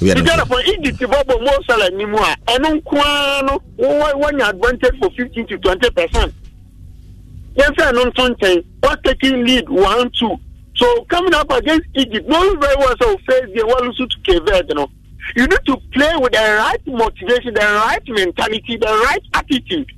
Nigyarafo Egypt bɔbɔ Mosala ni mu a ɛno nkoa no wɔnya advantage for fifteen to twenty percent. yɛmfɛ no nto nkyɛn was taking lead one two so coming up against egypt knowing very well sɛ ofɛs deɛ wɔlusu to cape verde no you need to play with the right motivation the right mentality the right attitude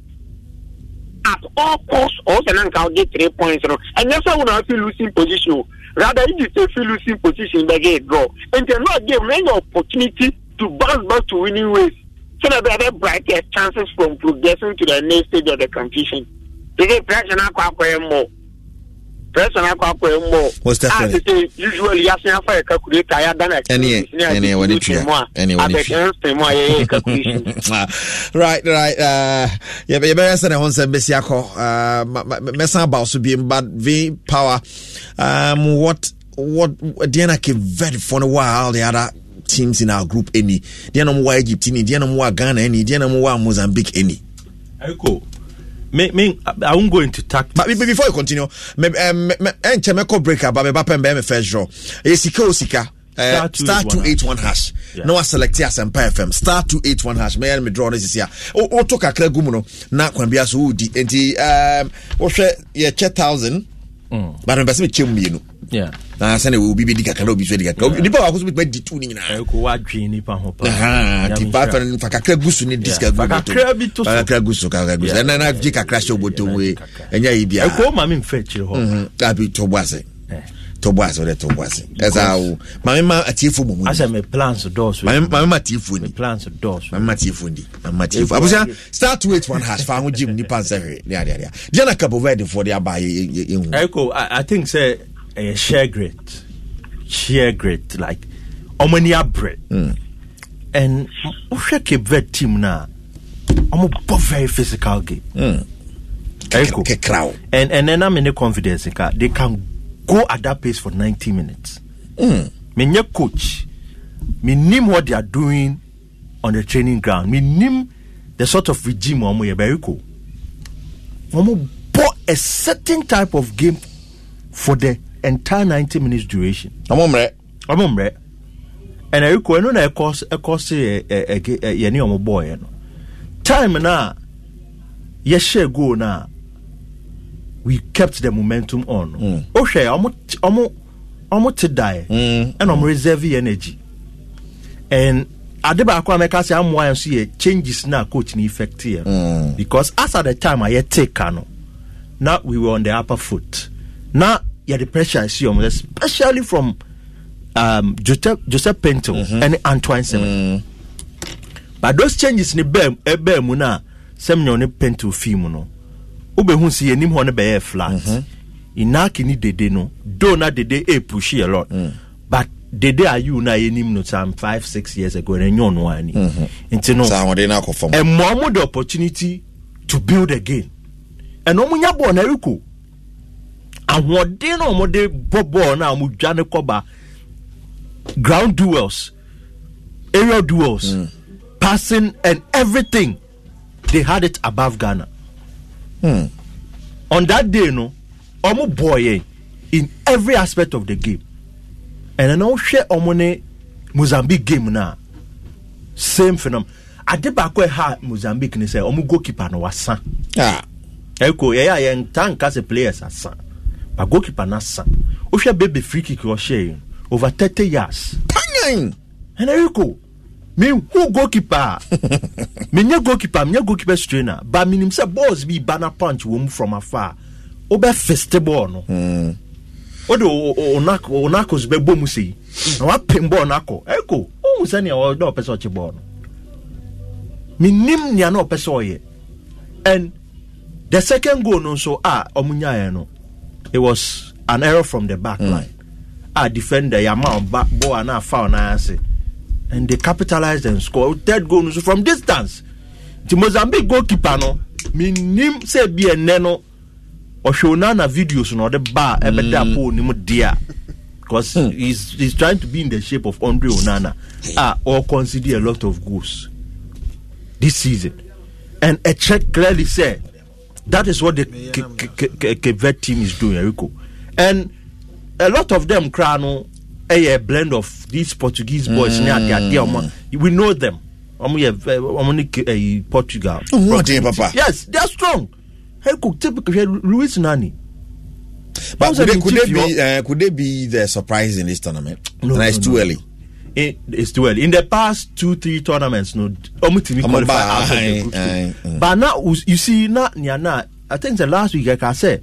at all costs Also, then can get three points no ɛnyɛ we wɔn afi losing position o oh. rather egypt afi losing position They get draw and ɛnua game na ɛyɛ opportunity to bounce back to winning ways so that they have brighter chances from progressing to the next stage of the competition. Ike pressure na akọ akọ ya mmụọ. Pressure na akọ akọ ya mmụọ. A ti usually ya sin afọ ya calculator ya dana. Ẹni yẹ ẹni yẹ wọ́n ni tuya ẹni wọ́n a yẹ yẹ Right right yẹ bẹ yẹ sẹ na ẹhọ nsẹ mbẹsi akọ mẹsan aba ọsọ bi mba v power um, what what deɛ na ke very fɔ no wɔ all the other teams in our group any deɛ na mo wɔ Egypt any deɛ na mo Ghana any deɛ na mo Mozambique any. Eko me, me, I won't go into tactics. But before you continue, me, um, me, me, eh, me, breaker, but me, me, me, me, first draw. Esika Osika. Uh, star two eight one hash. Yeah. No, I select as Empire FM. Star two eight one hash. May I me draw this year? Oh, oh, talk a clear gumuno. Na kwambiasu udi. Enti um, oh, yeah, check thousand bàtà mpɛsɛ mi kyɛn mmienu na sani obi bi di kakra na obi so di kakra nipa wa kosomi tuma di tu ni nyinaa. ɛkò eh, wa dwi nipa ho pa. tipa fɛn fa kakra gusu ni disika gu bɔtɔ fakakra bi to so fakakra gusu kakra gusu ɛnana gye kakra se o bɔtɔ We. ye ɛnya yi bi a. ɛkò maami nfɛ kyerɛ hɔ. a bi tɔ bɔ ase tɔbɔ ɔdɛ tɔbɔ ɛsɛ awo maame ma atiefo mɔmu ni asɛ plans dɔɔso maame maame ma tiefo ni plans dɔɔso maame ma tiefo ni maame ma tiefo abusa star two eight one hash faaho gym nipa nsɛhwɛ ne ade ade deɛ na Cabo Verde fo de aba ye ye ye hu. ɛko i think say ɛyɛ eh, share great share great like ɔmo ani abrɛ hmm. and wohwɛ Cape Verde team na ɔmo bɔ very physical game. ɛko hmm. and and ɛna mi ne confidence nka they can go at that pace for 90 minutes. Mm. Menye coach, me nim what they are doing on the training ground. Me nim the sort of regime omo yeberiko. Omo bought a certain type of game for the entire 90 minutes duration. Omo mre. Omo mre. And Eriko, eno na ekos ekos ye ye ni omo boy no. Time na yɛhyɛ goal na we kept the momentum on o hwɛ ɔmo ɔmo ɔmo ti da yɛ ɛna ɔmo reserve energy and ade baako a mɛka sɛ amoa yɛn so yɛ changes na coach ni effect yɛ mm. because as at the time a yɛ take ka no na we were on the upper foot na the pressure I asi ɔmo especially from um, Joseph, Joseph Pinto mm-hmm. and Antoine Semen. Mm. But those changes ni bɛɛ eh, mu na Semen ne Pinto fi mu no wobɛhu sɛ yɛnim hɔ no bɛyɛ flat inaki mhm. ne dede no do na dede ɛpushi a lot mm. but dede ayu na yɛnim no sam 5 6 years ago no ɛnyɛ ɔno ani mhm. nti no ɛmmoa mo the opportunity to build again ɛna ɔmo nya bɔɔl na ɛrekɔ ahoɔden na ɔmo bɔ bɔɔl na ɔmo dwa kɔba ground duels aerial duels mm. passing and everything they had it above ghana Hmm. on that day no ọmụ bɔɔ yɛn in every aspect of the game ɛnna na wohwɛ ọmụ ne mozambique game na same phenomenon ade baako ɛha mozambique ni sɛ ọmụ goalkeeper wa wasa ɛko yɛyɛ a yɛn ta nka sɛ players asa ba goalkeeper na san wohwɛ bebe free kick ɔhyɛ yi over thirty yards ɛnna ɛyɛ ko. mehu goalkeeper menyɛ goalkeeper menyɛ goalkeeper strainer. but menim sɛ balls bi ba na punch wɔ from afar wobɛfiste ball no wode hmm. wo knuckles bɛbɔ mu sei na woapem ball no akɔ ɛko wohu sɛnea na ɔpɛ sɛ ɔkye ball no menim nea na ɔpɛ sɛ ɔyɛ and the second goal no nso a ɔmo nyaeɛ no it was an error from the back hmm. line mm. a defender yɛama ɔba ball a na afa ɔnan ase and they capitalized and scored third goal from distance The mozambique goalkeeper no menim sɛ bi ɛnɛ no videos na the ba ɛbɛda apoo ne mu dea because he's, he's trying to be in the shape of andre onana ah, or consider a lot of goals this season and a check clearly said that is what the Cape K- K- K- team is doing Eriko. and a lot of them cry no ɛyɛ a blend of these portuguese boys ne adeadeɛ ɔmo we know them I'm yɛ ɔmo ne ɛyi portugal. wọn ti papa. yes they are strong heku typical hɛ luis nani. but could they, could they be uh, could they be the surprise in this tournament. no and no it's too no. early. In, it's too early. In the past two, three tournaments, no, Omu TV qualified out of the group aye, aye. But now, you see, now, I think the last week, like I said,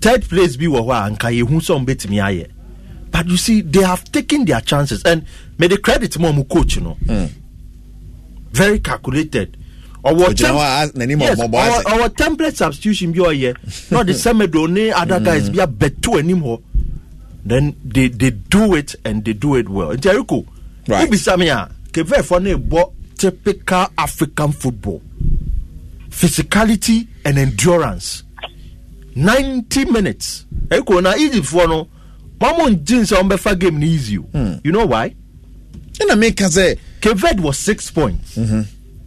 third place be wa wa, and Kayehu some bit me aye. But you see, they have taken their chances. And may the credit more coach, you know. Mm. Very calculated. Or tem- yes, our, our template substitution be here. Not the same donate other hmm. guys be a bet two anymore. Then they, they do it and they do it well. Jericho, right. Kevin Fone bought typical African football. Physicality and endurance. 90 minutes. Eko na Egypt for no. Mama Jinsa on Befa game ni easy. Mm. You know why? And I make say Keved was six points. Mm-hmm.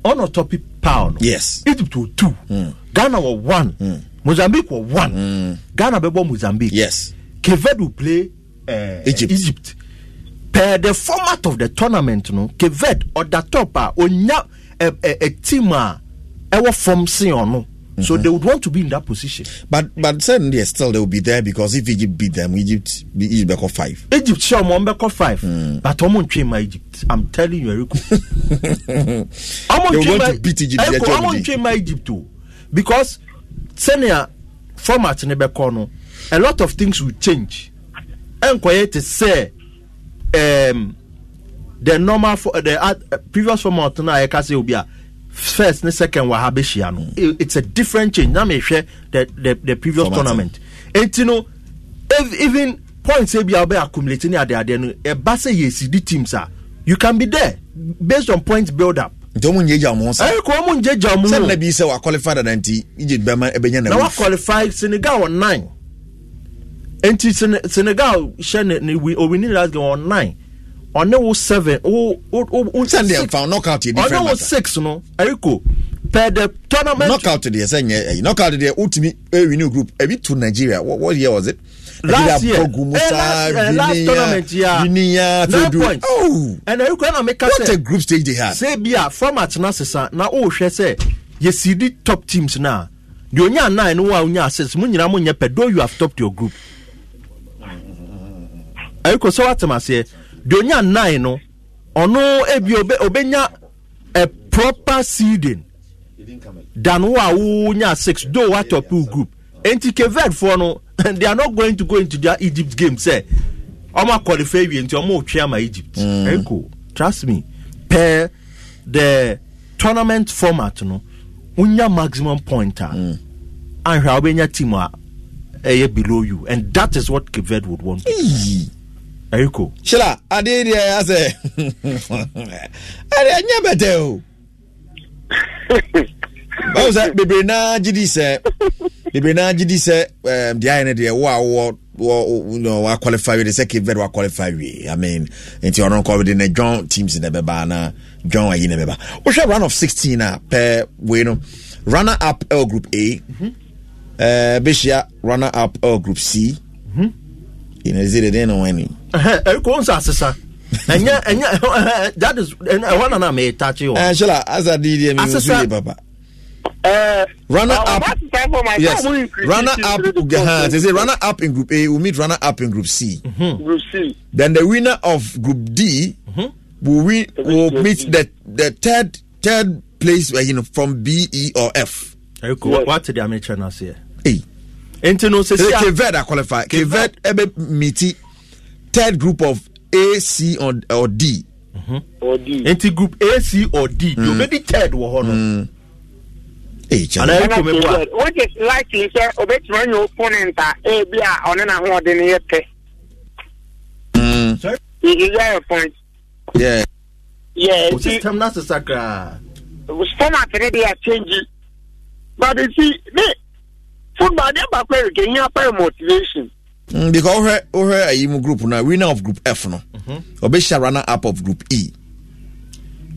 On a topic pound. Yes. Egypt was two. Mm. Ghana was one. Mm. Mozambique was one. Mm. Ghana bebo Mozambique. Yes. Kevet will play uh, Egypt. Egypt. Per the format of the tournament, no, Kevet or the top, uh, onya, a, a, a team, uh, our form, see, or Mm-hmm. So mhm. they would want to be in that position. But but certainly still they will be there because if Egypt beat them, Egypt be Egypt back five. Egypt sure mom back five. Hmm. But I'm on train my Egypt. I'm telling you, Eriku. I'm on train my beat Egypt. I'm on my Egypt too. Because senior format in the corner, a lot of things will change. And quiet is say um the normal for the uh, previous format now I can say will be a uh, first ne second wɔ ha bɛhyia no it's a different change na mehwɛ the the the previous Formatting. tournament eti no if, even points ebi a wɔbɛ accumulate ne adeade no ɛba sɛ yɛ esidi teams a you can be there based on point build up. nti ɔmu nye jamu nsa. ɛyɛ kò ɔmu nye jamu. sɛ nna bi sɛ wa qualify dada nti egypt bɛma ɛbɛnya na. na wa qualify senegal wɔ nine nti senegal hyɛ ne ne wi owini last game wɔ nine ɔne wo seven wo wo wo six ɔne wo six no eriko per the tournament. knockout deɛ sɛ nyɛ ɛyi knockout deɛ wotumi ewini group ebi to nigeria what what year was it. last year ɛɛ eh, last ɛɛ eh, last tournament ya viniya tedu oh ɛnna eriko ɛnna mi ka sɛ what a group stage they had. se bia format na sisan na o hwɛ sɛ di top teams na deɛ onya nine wo a onya six mu nyinaa mo nyɛ pɛ though you have topped your group. eriko sɛ wa tɛm aseɛ deɛ onya nnan no ɔno ebi obe obenya a proper seeding than wo a wonya six do wa top two group nti kevet foɔ no they are not going to go into their egypt game sɛ ɔmo akɔlifa ewie nti ɔmo otwe ama egypt. Mm. Eko trust me Per the tournament format no wonya maximum point mm. a mm. a wobɛnya team a ɛyɛ below you and that is what kevet would want ayiko. sila adi deɛ yasɛ ɛdi ɛnyɛ bɛtɛ o báwo sɛ bebree naa gidi sɛ bebree naa gidi sɛ ɛɛ deɛ ayɛ ne deɛ wo a wɔ wɔ wɔ wa qualify wi de sɛ cape verde wa qualify wi i mean nti ɔno nkɔ de ne john teams na bɛba na john ayi na bɛba wohwɛ run of sixteen a pɛɛ wei no runner up l group a ɛɛ mm -hmm. uh, eh, bɛhyia runner up l group c. Mm -hmm yɛnɛsi de den na wɔn anim. ɛkɔ nsa asesa ɛnyɛ ɛnyɛ that is ɛhɔ nana mɛ etaakye wɔ. ɛn sɛla asa di di ɛmi wosu ye papa. Uh, runner uh, up, yes, runner up. Uh, they say runner up in Group A will meet runner up in Group C. Mm-hmm. Group C. Then the winner of Group D mm-hmm. will win, will meet the the third third place, uh, you know, from B, E, or F. Okay, yes. what did the amateur now say? nti no sɛ sia keved a qualify keved ɛbɛ miti third group of a c or, or d mhm. nti group a c or d deɛ mm. obɛdi third wɔ hɔ no which is likely sɛ obɛtumi anya opponent a ebi a ɔne n'ahoɔden yɛ pɛ you get your point. Yeah. Yeah. O system na sisan kraa. format ne de y'a change but you see me football adeɛ baako yɛ kɛ nyɛ apɛ motivation. Mm, because wohwɛ wohwɛ ayi mu group na winner of group f no ɔbɛhyia runner up of group e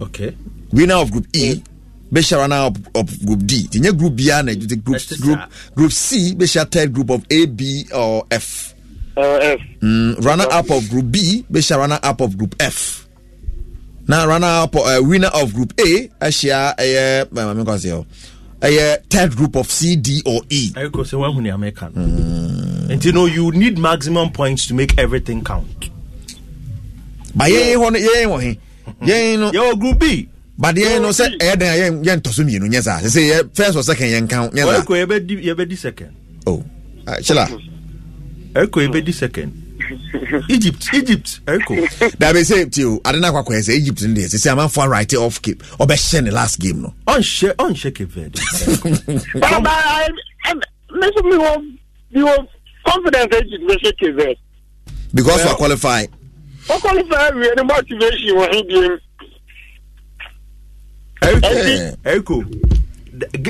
okay. winner of group e mm. bɛhyia runner up of group d ti nye group biara na ɛdi group group group c bɛhyia third group of a b or f. Uh, f. Mm, runner up of group b bɛhyia runner up of group f na runner up uh, winner of group a ɛhyia ɛyɛ maame nkwa se hɔ a third group of C, D, or E. Mm. And you know, you need maximum points to make everything count. But yeah, yeah, yeah, yeah, group B. But yeah, no, say, eh, then I am to sum you, yes, I say, first or second, you count. Yes, I could be second. Oh, actually, I could be second. egypt egypt ɛkɔ. dabi se ti o adana akɔ akɔyɛ sɛ egypt ni deɛ sisi amanfo arayite off cape ɔbɛhyɛ ne last game no. ɔnhyɛ ɔnhyɛ cape verde. baba mẹsàn mi wọ mi wọ confidence egypt mẹsàn cape verde. because we qualify. wọ́n qualify wiye ni motivation wọ̀ hin game. ɛkɔ ɛkɔ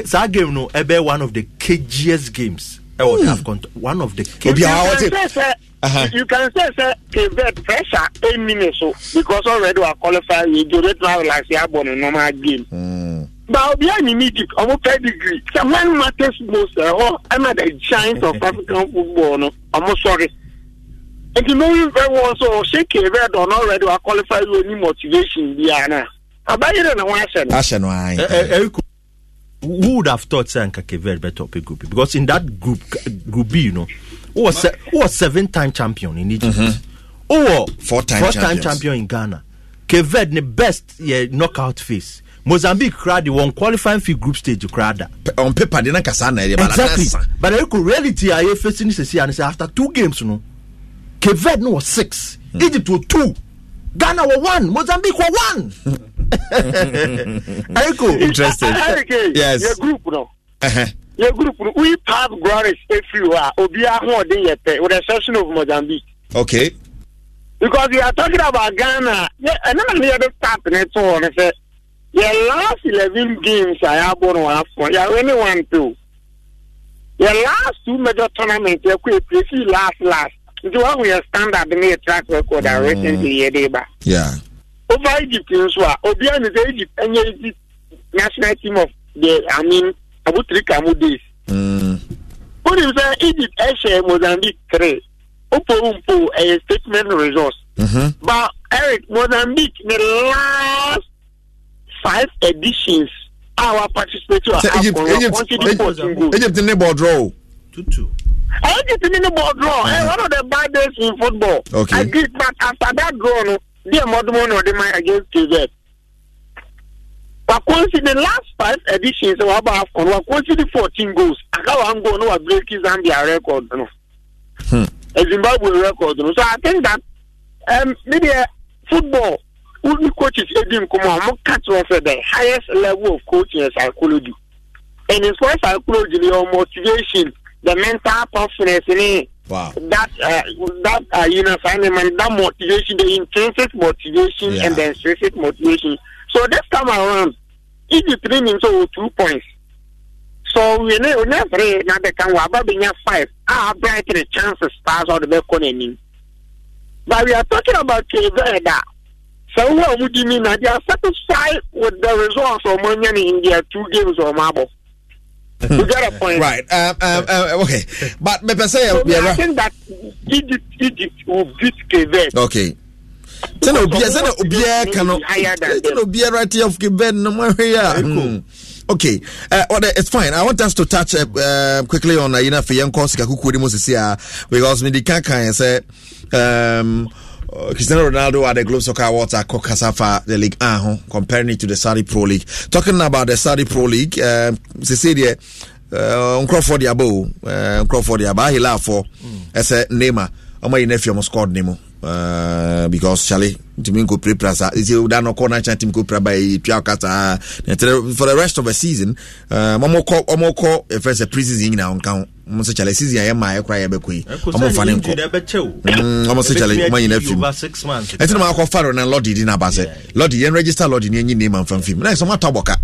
saa game no ɛbɛ one of the cagiest games ɛwɔ mm. dafcon one of the key. obiara wɔte. you can say say uh-huh. sɛ kevet pressure ɛnni ne so because already wa qualify yi jore tun relax ya bɔ ne normal game. Mm. but obiara ni mi di ɔmo pɛ degree sɛ when matters most uh, Oh, I'm ɛna the giant of african football no I'm sorry. And you know very well so ṣé kevet ɔno already wa qualify yi o ni motivation bi ana abayere na wọn ahyɛ no. ahyɛ no ayi who would have thought say Anka Kever better up a group because in that group group B, you know, who was se- who was seven time champion in Egypt, mm-hmm. who four time four time champion in Ghana, Kever the best yeah, knockout face. Mozambique crowd won qualifying for group stage to crowd. On paper, they not Exactly, but I could reality I facing this and say after two games, you know, Cape no was six, mm. Egypt was two. Ghana were one, Mozambique were one. Eriko, interesting. Eriko, yes. Your group no. Uh-huh. Your group no. We pass glories everywhere. Obia ho de yepe with exception of Mozambique. Okay. Because we are talking about Ghana. Yeah, and then the other start in it I said your last 11 games I have won one for. Yeah, anyone too. Your last two major tournaments, you could play last last. nti wahu yɛ standard ne yɛ track record a recently yɛ de ba. over egypt nso a obiara ne sɛ egypt ɛnyɛ egypt national team of the i mean abutirika mu days. wonim sɛ egypt ɛhyɛ mozambique three opompo ɛyɛ statement resource. but eric mozambique ne last five editions our wa are. to a afcon fourteen goals. egypt ne bɔ draw o. I just to the ball draw. Mm. One of the bad days in football. Okay. I agree, but after that draw, no, they are more than one of them against KZ. But consider the last five editions we of AFCON, we the 14 goals. I can't go no break Zambia record, no. Hmm. A Zimbabwe record, no. So I think that um, maybe uh, football, only coaches, Edim Kuma, I'm catch off at the highest level of coaching and psychology. And it's why psychology or motivation. the mental toughness in it. Wow. That uh, that uh, you know, and that motivation, the intrinsic motivation yeah. and the intrinsic motivation. So this time around, if you train him two points. So we know we never now they can about being five. Ah, bright the chances stars or the back on But we are talking about that. So what would you mean that they are satisfied with the results of money in their two games or marble? you get a point. Right. Um, um, um, okay. But me per se, so yeah, I think that Egypt, Egypt will beat Quebec. Okay. Tena obia tena obia kano tena obia right here of Quebec no more here. Hmm. Okay, uh, order, it's fine. I want us to touch uh, uh, quickly on uh, you know for young course because me the can can say um Uh, Cristiano Ronaldo at the Globe Soccer Awards at Kokasafa, the league, uh, comparing it to the Saudi Pro League. Talking about the Saudi Pro League, um, uh, Cecilia, uh, Crawford Yabo, uh, Crawford Yabo, he laughed for, hmm. as a Neymar, I'm my nephew, I'm squad Nemo. Uh, because Charlie, timi nko pray pra saa ɛsɛ woda no kɔ no akyena timi kɔ pra ba ɛtua woka saa for the rest of the season ɔmɔkɔ ɔmɔkɔ ɛfrɛ sɛ pre season nyinaa ɔnka ho ɔmo sɛ kyale season a yɛma yɛkora yɛbɛkɔ yi ɔmo fa ne nkɔ ɔmo sɛ kyale ɔmo nyina fim ɛti na maakɔ fa ronan lɔdi di naba sɛ lɔdi yɛn register lɔdi ni ɛnyi ne ah, ma nfa fim na ɛsɛ ɔmo atɔ bɔka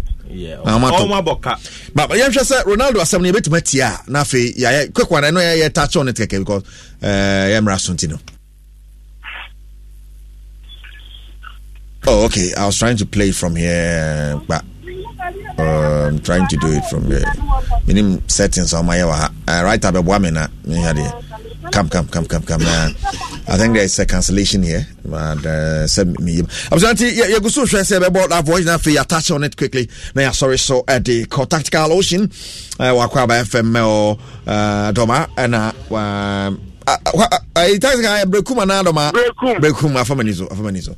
ɔmo abɔka ba yɛnhwɛ sɛ ronaldo asɛm no yɛbɛtumi atia na afei yɛayɛ kwekwa na ɛno yɛyɛ touch on it kɛkɛ because ɛɛ eh, yɛmmra so nti no Oh, okay. I was trying to play from here, but uh, I'm trying to do it from here. minimum settings on my uh, right up a Come, come, come, come, come. Uh, I think there is a cancellation here. But uh, send me. I'm sorry. You go so about that voice now. Fee attach on it quickly. Now, sorry. So at uh, the tactical ocean, I uh, Wakwa FM or uh, Doma and uh. Um, Ah, ah, ah, it has a eh, brekum and adoma brekum brekum afamani so afamani so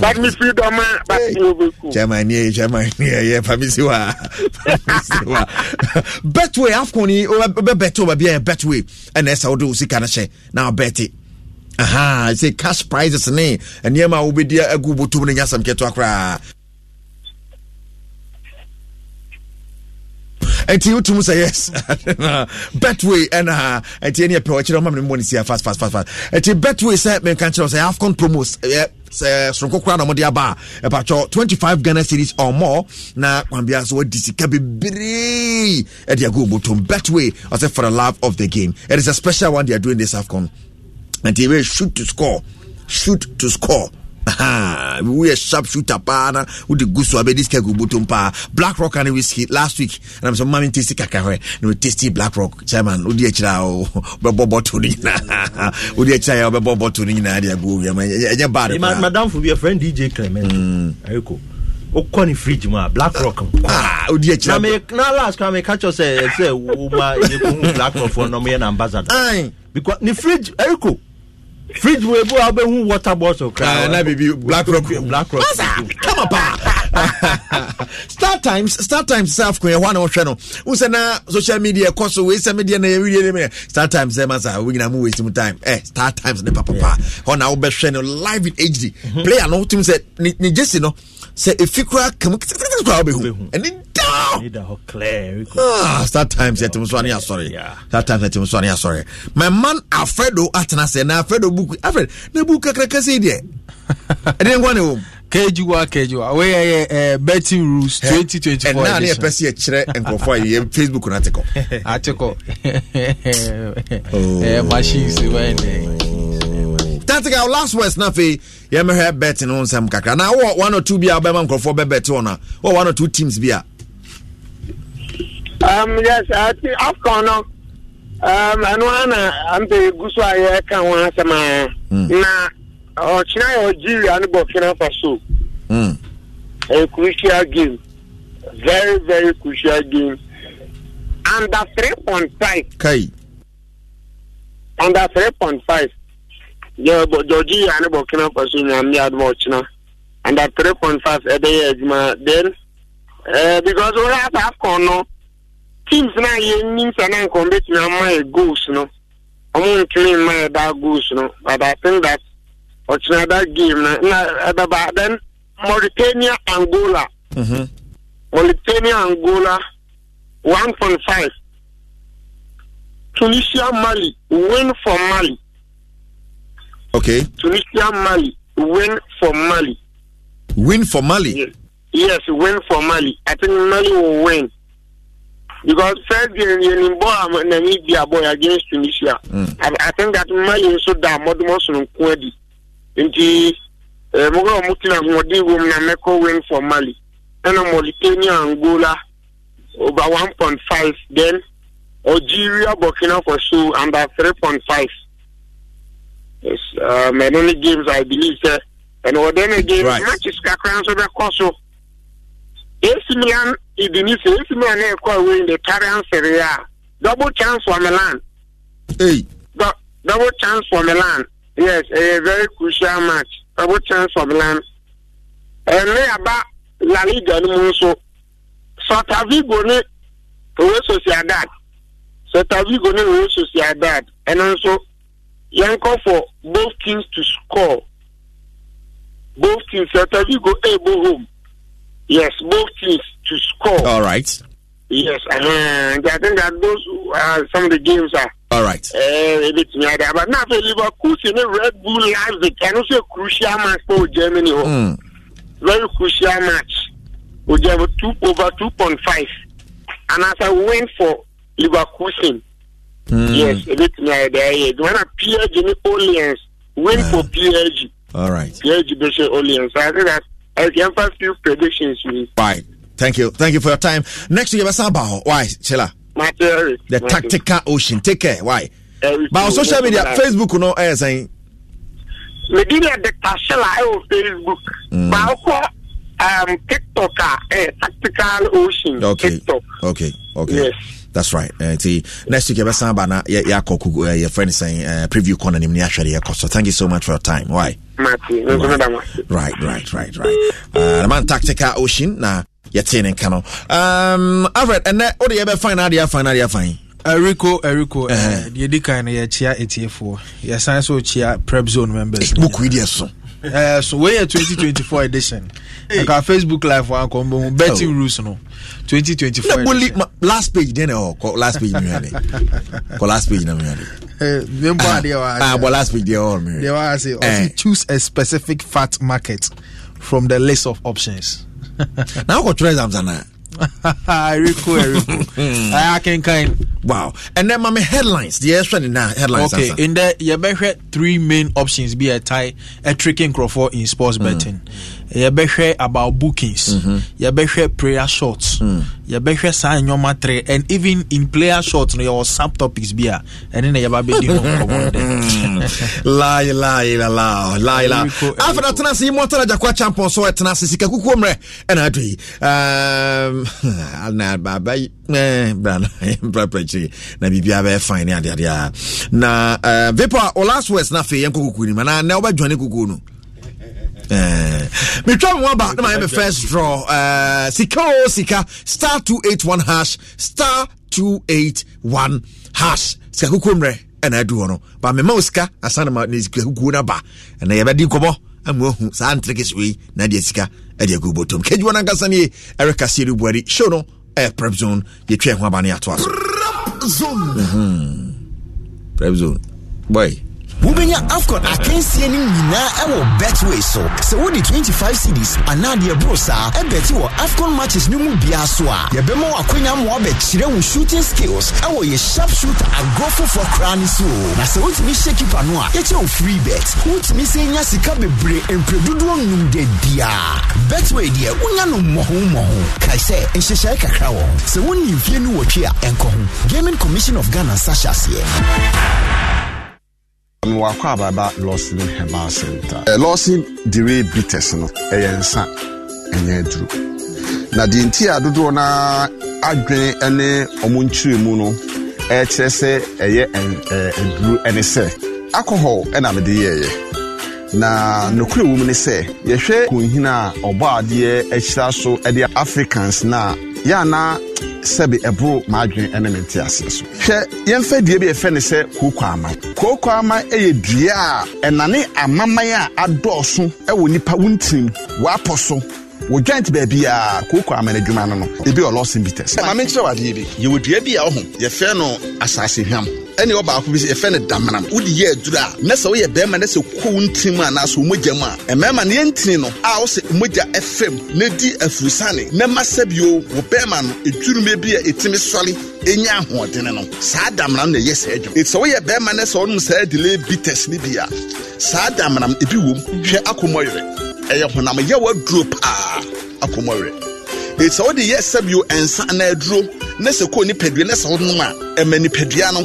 but me free doma eh, but you brekum chairman yeah chairman yeah yeah pamisi wa pamisi wa betway afcon o beto ba bia betway and esa odo sika na hye na beti aha say cash prizes ne and yema obedi agu botum ne nyasam keto akra ɛnti utumusa sɛ yes betway ɛna ɛnti ɛne ɛpɛ ɔkyerɛ ɔma mene mmɔ ne fast fast fast fast ɛnti betway sɛ menka kyerɛ sɛ afcon promos ɛyɛ soronko kora na ɔmode aba a ɛpatwɔ 25 ghana series or more na kwambia so wadi sika bebree ɛde ago botom betway ɔsɛ for the love of the game it is a special one they are doing this afcon and they shoot to score shoot to score Ah, woyɛ sharp shooter paa na wode gu so abɛdi sika gu botom paa black rock ane whisky last week nam sɛ mma me testi kakra hɔ eh, na metesti black rock chairman wode akyirɛ wobɛbɔ bɔto no nyinaa wode akyirɛ yɛ wobɛbɔ bɔto no nyinaa de agu owiama ɛnyɛ bad madamfo bi hmm. fridge mu ah, ah, eh, a black rock wodi akyirɛ na last kra meka kyɛ sɛ sɛ woma yɛkɔhu black rock fɔ nɔmyɛ na ambassador ne fridge ɛko fridge wo ebu abe hun water bottle kra. Uh, na bibi black rock black rock. Masa kama pa. Star Times Star Times sɛ afukunyɛ hɔ ana ɔhwɛ no n sɛ na social media kɔ so wei sɛ media na yɛwie ne mɛ Star Times sɛ eh, masa wo nyina mu waste mu time ɛ eh, Star Times ne pa. hɔ na wobɛhwɛ no live in HD player no wotum sɛ ne gyesi no sɛ ɛfi koraa kam kitikiti koraa wobɛhu ɛne Ah, that times yɛtem so ane that times yɛtem so ane my man alfredo atena sɛ na alfredo book alfred na book kakraka sei deɛ ɛdeɛ nkwa ne wom kejuwa kejuwa wey yɛ yɛ eh, rules 2024. twenty four edition ɛnna ne yɛ pɛ si yɛ kyerɛ nkurɔfoɔ yi yɛ facebook na atikɔ atikɔ oh. eh, machines wɛn dɛ atlantic our last words na afei yɛmɛhwɛ bet no nsɛm kakra na wɔ one or two bi a wobɛma nkurɔfoɔ bɛbɛte ɔ no a wɔ one or two teams bi um, yes, afcon no ɛno Um, na mpɛ gu so a yɛka ho asɛm a na ɔkyena yɛ algeria ne burkina faso a crucial game very very crucial game under three point five. Kai. under three point five yɛbɔ georgi yɛ ne burkina faso nyame adoma ɔkyena under three point five ɛbɛyɛ eh, adwuma then ɛɛ eh, because wɔyɛ asa afcon no teams na yɛnim sɛ na nkɔn bɛtumi ama yɛ goals no ɔmo ntumi mma yɛ da goals no but i think that ɔkyena that game na na ɛbɛba then mauritania angola mm-hmm. mauritania angola 1.5. tunisia mali win for mali. Okay. Tunisia Mali win for Mali. Win for Mali. Yes. yes, win for Mali. I think Mali will win because first game yẹn ni Namibia bọ́ọ̀ against Tunisia. Mm. I, I think that Mali nso da amọdúnmọ soronko adi nti In the kọ́ ọmọ tí na mo di wom na win for Mali ẹnna Mauritania Angola over 1.5. then Algeria Burkina Faso under 3.5. Yes, um, only games I believe that, and then again, right. matches Kakran so the Koso. AC Milan, Idinisi, AC Milan, they call win the Italian Serie A. Double chance for Milan. Hey. Do- double chance for Milan. Yes, a very crucial match. Double chance for Milan. And they about La Liga, no more so. Sota Vigo, ne, Real Sociedad. Sota Vigo, ne, Real Sociedad. And also, yẹn kọ for both teams to score both teams ẹtẹ bí go ẹ home yes both teams to score. all right. yes uh, i think that those are uh, some of the games are. all right. ebi tìmí adé But now for liverpool sí ní red bull leipzig ẹnu say crucial match for germany o oh, mm. very crucial match o jẹ two over two point five and as i win for liverpool sin. Hmm. Yes, a bit there. there is. When I PhD in Orleans, win When for ah. PhD. All right. PhD Bishop Orleans. So I think that I can pass few predictions. Please. Thank you. Thank you for your time. Next have a Basaba. Why, Chela? My theory. The tactical ocean. Take care. Why? but on social media, Facebook, you know, I'm eh, saying. Medina de Tashela, I eh, on oh, Facebook. Mm. But um, also, TikTok, eh, tactical ocean. Okay. TikTok. Okay. Okay. Yes. that's right nti eh, next week yɛbɛsan ba na yɛakɔ eh, yɛfrɛ no sɛn eh, preview corner. no nim ne ahwɛ yɛkɔ so thank you so much for your time why right right right right uh, the man Tactica ocean na yɛtee ne nka no um, alfred ɛnɛ wode yɛbɛfan na adeɛ afan na adeɛ afan Eriko, Eriko, deɛ di kan no yɛkyia etiefoɔ yɛsan so kyia prep zone members. Buku yi deɛ so uh, so wey yɛ 2024 edition Like our facebook live wa nkɔ mbɔn betting oh. rules no 2024 edition. Ma, last page then. Oh, ɔ last page mi yɛrɛ kɔ last page na mi eh, ah, last page they ɔ mi yɛrɛ. deɛ wa se choose a specific fat market from the list of options. na akɔ try exams ana. Eriko Eriko hmm. ah, akenkan. wow and then mami headlines the extra ni na headlines okay answer. in there you have three main options Be a tie a tricking nkurɔfoɔ in sports betting. Mm yɛbɛhwɛ about bookings mm-hmm. yɛbɛhwɛ prayer shorts mm. yɛbɛhwɛ saa nneɛma trɛ and even in prayer shots, no yɛwɔ sub topics bi a ɛne na yɛba bɛdi ho nkɔmmɔ dɛ lai lai la la lai la afa na tena ase yi mɔtara gyakwa champion so ɛtena ase sika kukuo mmerɛ ɛna ado yi na baba yi bra na mprapra kyiri na biribia bɛyɛ fine ne adeadeɛ na vapor o last words na afei yɛnkɔ kukuo nim anaa na wobɛdwane kukuo no Eh, metwa me ho aba na mayɛ me first draw uh, sika o sika star 281 hash star 281 hash sika koko mmerɛ ɛna adu hɔ no ba mema wo sika asa na ne sika kukuo no aba ɛna yɛbɛdi nkɔmmɔ amu ahu saa ntrikes wei na adeɛ sika ɛde agu bɔtom kagyiwa no ankasa no ye ɛreka seɛ no buari show no ɛyɛ prep zone yɛtwa ho aba no yɛatoa so mhm. prep zone boy wobɛnya afcon akansie no nyinaa ɛwɔ betway so sɛ wode 25 cities anaa deɛ boro saa ɛbɛte wɔ afcon matches no mu biara so a yɛbɛma w akwanya mmoa bɛkyerɛ wo shooting skills ɛwɔ yɛ sharp shooter agorɔ foforɔ koraa ne so o na sɛ wotumi hyɛ kipa no a yɛkyɛ wo free bet wotumi sɛ nya sika bebree mprɛdodoɔ nnum da biara betway deɛ wonya no mmɔho mmɔho kae sɛ nhyehyɛe kakra wɔ sɛ wonni mfie no wɔtwe a ɛnkɔ ho gaming commission of ghana sahyɛ aseɛ mewakɔ ababa lɔsin herbal center lɔsin dere bitters no ɛyɛ nsa ɛnyɛ aduro na deɛ nti a dodoɔ na adwene eh, ne ɔmo mu no ɛkyerɛ eh, sɛ ɛyɛ aduro ɛne sɛ alcohol ɛna eh, mede yɛɛyɛ na nokorɛ wɔ mu ne sɛ yɛhwɛ konhini a ɔbɔ adeɛ akyira so ɛde africans naa. yɛ anaa sɛbi ɛboro maadwene ɛne ne te aseɛ so hwɛ yɛmfa dua bi yɛfɛ ne sɛ kooko ama kooko ama yɛ dua a ɛnane amaman a adɔɔso ɛwɔ nipa wuntirim wapɔ so wò joint baabi a kooko amana adwuma no no ebi ɔlɔ simbitas. maame nkyerɛ wɔ adeɛ bi yɛwɔ dua bi a ɔho yɛfɛ no asase hwam ɛne ɔbaako bi sɛ yɛfɛ no damanam wode yɛ aduru a na sɛ woyɛ bɛrima na sɛ ko wo ntirim anaasɛ womogya mu a ɛmɛrima no yɛntini no a wo sɛ mogya ɛfam na di afurusane na ma sɛ bio wo bɛrima no ɛdwuruma bi a ɛtumi sɔre ɛnya ahoɔdene no saa damena no na ɛyɛ saa adwuma ɛti sɛ woyɛ bɛrima na sɛ wonom saa delay bites no bi a saa damena no ebi wom hwɛ akɔmmɔyerɛ ɛyɛ honam yɛwɔ aduro paa akɔmɔwerɛ ɛti sɛ wode yɛ sɛbio ɛnsa na aduro na sɛ kɔɔ nipadua na sɛ wonom a ɛma nipadua no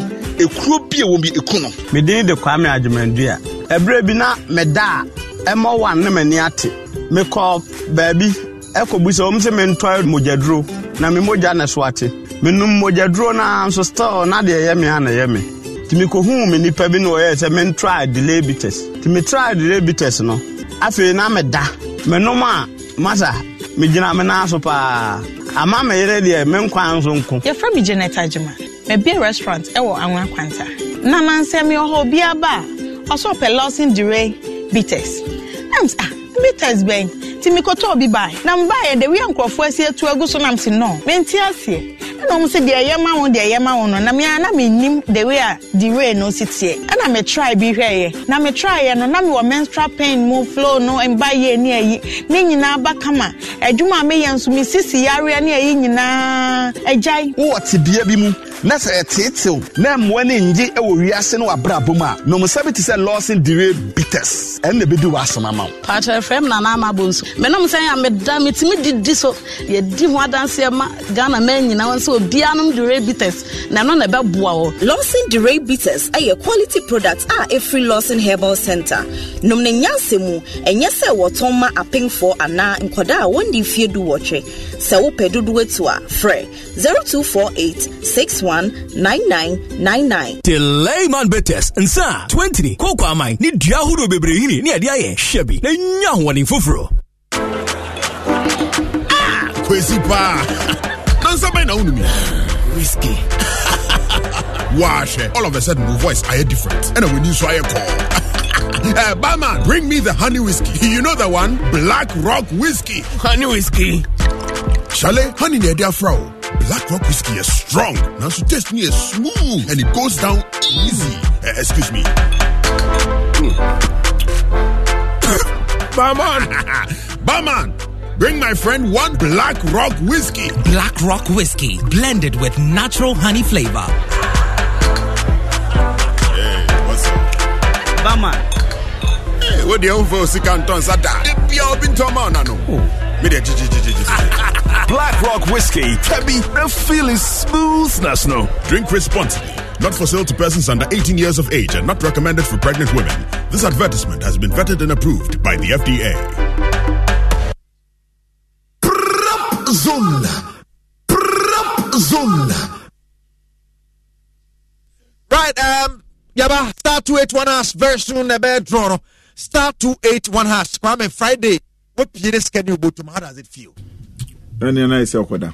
ɛkuro bi a wɔ bi ɛku no medin de kwame adwumadu a ɛberɛ bi na meda a ɛmɔ wan ne m'ani ate mekɔ baabi ɛkɔbu sɛ wɔm sɛ mentɔ mogyaduro na me mogya ne so ate menom mogyaduro no nso still na deɛ ɛyɛ me a na ɛyɛ me nti mekɔhuu me nnipa bi na wɔyɛɛ sɛ mentraa dilabitus nti delay bites no afei na meda menom a masa megyina me nan so paa ama me yere deɛ me nkwa nso nko yɛfrɛ me janet agyema mabie restaurant ɛwɔ anwa kwanta na nansɛm yɛ hɔ obi aba a ɔsɛ ɔpɛ lawson dure bitters ɛms a ah, bitters bɛn nti mekɔtɔ obi bae na mbaeɛ de wia nkurɔfoɔ asi atu agu so nam se no mente aseɛ ɛna ɔmo sɛ deɛ ɛyɛ ma wɔn deɛ ɛyɛ ma wɔn no na mea na me nim the way a the way no si teɛ ɛna me try bi hwɛ yɛ na me try yɛ no na me wɔ menstrual pain mu flow no mba yɛ ne ayi ne nyinaa ba kama adwuma a meyɛ nso me sisi yareɛ ne ayi nyinaa agyae. wowɔ tebea bi mu na sɛ ɛteetew na mmoa no ngye wɔ wiase no wabrabɔ mu a nomusa te sɛ lawson dere bitters ɛno na bɛdi w'asɛm ama wo paakyerɛfrɛ m nana amabɔ nso menom sɛ a meda metumi didi so yɛdi ho adanseɛ ma ghana ma nyinaa sɛ obiaa nom dere bitters na ɛno na ɛbɛboa wɔ lawson dere bitters ɛyɛ quality product a ɛfiri lawson herbal center nom ne nyansi mu ɛnyɛ sɛ wɔtɔn ma apemfoɔ anaa nkɔdaa a wɔndi fie du wɔtwe sɛ wopɛ dodoɔ atu a frɛ 0248 61 9999. man Betes sir 20 koko aman ne dua ahodoɔ bebree hini ne yɛde ayɛ hwɛ bi na nya Nansa ah, na wonum yi? Whiskey. Wahwɛ, all of a sudden my voice ayɛ different ɛna w'ani nso ayɛ kɔɔ. Uh, barman, bring me the honey whiskey. You know the one? Black Rock Whiskey. Honey whiskey. Shale, honey near their Black Rock whiskey is strong. Now she test me is smooth and it goes down easy. Uh, excuse me. Hmm. Barman! Barman! Bring my friend one Black Rock whiskey. Black Rock whiskey, blended with natural honey flavor. Hey, what's up? Barman. Hey, what the hell for Sikanton Sada? The pure Bintomana no. Me the Black Rock Whiskey. Kebby, that feeling smooth, National. Drink responsibly. Not for sale to persons under 18 years of age and not recommended for pregnant women. This advertisement has been vetted and approved by the FDA. Prop Zone. Prop Zone. Right, um, Yaba, star 281 hash very soon, the bad draw. Star 281 hash. Kwame Friday. What period can you go to? How does it feel? ɛne na ɛsɛ ɔkɔda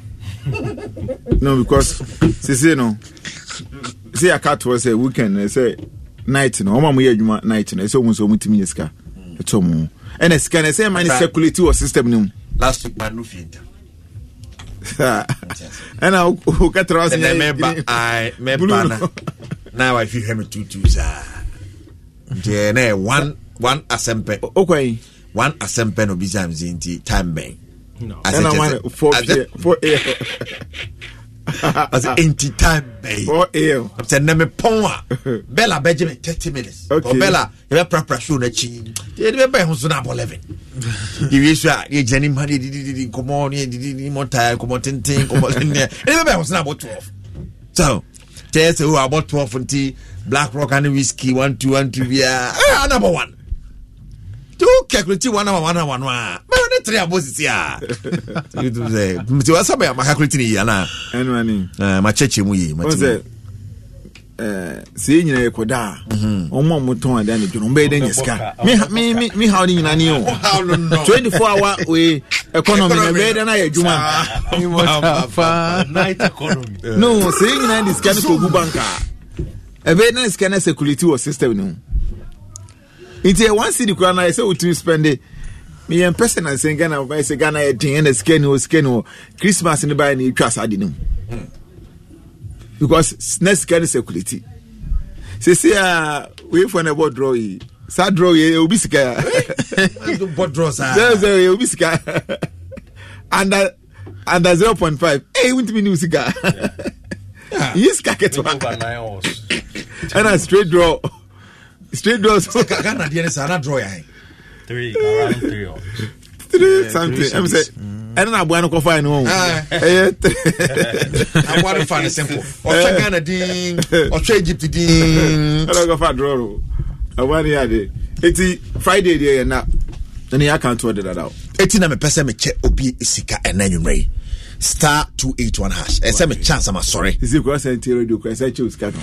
no because sese no sɛ yɛaka toɔ sɛ weekend no eh, sɛ night no ɔma moyɛ adwuma night no ɛsɛ ɔmu sɛ ɔmutumi nyɛ sika ɛtɔ mu ɛna sika no ɛsɛ ɛma ne circulate wɔ system no mu last week man no fienta ɛna woka tra wsmɛba na wahwe hwɛ me tutu saa nti ɛnɛ one asɛmpɛ wokɔi one asɛmpɛ no obisa me sɛ nti time bɛn Four ɛnti time bɛyi sɛ nnɛ mepɔn a bɛla bɛgye me thirty minutes Okay. ɔbɛla yɛbɛprapra show no akyi yɛde bɛba ho so no abɔ 11 yɛwie so a yɛgyina ne mpa ne yɛdididi nkɔmmɔ ne yɛdididi mɔtae nkɔmmɔ tenten nkɔmmɔ tenneɛ ɛde bɛba ho so no abɔ twelve. so kyɛɛ sɛ o abɔ twelve nti black rock and whiskey. One ane whisky 1212 biaa number one tí ó kẹkùrìtì wọn náà wọn náà wọn náà báwo ni tẹ̀lé àbọ̀ sisi à tí wọ́n sábà yà máa kakùrìtì ni yìí àná ẹnu wa ni máa kyẹ́kyẹ́ mu yìí máa ti mu. sèé e nyina yɛ kɔda mhm. a ɔmo a motɔn ada ne dwono ɔmbɛyɛ dɛ nyɛ sika me haw no nyina ne o 24 hour wei economy na ɛbɛyɛ dɛ no ayɛ adwuma no sèé e nyina de sika no kɔgu bank a ɛbɛyɛ dɛ ne sika no asɛkuliti wɔ system no mu nti ɛ eh, one cd koraa na ɛsɛ wotumi it. meyɛ mpɛ sɛ nansɛ ghana ɛ eh, sɛ ghana yɛ den ɛna sikani wɔ sikani wɔ christmas no baɛ ne ɛtwa saa de no mu hmm. because na sika no circulate sɛsi a ah, weifoɔ no ɛbɔ drɔ yi saa drɔ yi ɛwɔbi eh, sika obi sika under under zero point five ɛyɛ wontumi ne wo sika yi sika ketewa ɛna straight draw straight draw eh. oh. so. Mm. Ah. Eh. ghana deɛ ne saa na draw yan. three around three or. three something ɛmu sɛ ɛna na aboa no kɔfa yi ni wɔn. ɛyɛ tɛ. aboa no fa ne simple ɔtwa ghana din ɔtwa egypt din. ɛna kɔfa draw o aboa no yɛ ade eti friday deɛ yɛ na ɛna yɛ aka ntoɔ deda da o. eti na mepɛ sɛ mekyɛ obi sika ɛna nwumrɛ yi star two eight one hash ɛsɛ mekyɛ asama sɔre. sisi kura sɛ n ti radio kura sɛ n kyɛ o sika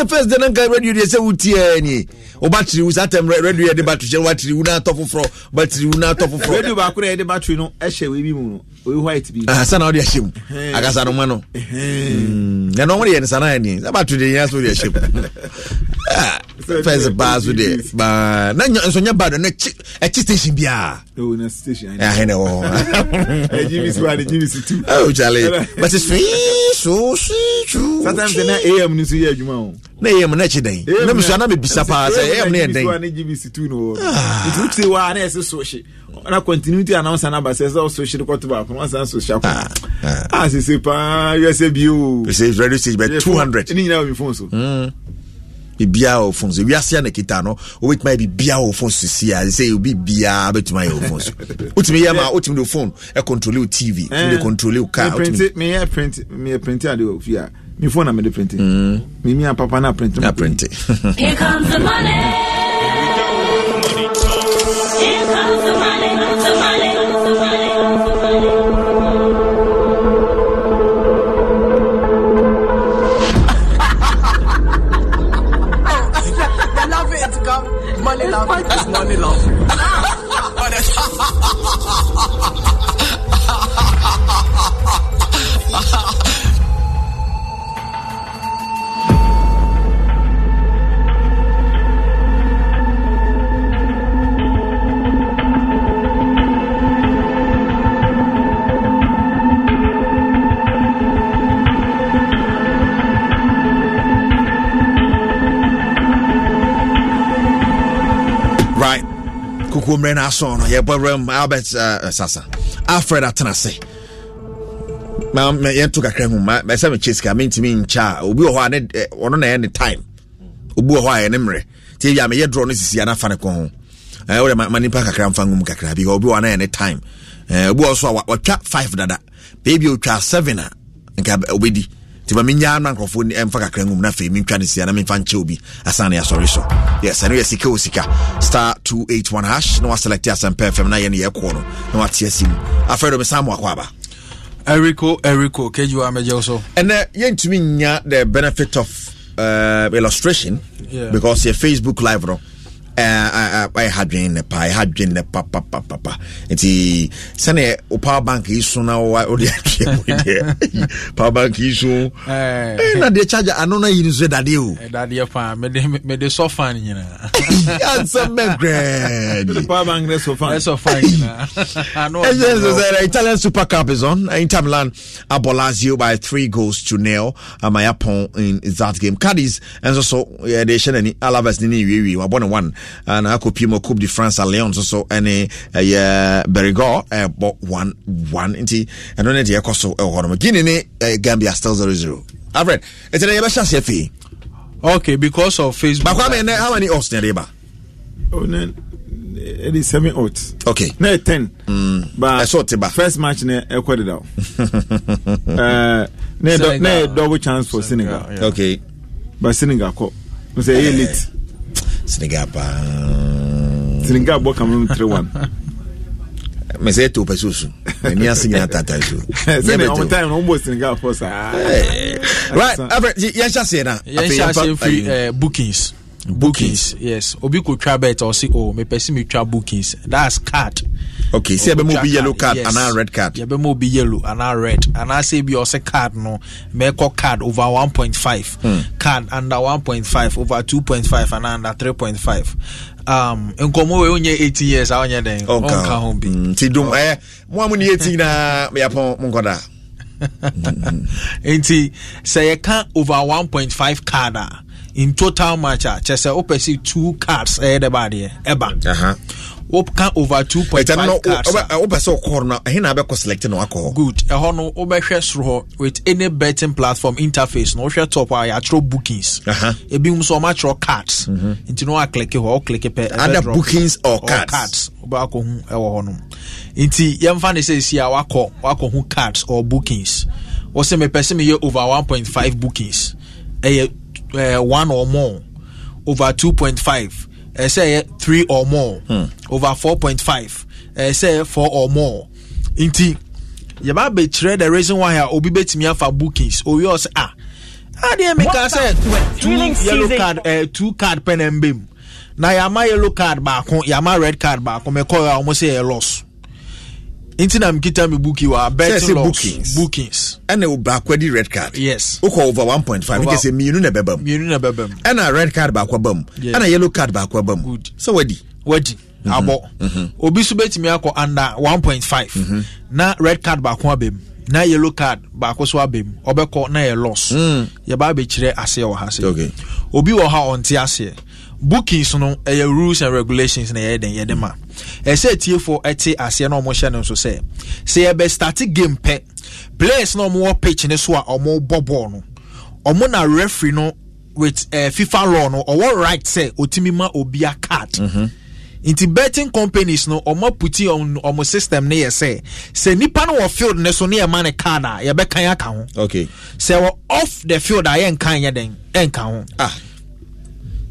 yɛ first day na nka radio deɛ sɛ wotiɛ ni wobatiri wo saa tɛm radio yɛde batiri hyɛ watiri wo naatɔ foforɔ batiri wo naatɔ foforɔ radio baako na yɛde batiri no ɛhyɛ eh, wei bi mu no oyi white bi ahasa na ɔde ahyɛ mu akasa no ma no ɛnɔ wɔn de yɛ nsa naa ni sɛ batiri de yɛn aso de ahyɛ mu first baa so deɛ baa na nso nyɛ baa do na ɛkyi station biara ɛhɛn na ɛwɔ hɔ ɛgyimisi wa ne gyimisi tu ɛwɔ kyale bɛsi sii so sii tu sometimes ɛna am ni so yɛ adwuma o na ɛyɛ mu no akyi dɛn na mesua na mebisa paa sɛ ɛyɛ mu no yɛ ah. dɛn na continuity announcer na ba sɛ sɛ ɔso hyere kɔto baako na ɔsan so hyɛ akɔ a sese paa yɛ sɛ bio sɛ radio stage bɛ 200 ne nyinaa wɔ mi phone so hmm. biribiaa wɔ phone so wiase na kita no wobɛtumi ayɛ biribiaa wɔ phone so si a sɛ obi biaa bɛtumi ayɛ wɔ phone so wotumi yɛ ma wotumi de phone ɛcontrole wo tv wotumi de eh. controle wo car meyɛ print meyɛ print ade wɔ fie a me phone na me de printing me mm. me and papa na print na print here comes the money here comes the money the money the money the money oh, I love it, God. Money love. money love. Kuku mmerɛ no aso no yɛbɔwerɛm albert uh, sasa alfred atenase yɛnto kakra hu ɛsɛ mekyɛ sika mentumi nkyɛ a obi wɔ hɔ a eh, ɔno na ɛyɛ time obi wɔ hɔ a ɛne mmerɛ nti ebia meyɛ dorɔ no sisia no afa ne kɔ ho eh, wode ma nipa kakra mfa nwom kakra bi obi wɔ hɔ na time eh, obi wɔ so a watwa 5 dada baabi a 7 a nka obɛdi nti ma menya na nkurɔfoɔ ni kakra ngum na afei mentwa ne sia na memfa nkyɛ obi asane yɛ asɔre so yes ɛno yɛ sika o sika star 281 hash na waselect asɛmpa fm na yɛ ne no na wate asi mu afei dɔ me sa aba eriko eriko kejua mɛgye so ɛnɛ yɛntumi nya the benefit of uh, illustration yeah. because yɛ facebook live no ɛyɛ eh, eh, eh, hadwen ne pa ɛyɛ hadwen ne pa pa pa pa pa nti sɛnɛ o power bank yi so na wa o de atwere deɛ power bank yi so ɛɛ na deɛ charge ano na yi ni so dadeɛ o. dadeɛ paa mɛ de mɛ de sɔ fan nyinaa. yansɛn bɛ gɛɛdi. Italian Super Cup is on Inter Milan abɔ Lazio by three goals to nil amaya pɔn in that game Cadiz ɛnso so ɛde hyɛ nani Alaves ni ne wiewie wabɔ ne one. Eh, na akɔpie mu coupe de france leon so so ne ɛyɛ berigo ɛbɔ eh, 1-1 nti ɛno ne deɛ ɛkɔ so ɛwɔ hɔ nom guine ne eh, gambia still 0-0 alfred ɛti na yɛbɛhyɛ aseɛ fei okay because of facebook bakɔ amɛ how many odds na ɛde ba it oh, is seven out. Okay. No ten. Mm. But I saw Tiba. First match ne ekwa de ne double chance for Senegal. Senegal yeah. Okay. But Senegal ko. We say elite senegal paa senegal bɔ cameroon three one. mɛ sɛ ɛtɛ o pɛ so su ɛni ase nyina tata so. sɛnɛ eh. right yɛn hyɛ aseɛ na. yɛn hyɛ bookings bookings yes obi ko twa bet ɔsi o oh, mepɛ si mi twa bookings that's card. okay sɛ yɛbɛ mo obi yellow card yes. anaa red card. yɛbɛ mo obi yellow anaa red anaa sɛ ebi ɔsɛ card no mɛkɔ card over one point five. Hmm. card under one point five over two point five anaa under three point five. um nkɔmɔ wei wonyɛ 18 years a wonyɛ dɛn ɔnka ho bi nti dom ɛɛ mo amu ni 18 na yɛpɔn mo nkɔda nti sɛ yɛka over 1.5 card a in total match a kyɛ sɛ wopɛ sɛ two cards ɛyɛ eh, dɛ baadeɛ eh, ɛba woka over two point five cards a wopɛ sɛ wokɔ no ɛhe na abɛkɔ select na wakɔ hɔ good ɛhɔ no wobɛhwɛ soro hɔ with any betting platform interface No wohwɛ top ah, mhm. a yɛatwerɛ eh, bookings ebi so ɔma atwerɛ cards nti na woakleke hɔ wokleke pɛ ada bookings or cards Cards. wobɛakɔhu ɛwɔ hɔ nom nti yɛmfa ne sɛ si a wakɔ wakɔhu cards or bookings wɔ sɛ mepɛ sɛ meyɛ over one point five bookings ɛyɛ uh, one or more over two point five ɛsɛ eh, yɛ eh, three or more hmm. over four point five ɛsɛ yɛ four or more nti yaba abɛkyerɛ the reason why a ah, obi bɛtumi afa bookings owi ɔsɛ a adeɛ meka sɛ two yellow card ɛɛ uh, two card pɛn ɛn bɛm na yama yellow card baako yama red card baako mɛkɔɔ a wɔn sɛ yɛ loss nti na mkita mi buki wa betting loss bookings bookings ɛna o baako di red card yes o kɔ over one point five nkese mienu na bɛbɛm mienu na bɛbɛm ɛna red card baako bɛm yes. ɛna yellow card baako bɛm good sɛ so, wadi wadi mm -hmm. abɔ mhm. obi so betumi akɔ under one point five mhm. na red card baako abɛm na yellow card baako so abɛm ɔbɛkɔ na yɛ loss mm. yɛ ba abɛkyerɛ aseɛ wɔ ha se obi wɔ ha ɔnte aseɛ bookings no ɛyɛ rules and regulations na yɛde yɛde ma ɛsɛ tiefo ɛte aseɛ na ɔmo hyɛ no nso sɛ sɛ yɛbɛ start game pɛ players na ɔmo wɔ pitch ne so a ɔmo bɔ bɔɔl no ɔmo na referee no with uh, fifa law no ɔwɔ right sɛ otimi ma obi a card. Mm-hmm. nti betting companies no ɔmo puti ɔmo system ne yɛ sɛ sɛ nipa no wɔ field ne so ne yɛ ma ne card a yɛbɛ kan aka ho. okay sɛ wɔ off the field a yɛn kan yɛ den yɛn kan ho. ah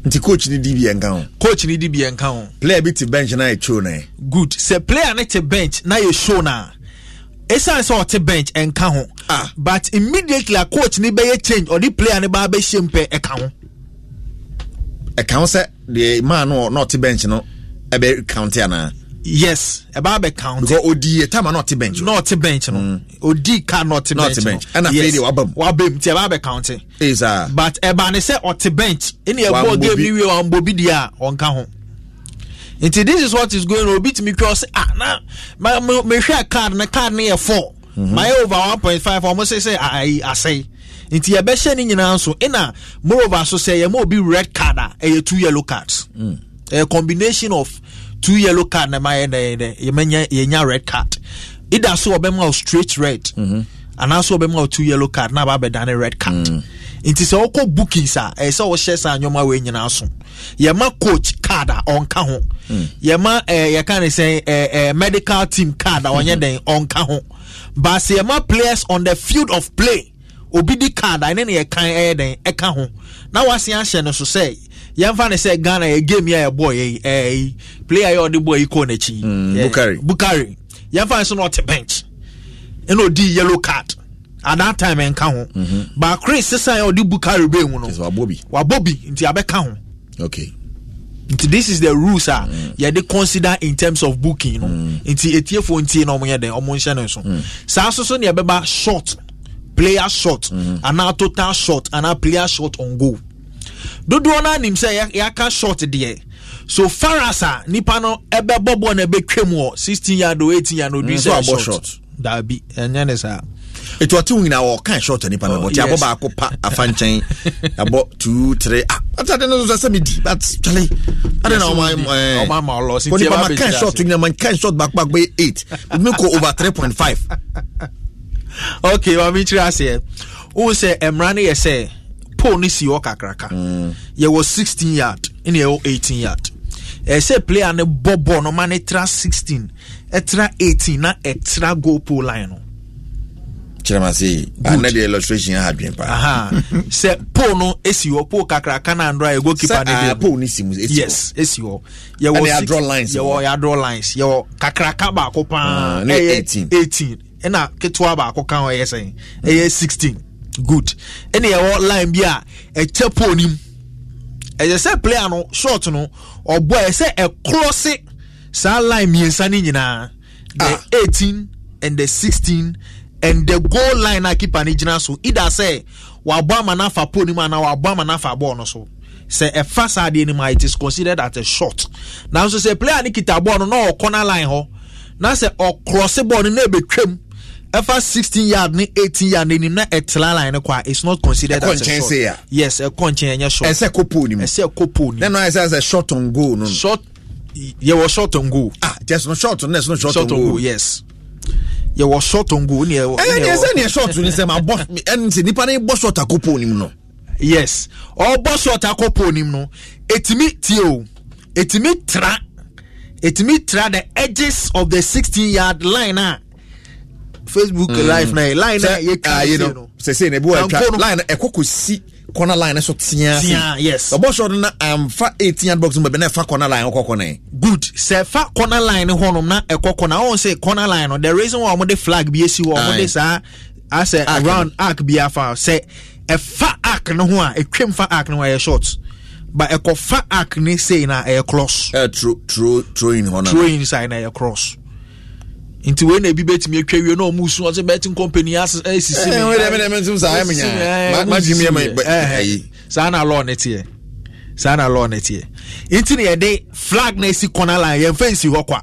nti coach ni di bi kan ho. coach ni di bi kan ho. player bi te bench na yɛ show na yɛ. good sɛ player ne te bench na yɛ show na esan sɛ ɔte bench nka ho. ah but immediately a coach ni bɛyɛ change ɔde player ni ba bɛ hyɛ mpɛ ɛka ho. ɛka ho sɛ deɛ maa no ɔte bench no ɛbɛ count anaa yes ɛbaa bɛ count. because odi yɛ taama n'ɔti bench. n'ɔti bench no mm. odi ka n'ɔti bench no bench ɛna fɛn de waba mu. ti ɛbaa bɛ count. eza. but ɛbaa ni sɛ ɔti bench ɛni ɛbɔ game yi wi wɔn bobi di a ɔnka ho nti this is what is going on obi tumi kura ɔsi ah na ma ma mehwɛ card na card ne yɛ four. Mm-hmm. ma yɛ over one point five ɔmo sɛ sɛ ayi asɛyi nti yɛbɛhyɛ ne nyinaa nso ɛna moreover so sɛ yɛ mo obi red card a ɛyɛ two yellow cards. Mm. a combination of two yellow card na ma yɛ dɛ dɛ yɛmɛnya yɛnya red card either so ɔbɛma o straight red mm-hmm. anaasɛ ɔbɛma two yellow card na ba ababɛdane red card mm-hmm. nti sɛ ɔkɔ bookings a ɛyɛ sɛ ɔhyɛ saa nneɛma wei nyinaa so yɛma coach card a ɔnka ho mm. yɛma ɛɛ yɛka ne sɛ ɛɛ medical team card a ɔnyɛ mhm. dɛn ɔnka ho baasi yɛma players on the field of play obi di card a ɛne ne yɛ kan ɛyɛ dɛn ɛka ho na wasen ahyɛ no so sɛ yɛmfa no sɛ ghana yɛ game yi a yɛbɔɔ yɛyi player yɛ ɔde bɔɔ yi kɔɔ n'akyi mm, bukari bukari yɛmfa no sɛ na ɔte bench ɛna ɔdi yellow card at that time ɛnka ho mm-hmm. but chris sisan yɛ ɔde bukari bɛɛ mu no wabɔ bi wabɔ bi nti abɛka ho okay nti this is the rules a mm. yɛde consider in terms of booking no mm. nti etiefo ntie na ɔmoyɛ den ɔmo nhyɛ ne so mm. saa so so ne yɛbɛba short player short mm. anaa total short anaa player short on goal dodoɔ no anim sɛ yɛaka short deɛ so farasa, as a nipa no ɛbɛbɔ bɔ na ɛbɛtwam wɔ 16 yard o 18 yard o dui mm, sɛ ɛbɔ short daabi ɛnyɛ ne saa ètò ọtí wọn nyinaa ọ̀kan short nípa náà oh, bọ̀tí abọ́ baako pa afa nkyɛn abọ́ two three ah ati adi nínú sẹ́sẹ́ mi di but tali adi na ọmọ ẹ ọmọ ama ọlọ si tiẹ̀ bá bẹ jà so eh, short nyinaa man kan short baako baako bẹ eight mi kò over three point five. okay maame n kyerɛ aseɛ n sɛ mmeran yɛ sɛ pole no si hɔ kakraka mm. yɛwɔ 16 yard ne yɛwɔ eighteen yard ɛsɛ player ne bɔ bɔɔl no ma no tra 16 ɛtra eighteen na ɛtra goal pole line no kyerɛmase anɛ deɛ illustration ahadwen paa sɛ pole no si hɔ pole kakraka no andra yɛgo kipa no pole no si mu yes ɛsi hɔ yɛwɔ yɛadrɔ lines yɛwɔ kakraka baako paa ah, ɛyɛ 18 ɛna ketewa baako ka hɔ ɛyɛ sɛn ɛyɛ 16 good ɛne yɛwɔ line bi a ɛkyɛ pole nim ɛyɛ sɛ player no short no ɔbɔ ɛyɛ sɛ ɛkorɔse saa line mmiɛnsa no nyinaa the ah. eighteen and the sixteen and the goal line a keeper no gyina so either sɛ wabɔ ama no afa pole nim anaa wabɔ ama no afa no so sɛ ɛfa saa adeɛ no a it is considered as a short nanso sɛ player no kita bɔɔl no na ɔkɔ na line hɔ na sɛ ɔkorɔse bɔɔl no na ɛbɛtwam ɛfa sixteen yard ni eighteen yard ni n'anim na ɛtena line no kɔ it's not considered as a short. ya. yes ɛkɔ nkyɛn ɛnyɛ short ɛsɛ kɔ pole nim ɛsɛ kɔ pole nim nɛnɛ ayɛ sɛ short on goal no short yɛwɔ short on goal ah just no short no ɛsɛ no short, short on goal yes yɛwɔ short on goal ne yɛwɔ ɛyɛ deɛ sɛ yɛ short ne sɛ ma bɔ ɛn sɛ nipa ne bɔ short akɔ pole nim no yes ɔbɔ short akɔ pole nim no etimi tie o etimi tra etimi tra the edges of the sixteen yard line ah facebook mm. live na ye line na ye kan se no sese na ebi wa atwa line na ɛkɔ kɔ si corner line na so um, tia tia yes ɔbɔ sɔrɔ na amfa eighteen yard box mu bɛ na fa corner line kɔ corner. good sɛ fa corner line hɔnom na ɛkɔ corner ɔn sɛ corner line no the reason why ɔmo de flag bi esi hɔ ɔmo de saa asɛ round arc bi afa sɛ ɛfa arc no ho a etwam fa arc no ho a yɛ short but ɛkɔ fa arc ni sei na ɛyɛ cross. ɛ eh, uh, throw throw in hɔ na. throw in side na ɛyɛ cross nti wei na ebi bɛtumi atwa wie na ɔmo sun ɔsɛ bɛtin company asisi eh, eh, mi. ɛn wɛrɛ mi na mi nso saa eh, ɛmi nya ma ji mi ɛmi ɛyi. saa na lɔɔ ne teɛ saa na lɔɔ ne teɛ nti na yɛde flag na esi kɔnɔ line yɛn fɛn si hɔ kwa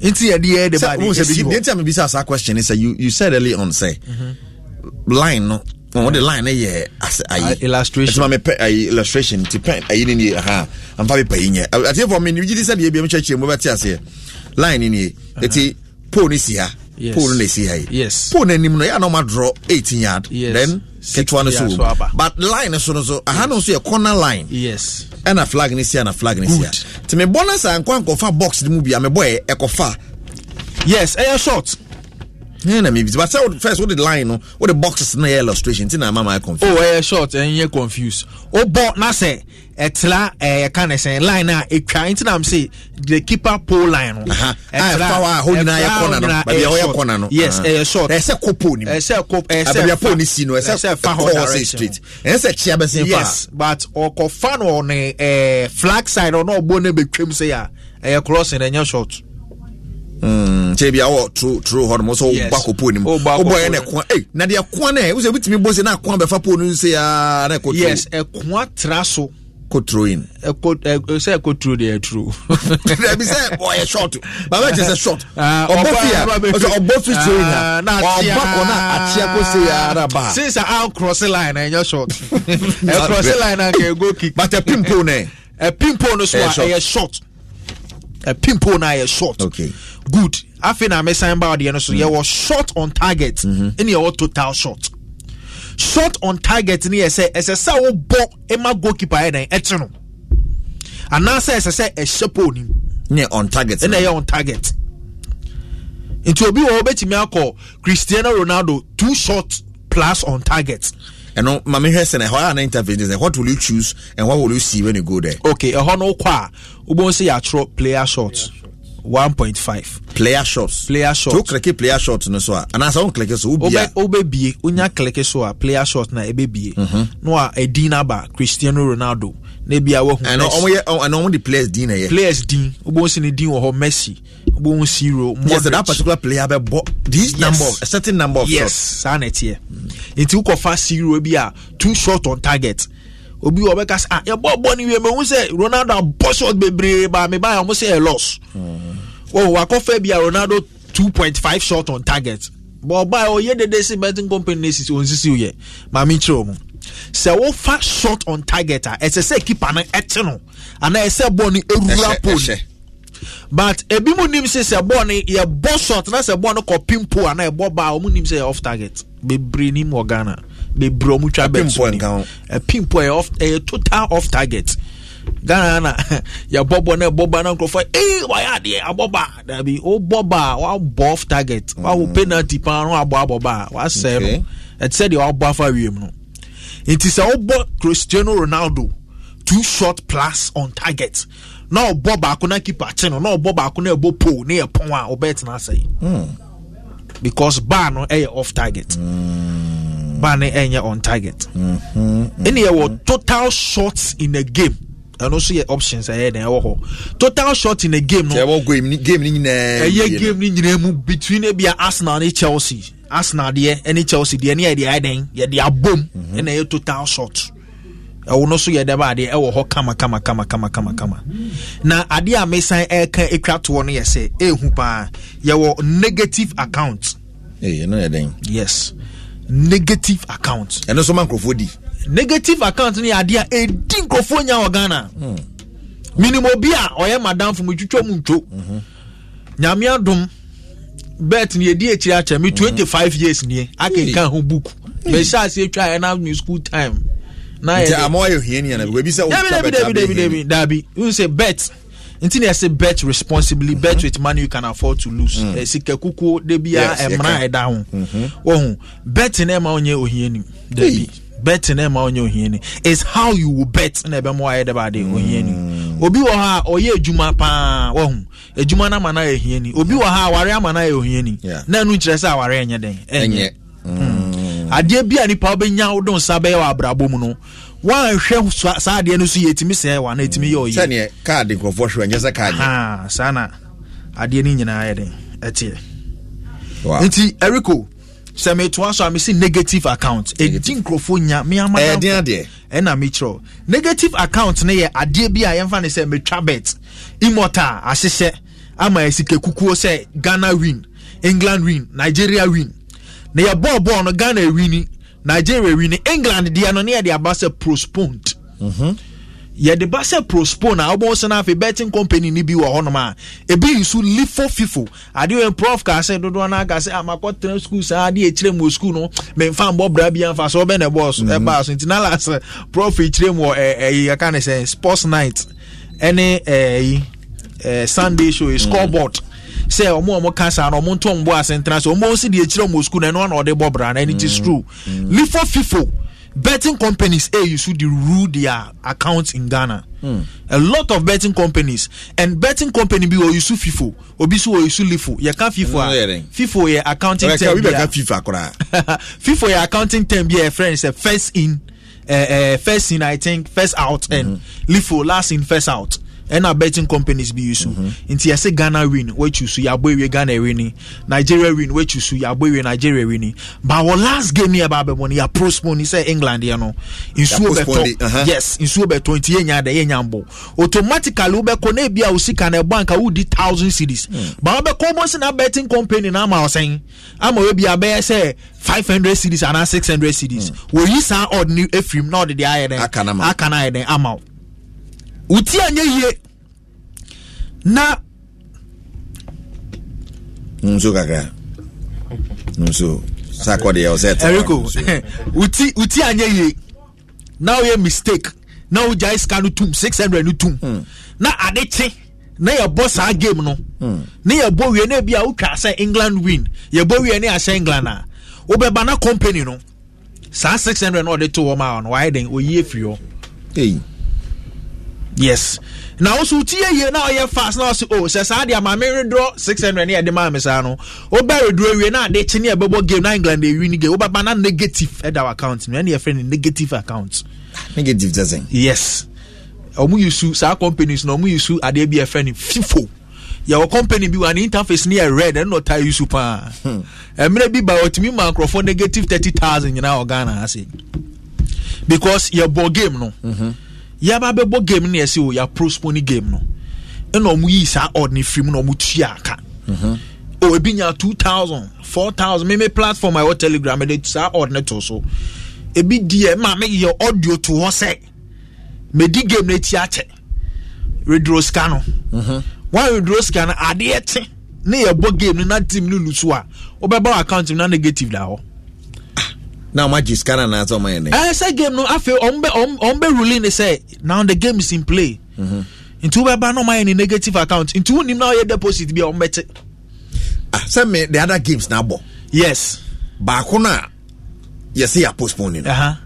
nti yɛde yɛ de ba de esi hɔ. the time bi sa saa question is you you said early on say line no wɔn de line ne yɛ ase ah, ayi illustration ɛsɛ ma pɛ ayi illustration ti pɛn ayi ni ni ha nfa mi pɛ yi nyɛ ati efo mi ni yi ti sɛ de ebi mi kyerɛkyerɛ mu bɛ ti aseɛ line nie ɛti uh-huh. pole no si ha pole no na ɛsi ha yi pole no anim no yɛ na ɔma drɔ 18 yard yes. then ketewa no so wɔ mu but line so no so aha no nso yɛ corner line yes. ɛna flag no si a na flag no si a nti mebɔ no saa nkɔ ankɔfa box no mu bi a mebɔ yɛ e ɛkɔfa yes ɛyɛ short ɛna mebiti but sɛ first wode line no wode boxes no yɛ illustration nti na ama ma confuse o oh, ɛyɛ short ɛnyɛ confuse wobɔ na sɛ ɛtla ɛyɛ ka ne sɛn line a ɛtwa nti na m the keeper pole line no ɛtla ɛfa hɔ nyinaa yɛ kɔna no no yes ɛyɛ short ɛsɛ kɔ pole ni mu ɛsɛ kɔ ɛsɛ fa baabi pole ni si no ɛsɛ fa oh, straight yes but ɔkɔ fa no ɔne ɛɛ flag side ɔno ɔbɔ ne bɛ twɛm se a ɛyɛ crossing ɛnyɛ short. kyɛbia wɔ turu hɔ nom sɛ woba kɔ po nim wobɔyɛ no ɛkoa na deɛ ɛkoa no ɛ wosɛ bɔ se na bɛfa po no sɛ na ɛkɔ yes ɛkoa tra so kotroin sɛ kotro deɛ aturo dabi sɛ ɔyɛ short baba sɛ short ɔbɔ ah, fi ɔsɛ ɔbɔ fi troin a ɔba kɔ na akyea se ya ara ba since a cross line ɛnyɛ short cross line go kick but ɛpimpo no so a ɛyɛ short good afei na mesan ba ɔdeɛ no so yɛwɔ mm. short on target ɛne mm-hmm. yɛwɔ total short short on target ne yɛ e sɛ ɛsɛ sɛ wobɔ e ma goalkeeper yɛ dan ɛte no anaasɛ ɛsɛ sɛ ɛhyɛ e pole nim ne on target ɛna ɛyɛ on target nti obi wɔ wobɛtumi akɔ cristiano ronaldo two short plus on target ɛno maame hwɛ sɛ na ɛhɔ a na interface ne sɛ what will you choose and what will you see when you go there okay ɛhɔ no wokɔ a wobɛhu sɛ yɛatwerɛ player short yeah one point five. player shots player shots tí o kìlẹ̀kì player shots ni so a anaasẹ o kìlẹ̀kì so o bia o bẹ bie o kìlẹ̀kì so a player shots na e bẹ bie mhm. no a ẹdin naba Cristiano Ronaldo na ebi awọ hun Messi ẹnna ọmọ yẹ ẹnna ọmọ di players din na yẹ. players din o bọ ni din wọ hɔ Messi o bọ yes that particular player bɛ bɔ this yes. number a certain number of yes. shots yes saa na ẹ tiɛ nti o kɔ fa zero bi a two shot on target obi wɔ bɛka sɛ ah yɛbɔ bɔ ne wie mehu sɛ ronaldo abɔ shot bebree ba me ba a sɛ yɛ loss wɔn mm-hmm. oh, wakɔfɛ bi a ronaldo two point five shot on target bɔn ɔba a ɔyɛ dede si betting company ne sisi wɔn sisi yɛ maame nkyerɛ wɔn sɛ wofa shot on target a ɛsɛ sɛ keeper no ɛte no anaa ɛsɛ bɔ no ewura pole but ebi mu nim sɛ sɛ bɔ no yɛ bɔ shot na sɛ bɔ no kɔ pin pole anaa ɛbɔ ba a wɔn nim sɛ yɛ off target bebree nim wɔ ghana bebree ɔmo twa bɛn ni pimpo ɛyɛ off ɛyɛ total off target ghana na yɛbɔ bɔ na ɛbɔ ba na nkurɔfoɔ ee wɔyɛ adeɛ abɔ ba dabi o bɔ ba wabɔ off target wawo mm. penalty pan no abɔ abɔ ba wasɛɛ no ɛte sɛ deɛ wabɔ afa wiem no nti sɛ wobɔ cristiano ronaldo two short plus on target na ɔbɔ baako na keeper kye no na ɔbɔ baako na ɛbɔ pole na yɛ pɔn a ɔbɛɛ tena asɛe hmm. because bar no ɛyɛ off target. Mm bane ɛnyɛ on target mm-hmm, ɛne yɛwɔ mm-hmm. total shots in a game ɛno nso yɛ options ɛyɛ den ɛwɔ hɔ total shot in a game no ɛwɔ game ni nyinaa ɛyɛ game ni nyinaa mu between ebi a arsenal ne chelsea arsenal deɛ ɛne chelsea deɛ ne yɛ de ayɛ den yɛ de abom mm-hmm. ɛna ɛyɛ total shot ɛwo no nso yɛ dɛ baadeɛ ɛwɔ hɔ kama kama kama kama kama kama na adeɛ a mesan ɛka atwa toɔ no yɛ sɛ ɛhu paa yɛwɔ negative account ɛyɛ no yɛ den yes. Mm-hmm negative account. ɛno nso ma nkurɔfoɔ di. negative account ni adeɛ a edi nkurɔfoɔ nya wɔ ghana. Hmm. minimo bi a ɔyɛ madamfo mu twitwa mu ntwo. Mhm. nyame adum bet ni edi akyire akyɛ mi mhm. twenty five years nie akenkan ho book bɛhyɛ ase atwa ayɛ na mi school time. na yɛ de nti amɔ ayɛ hiɛ ni yɛn na ebi sɛ o ta bɛ ta bɛ hiɛ ni. dabi dabi dabi dabi n sɛ bet nti na yɛsɛ bet responsibly bet mhm. with money you can afford to lose mm. sika kuku de bi a ɛmra ɛda ho mhm. wɔhu bet na ɛma onye ohieni. dabi bet na ɛma onye ohieni. is how you will bet na ɛbɛn mu ayɛ dɛ baade mm. ohiani obi wɔ ha a ɔyɛ adwuma paa wɔhu adwuma na ama na yɛ ohiani obi wɔ ha a aware ama na yɛ ohiani na ɛnu nkyerɛ sɛ aware ɛnyɛ dɛn ɛnyɛ hmm. mm. adeɛ bi a nipa ɔbɛnya ɔdɔn nsa bɛyɛ wɔ abrabɔ mu no wɔanhwɛ saa adeɛ no so yɛtumi sɛ wa na ɛtumi yɛ ɔyɛ sɛneɛ kaade nkurɔfoɔ hwɛ ɛnyɛ sɛ kaade saa na adeɛ no nyinaa yɛ den ɛteɛ nti eriko sɛ metoa so a mese negative account ɛdi nkurɔfoɔ nya meamaɛdeɛ ɛna mekyerɛ negative account no yɛ adeɛ bi a yɛmfa ne sɛ metwa bet immortal ahyehyɛ ama ɛsika kukuo sɛ ghana win england win nigeria win na yɛbɔɔbɔɔ no ghana wini nigeria win england deɛ no ne yɛde aba sɛ postponed yɛde ba sɛ prospone a wobɛwo sɛ no afei betting company no bi wɔ hɔnom a ebi nso lifo fifo adeɛ ɛ prof ka sɛ dodoɔ no aka sɛ amakɔtena school saa adeɛ ɛkyerɛ mu school no memfa mbɔ bra bia mfa so wobɛ ne bɔɔ mm-hmm. so ɛbaa so nti na prof ɛkyerɛ mu wɔ ne sɛ sports night ɛne eh, ɛyi eh, sunday show mm. scoreboard mm -hmm sɛ ɔmo ɔmo ka saa na ɔmo ntɔn bo ase ntena so ɔmo si deɛ ekyirɛ ɔmo sukuu na ɛno ana ɔde bɔ bra na ɛne ti mm. sukuu mm. lifo fifo betting companies a eh, you should rule their accounts in ghana mm. a lot of betting companies and betting company bi oyisu fifo obi so oyisu lifo yɛka fifo a fifo yɛ accounting term bi a fifo yɛ accounting term bi a friend sɛ first in uh, uh, first in i think first out mm -hmm. and mm-hmm. lifo last in first out ɛna betting companies bi yi so nti yɛsɛ ghana win wɔatu so yɛabɔ ewie ghana win nigeria win wɔatu so yɛabɔ ewie nigeria win but our last game ni yɛba abɛbɔ no yɛapostpone ni sɛ uh-huh. england yɛ no nsuo bɛtɔ yes nsuo bɛtɔ nti yɛnya dɛ yɛnya mbɔ automatically wobɛkɔ na a wosi kan na ɛbɔ anka wodi thousand series but wobɛkɔ bɔ si na betting company na ama ɔsɛn ama ebi abɛyɛ sɛ five hundred series anaa six hundred series hmm. wɔyi saa ɔd ni efirim na ɔde de ayɛ dɛ aka I ayɛ dɛ ama o wotie anyɛ yie na nso kakra nso sakɔ deɛ ɔsɛ ɛtɛriko wuti wuti anyɛ yie na oyɛ mistake na ogya sika no tum six hundred no tum hmm. na ade kye na yɛbɔ saa game no mm. na yɛbɔ wie na ebi a wotwa sɛ england win yɛbɔ wie na yɛahyɛ england a wobɛba na company no saa six hundred na ɔde to wɔn a ɔno wayɛ den oyi efiri hɔ yes na wo so wotie yie na ɔyɛ fast na ɔse o sɛ saa deɛ maame six hundred ne yɛde maa me saa no wobɛ redorɔ awie na ade kye ne ɛbɛbɔ game na england ɛwi e no game wobɛba na negative ɛda e w account no ɛne yɛfrɛ no negative account negative sɛ sɛn yes ɔmo yusu saa companies na ɔmo yusu adeɛ bi yɛfrɛ e no fifo yɛwɔ company bi wa ne interface ni yɛ red ɛna ɔta yusu paa ɛmmerɛ bi ba ɔtumi ma nkurɔfoɔ negative 30000 nyinaa ɔghana ase because yɛbɔ game no mm -hmm yaba bɛbɔ game no yɛsɛ o ya yɛaprospone game no ɛna ɔmo yii saa ɔd no mu na ɔmo tua aka mhm. o ebi nya two thousand four thousand meme platform a ɛwɔ telegram ɛde saa ɔd no to so ebi diɛ maame yɛ audio to hɔ sɛ medi game no eti mhm. akyɛ reduro sika no wɔn reduro sika no adeɛ te ne yɛbɔ game no na team no lu so a wɔbɛba account no na negative da hɔ na ɔmo agye sika na anaasɛ ɔmo ayɛ ne. ɛɛ sɛ game no afei ɔmo um, bɛ ɔmo um, um, bɛ ruling ne sɛ now the game is in play. nti wobɛba na ɔmo ayɛ ne negative account nti wonim na ɔyɛ deposit bi a ɔmo ah sɛ me the other games na abɔ. yes. baako no a yɛsɛ yɛ postpone no.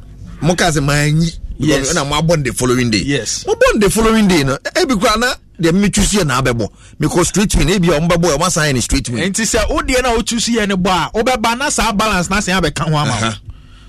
mo kaa sɛ maa nyi. yes ɛna mo abɔ ne the following day. yes mo bɔ ne the following day no ebi eh, kura na deɛ mi tu si yɛ na abɛbɔ miko street win ebi eh, a ɔmo bɛbɔ yɛ ɔmo asan e yɛ ne street win. nti sɛ o deɛ na o tu si yɛ ne bɔ a o bɛ ba na saa balance na sɛn abɛka ho ama o. Uh-huh.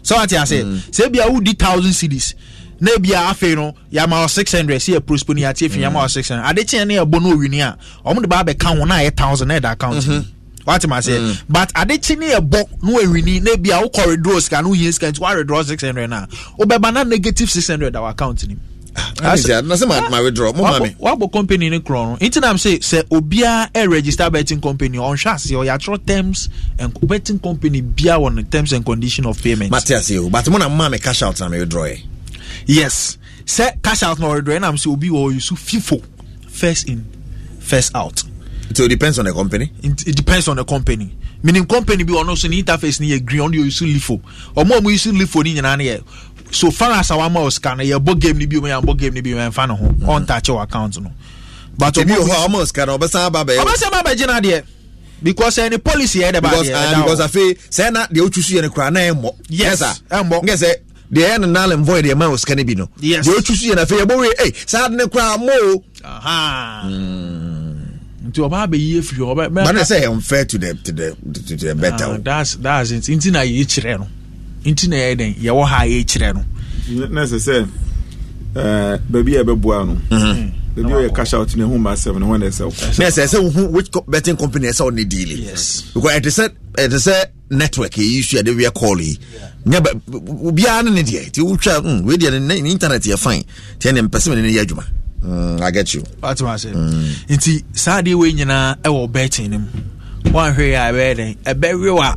So sɛ wate aseɛ mm. sɛ bia wodi thousand cities na ebia afei no yɛama wɔ six hundred si yɛ e prospo ni yɛate efi yɛama wɔ mm. six hundred ade kyeɛ ne yɛ e bɔ n'owin ni a wɔn de ba abɛka wɔn a yɛ e thousand na yɛ da account mm-hmm. wate ma seɛ mm. but ade kye ne yɛ bɔ no ewin ni na ebia wokɔ redraw sika no yie sika nti wa redraw six hundred na wobɛba na negative six hundred awɔ account ni Ah, wabɔ company no korɔ no nti nam sɛ sɛ obiaa ɛregister e betting company ɔnhwɛ ase ɔyɛatwerɛ terms and betting company bia wɔ no terms and condition of payment mate o but mo na mma me cash out na meredrɔɛ e. yes sɛ cash out na ɔredrɔɛ e, nam sɛ obi wɔ ɔyɛsu fifo first in first out so it depends on the company it, it depends on the company meaning company bi ɔno so ne interface no yɛ green ɔno yɛ ɔyɛsu lifo ɔmo a mo yɛsu lifo no nyinaa no yɛ so far as our mouse can yɛ bɔ game ni bi mu yɛ bɔ game ni bi mu yɛ nfa ne ho ɔn ta kyɛw account no. but ebi wɔ hɔ a ɔmo sika no ɔbɛsan aba bɛyɛ. ɔbɛsan aba bɛgye n'adeɛ because ɛni eh, policy yɛ eh, Because ba deɛ ɛda hɔ because afei sɛ na deɛ otu so yɛ no kura na ɛmɔ. Eh, yes ɛmɔ nkɛ sɛ deɛ ɛyɛ no nalen void deɛ ɛma osika no bi no. yes deɛ otu so yɛ no afei yɛbɔ wei ɛy saa de ne kura mo. Hmm. nti ɔbaa bɛ yie firi ɔbɛ. bana sɛ unfair to the to the to the better. Ah, that's that's it nti na yɛ kyerɛ no nti na yɛyɛ dɛn yɛwɔ ha yɛkyerɛ no na sɛ sɛ eh, baabi a ɛbɛboa no mhm. baabi a cash out no ɛhu ma asɛm no hɔ na ɛsɛ na ɛsɛ sɛ wohu which betting company ɛsɛ wo ne deal because ɛte sɛ ɛte sɛ network yɛyi so yɛde wiɛ call yi nyɛ ba obiara ne ne deɛ nti wotwa mm we deɛ ne ne internet yɛ fine tiɛ ne mpɛ sɛ mene ne yɛ adwuma hmm, I get you. What was it? Hmm. Nti saa adeɛ wei nyinaa ɛwɔ betting no mu. Wɔnhwɛ yɛ a ɛbɛyɛ dɛn ɛbɛwe wa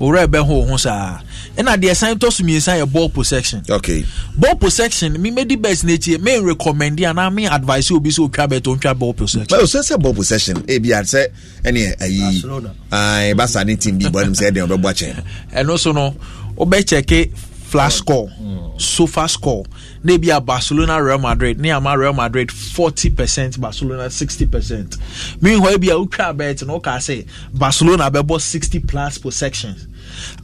owurɛ ɛbɛho ho saa ɛna deɛ san tɔ so mmiɛnsa yɛ ball possession. okay ball possession mi mɛ di bɛs n'ekyi mi recommend ana mi advise obi sɛ otwa bɛ to ntwa ball possession. bɛɛ o sɛ sɛ ball possession ebi a sɛ ɛni ayi ɛn ba sa ne team bi bɔ ɛnum sɛ ɛdɛn ɔbɛ bɔ akyɛ. ɛno so no ɔbɛ kyɛke flash oh. score mm. sofa score na ebi a barcelona real madrid ne ama real madrid forty percent barcelona sixty percent meanwhile ebi a otwa bɛɛ ti na ɔka sɛ barcelona bɛ bɔ sixty plus per section.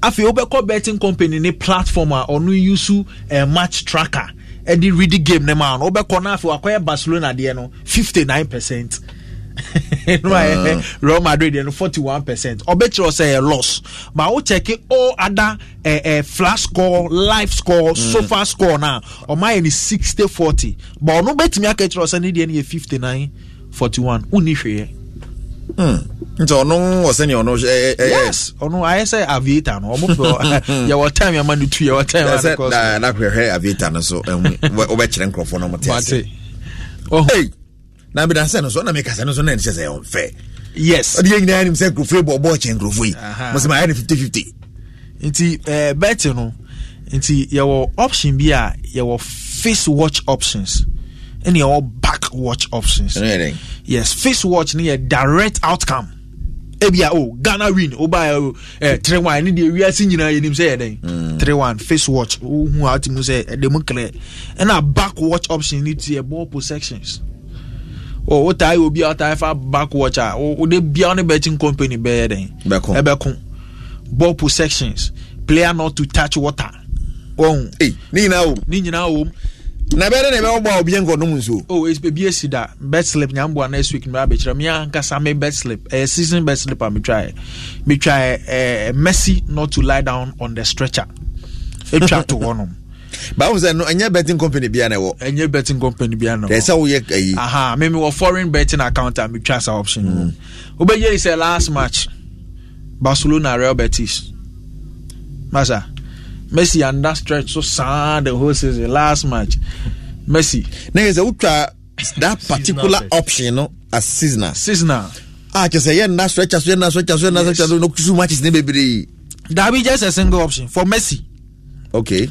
afei wobɛkɔ betting company ne platform a ɔno yusu uh, match tracker ɛde redi game ne ma no wobɛkɔ no afei wakɔyɛ barcelona deɛ no 59 percent no uh, ah. Real Madrid and 41 percent. Or bet you loss. But I'll check it all other uh, uh, flash score, live score, mm. so far score now. Or mine is 60 40. But no bet me I catch you say 59 41. Unifie. Hmm. nti ɔno wɔ sɛnea ɔno yes ɔno ayɛ sɛ aviator no ɔmo yɛwɔ time ama no tu yɛwɔ time sɛ nahwehwɛ no so wobɛkyerɛ nkurɔfoɔ no mte na medasɛ no so na mekasa no so na ɛne sɛ ɛɔmfɛ yes ɔde yɛ nyinaa nim sɛ nkurɔfoɔ bɔbɔ kyɛ nkurɔfoɔ yi mosɛ maayɛ no 5050 nti bet no nti yɛwɔ option bi a yɛwɔ face watch options ɛne all back watch options really? yes face watch no yɛ direct outcome ebia o oh, ghana win o ba ɛ three one ne deɛ wiase nyinaa yɛ nim hmm. sɛ yɛ dɛn three one face watch o hu a ti mu sɛ ɛde mu clear ɛna back watch option ne ti yɛ ball possessions o oh, o taa yɛ obi a o taa yɛ fa back watch a o o de bia ne betting company bɛyɛ dɛn bɛko ɛbɛko ball possessions player not to touch water ɔhun ne nyinaa wɔm ne nyinaa wɔm na ɛbɛyɛ dɛ na ɛbɛwɔ bɔ a obi yɛ nkɔnom nsuo. o oh, ebi esi da bed slip mbɔ next week mbɛ abɛkyerɛ mi ankasa mi bed slip ɛyɛ eh, season bed slip a mi twa yɛ mi twa yɛ eh, ɛɛ mercy not to lie down on the stretcher etwa to hɔnom. báwo sɛ no ɛnyɛ betting company bia na ɛwɔ. ɛnyɛ betting company bia na ɛwɔ. ɛsɛ woyɛ ɛyi. aha mi mi wɔ foreign betting account a mi twa sa option. o bɛ yɛ sɛ last match barcelona real betis masa. Messi under stretch so sad the whole season last match. Messi. Na yɛ sɛ wotwa that particular option no as seasonal. Seasonal. A kyerɛ sɛ yɛ nna stretch so yɛ nna stretch so yɛ nna stretch so no kusu matches ne bebree. Dabi just a single option for Messi. Okay.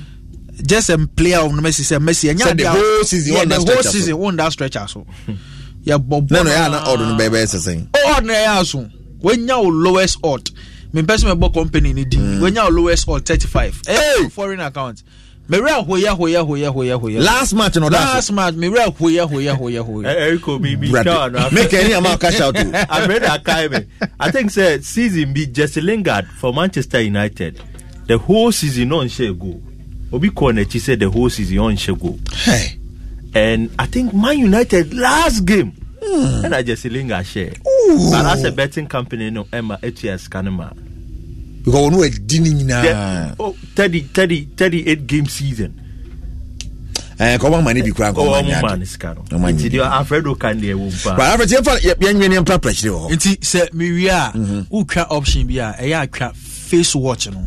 Just a player of Messi sɛ Messi ɛnyɛ adi a. Sɛ the whole season wɔn that stretch so. Yeah the whole season wɔn that stretch so. Yɛ bɔ bɔ naa. Nanu yɛ ana ɔdun bɛɛ bɛ sɛsɛn. Ɔdun yɛ aso. Wɔnya o lowest odd me person me bɔ company ni di mm. wɔn nya lowest all thirty five ɛyɛ foreign account mẹwura oh, ahoyɛ oh, ahoyɛ oh, ahoyɛ ahoyɛ ahoyɛ. last match no da last match mẹwura ahoyɛ ahoyɛ ahoyɛ ahoyɛ. ẹ ẹ ko mi mi sọ ọnà. make any amount cash out o. abirada akaime i think say season bi jesse lingard for manchester united the whole season no n ṣe goal obi kọ n'ekyi say the whole season no n ṣe goal. and i think man united last game ɛna gyesi linga hyɛ bana sɛ betting company no ɛma etu ɛsika no ma. because wɔn adi ne nyinaa. oh thirty thirty thirty eight game season. ɛɛ kɔ ɔmɔ mani bi kura nkɔ ɔmɔ nyadi ɔmɔ mani sika no nti deɛ afredo kan deɛ wɔn pa. baa afredo yɛn fa yɛn nyɛ ne mpira pɛrɛkyerɛ wɔ oh. hɔ. nti sɛ miwia a mm-hmm. wotwa option bi a ɛyɛ e atwa face watch no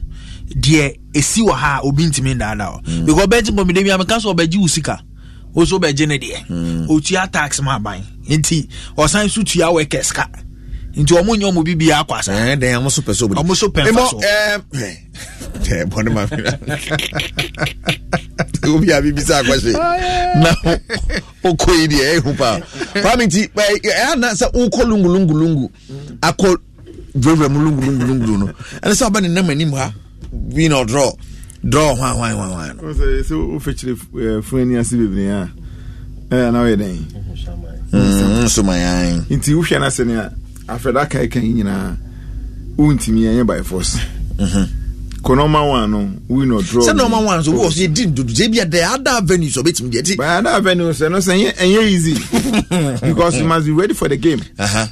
deɛ esi wɔ ha a obi ntumi ndaadaa because betting company bi a mɛka so ɔbɛgye wo sika oso bɛgye ne deɛ hmm. otua tax ma aban nti ɔsan eh, so tua workers ka nti ɔmo nyɛ ɔmo bibi akɔ asa ɛn dɛn ɔmo so pɛ so ɔmo so pɛ nfa so ɛɛ bɔnne ma fi obi a bibi sa akɔhye na okɔ yi deɛ ehu paa kwami nti ɛyà eh, eh, na sɛ okɔ lungu lungu lungu akɔ vɛvɛ mu lungu lungu lungu no ɛna sɛ ɔba ne nam anim ha bi na ɔdrɔ draw hwan hwan hwan hwan. o sɛ sɛ o fɛkyerɛ ɛɛ funani ase bebree a ɛɛ anaw yɛ dɛn. nsomayan. nti wohwɛ no ase ne a afɛda kae kan nyinaa wontumi ɛnyɛ by force. Mm-hmm. kò nọmba one no we no draw. sẹ nọmba one so wọ́n sọ yẹ di ndodo jẹ́ bi ẹ̀ dẹ̀ ada venue sọ bẹ́ẹ̀ tì mí di ẹ̀ ti. by ada venue sẹ no sẹ ẹ̀yẹ ẹ̀yẹ easy because you must be ready for the game. Uh -huh.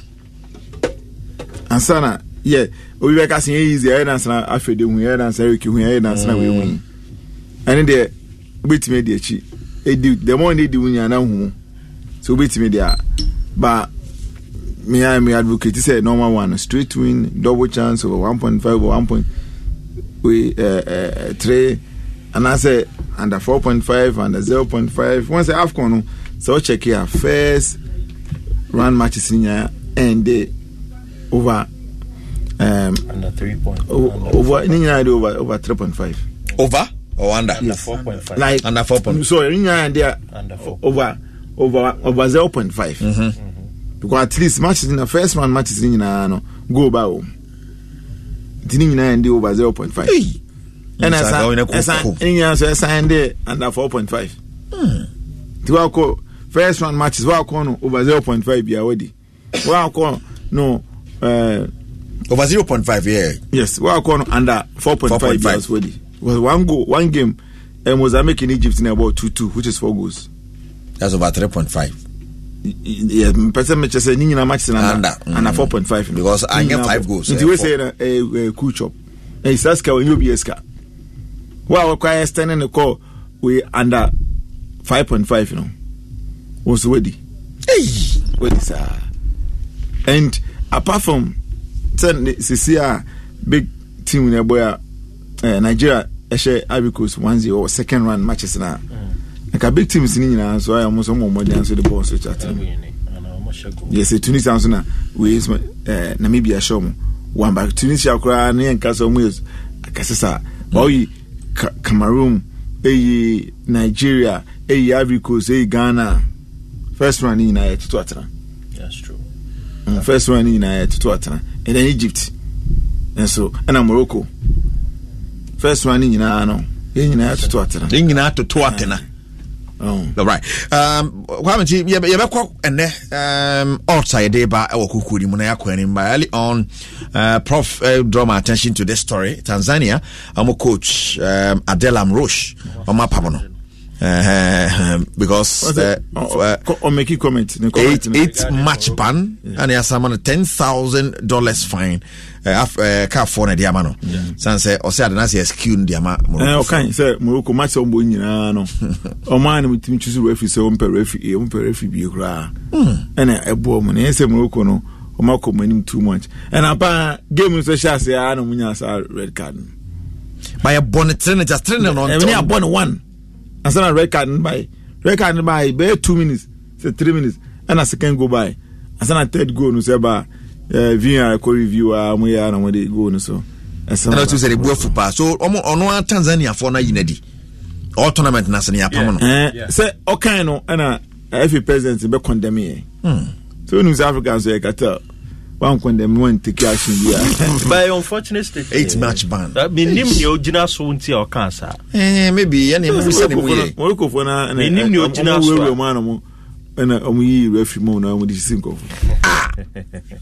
ansana yẹ. Yeah obi bɛka sɛ yɛ easy ɛyɛ dance na afei de hu ɛyɛ dance na ɛyɛ hu ɛyɛ dance na wei hu mm. ɛne deɛ wobɛtumi adi akyi edi the more ne di hu nyana hu so wobɛtumi de a ba me a me advocate sɛ normal one straight win double chance over one point five or one point we ɛɛ eh, eh, eh, three anaasɛ under four point five under zero point five wɔn sɛ afcon no sɛ ɔkyɛ kia first round matches nyinaa ɛn de over. Um, under 3.5. Over, over, over five. Over or under? Under yes. 4.5. Like, under four 4.5. So, under, under 4. over, over, over zero point five. Mm-hmm. mm-hmm. Because at least matches in the first one, matches in the no, go back home. Didn't you know over five. Hey. And as I signed there under 4.5. Hmm. To our first one matches, well, over zero point 0.5 be already. Well, no, uh, over zero point five, yeah yes well corner under four 4.5 years for the was one goal one game and eh, Mozambique in Egypt in about two two, which is four goals that's over three point five. yeah, person match say ni nyina match na under and a five. because I get five goals nti eh, we say na eh, eh cool chop eh saska when you be eska well we kwai standing the call we under five point five, you know was ready hey what is uh and apart from sɛ sisi a big team na ɛbɔ a eh, nigeria ɛhyɛ ivory one zero second round matches na mm. nka big teams ni nyinaa nso ayɛ ɔmo nso ɔmo ɔmo de nso de bɔɔl nso kyɛ atene yes tunisia nso na wei nso ɛɛ namibia hyɛ ɔmo one back tunisia koraa ne yɛn nkasa ɔmo yɛ akasasa ɔyi mm. cameroon eyi nigeria eyi ivory eyi ghana first round ni nyinaa yɛ tutu atena mm, first round ni nyinaa yɛ tutu atena. And then egypt and nso ɛna morocco first one ne nyinaa no yɛn nyinaa toto atena yɛn nyinaa toto atena oh. um. right um, kwame nti yɛbɛkɔ ɛnɛ ɔta yɛde ba ɛwɔ kokori mu na yɛakɔ anim ba early on uh, prof uh, draw my attention to this story tanzania ɔmo coach um, adelam roche ɔmo apam no uh, because oh, uh, oh, oh, make you comment. Eight, eight match ban and yes, I'm on a ten thousand dollars fine. Uh, uh, eh, ka fɔ hmm. eh, no de ama no sane sɛ ɔsɛ ade no asɛ askew no de ama ɔkae sɛ moroko match sɛ ɔmbɔ nyinaa no ɔmaa no mutumi twi so rafi sɛ ɔmpɛ rafi ɔmpɛ rafi bie koraa ɛna ɛboɔ mu na ɛyɛ sɛ moroko no ɔma kɔ mu anim too much ɛna paa game no sɛ hyɛ aseɛ a na munya saa red card no ma yɛbɔ ne tere ne gya tere ne no abɔ ne one ansana red card no by red card no by bɛyɛ two minutes sɛ three minutes ɛna second go by ansana third goal no sɛ ba ɛɛ vr kɔ review a mo yɛ a na mo de goal no so. ɛna tu sɛ de bu afu paa so ɔmo ɔno a tanzaniafoɔ no ayi n'adi all tournament na sɛ ne yɛapam no sɛ ɔkan no ɛna ɛfi president bɛ condemn yɛ hmm. so nim sɛ africa nso yɛ eh, kata one condemn one take by unfortunate state. eight match ban. mi nim ni o gyina so nti maybe yanni emu sɛ ni mu yɛ. morocco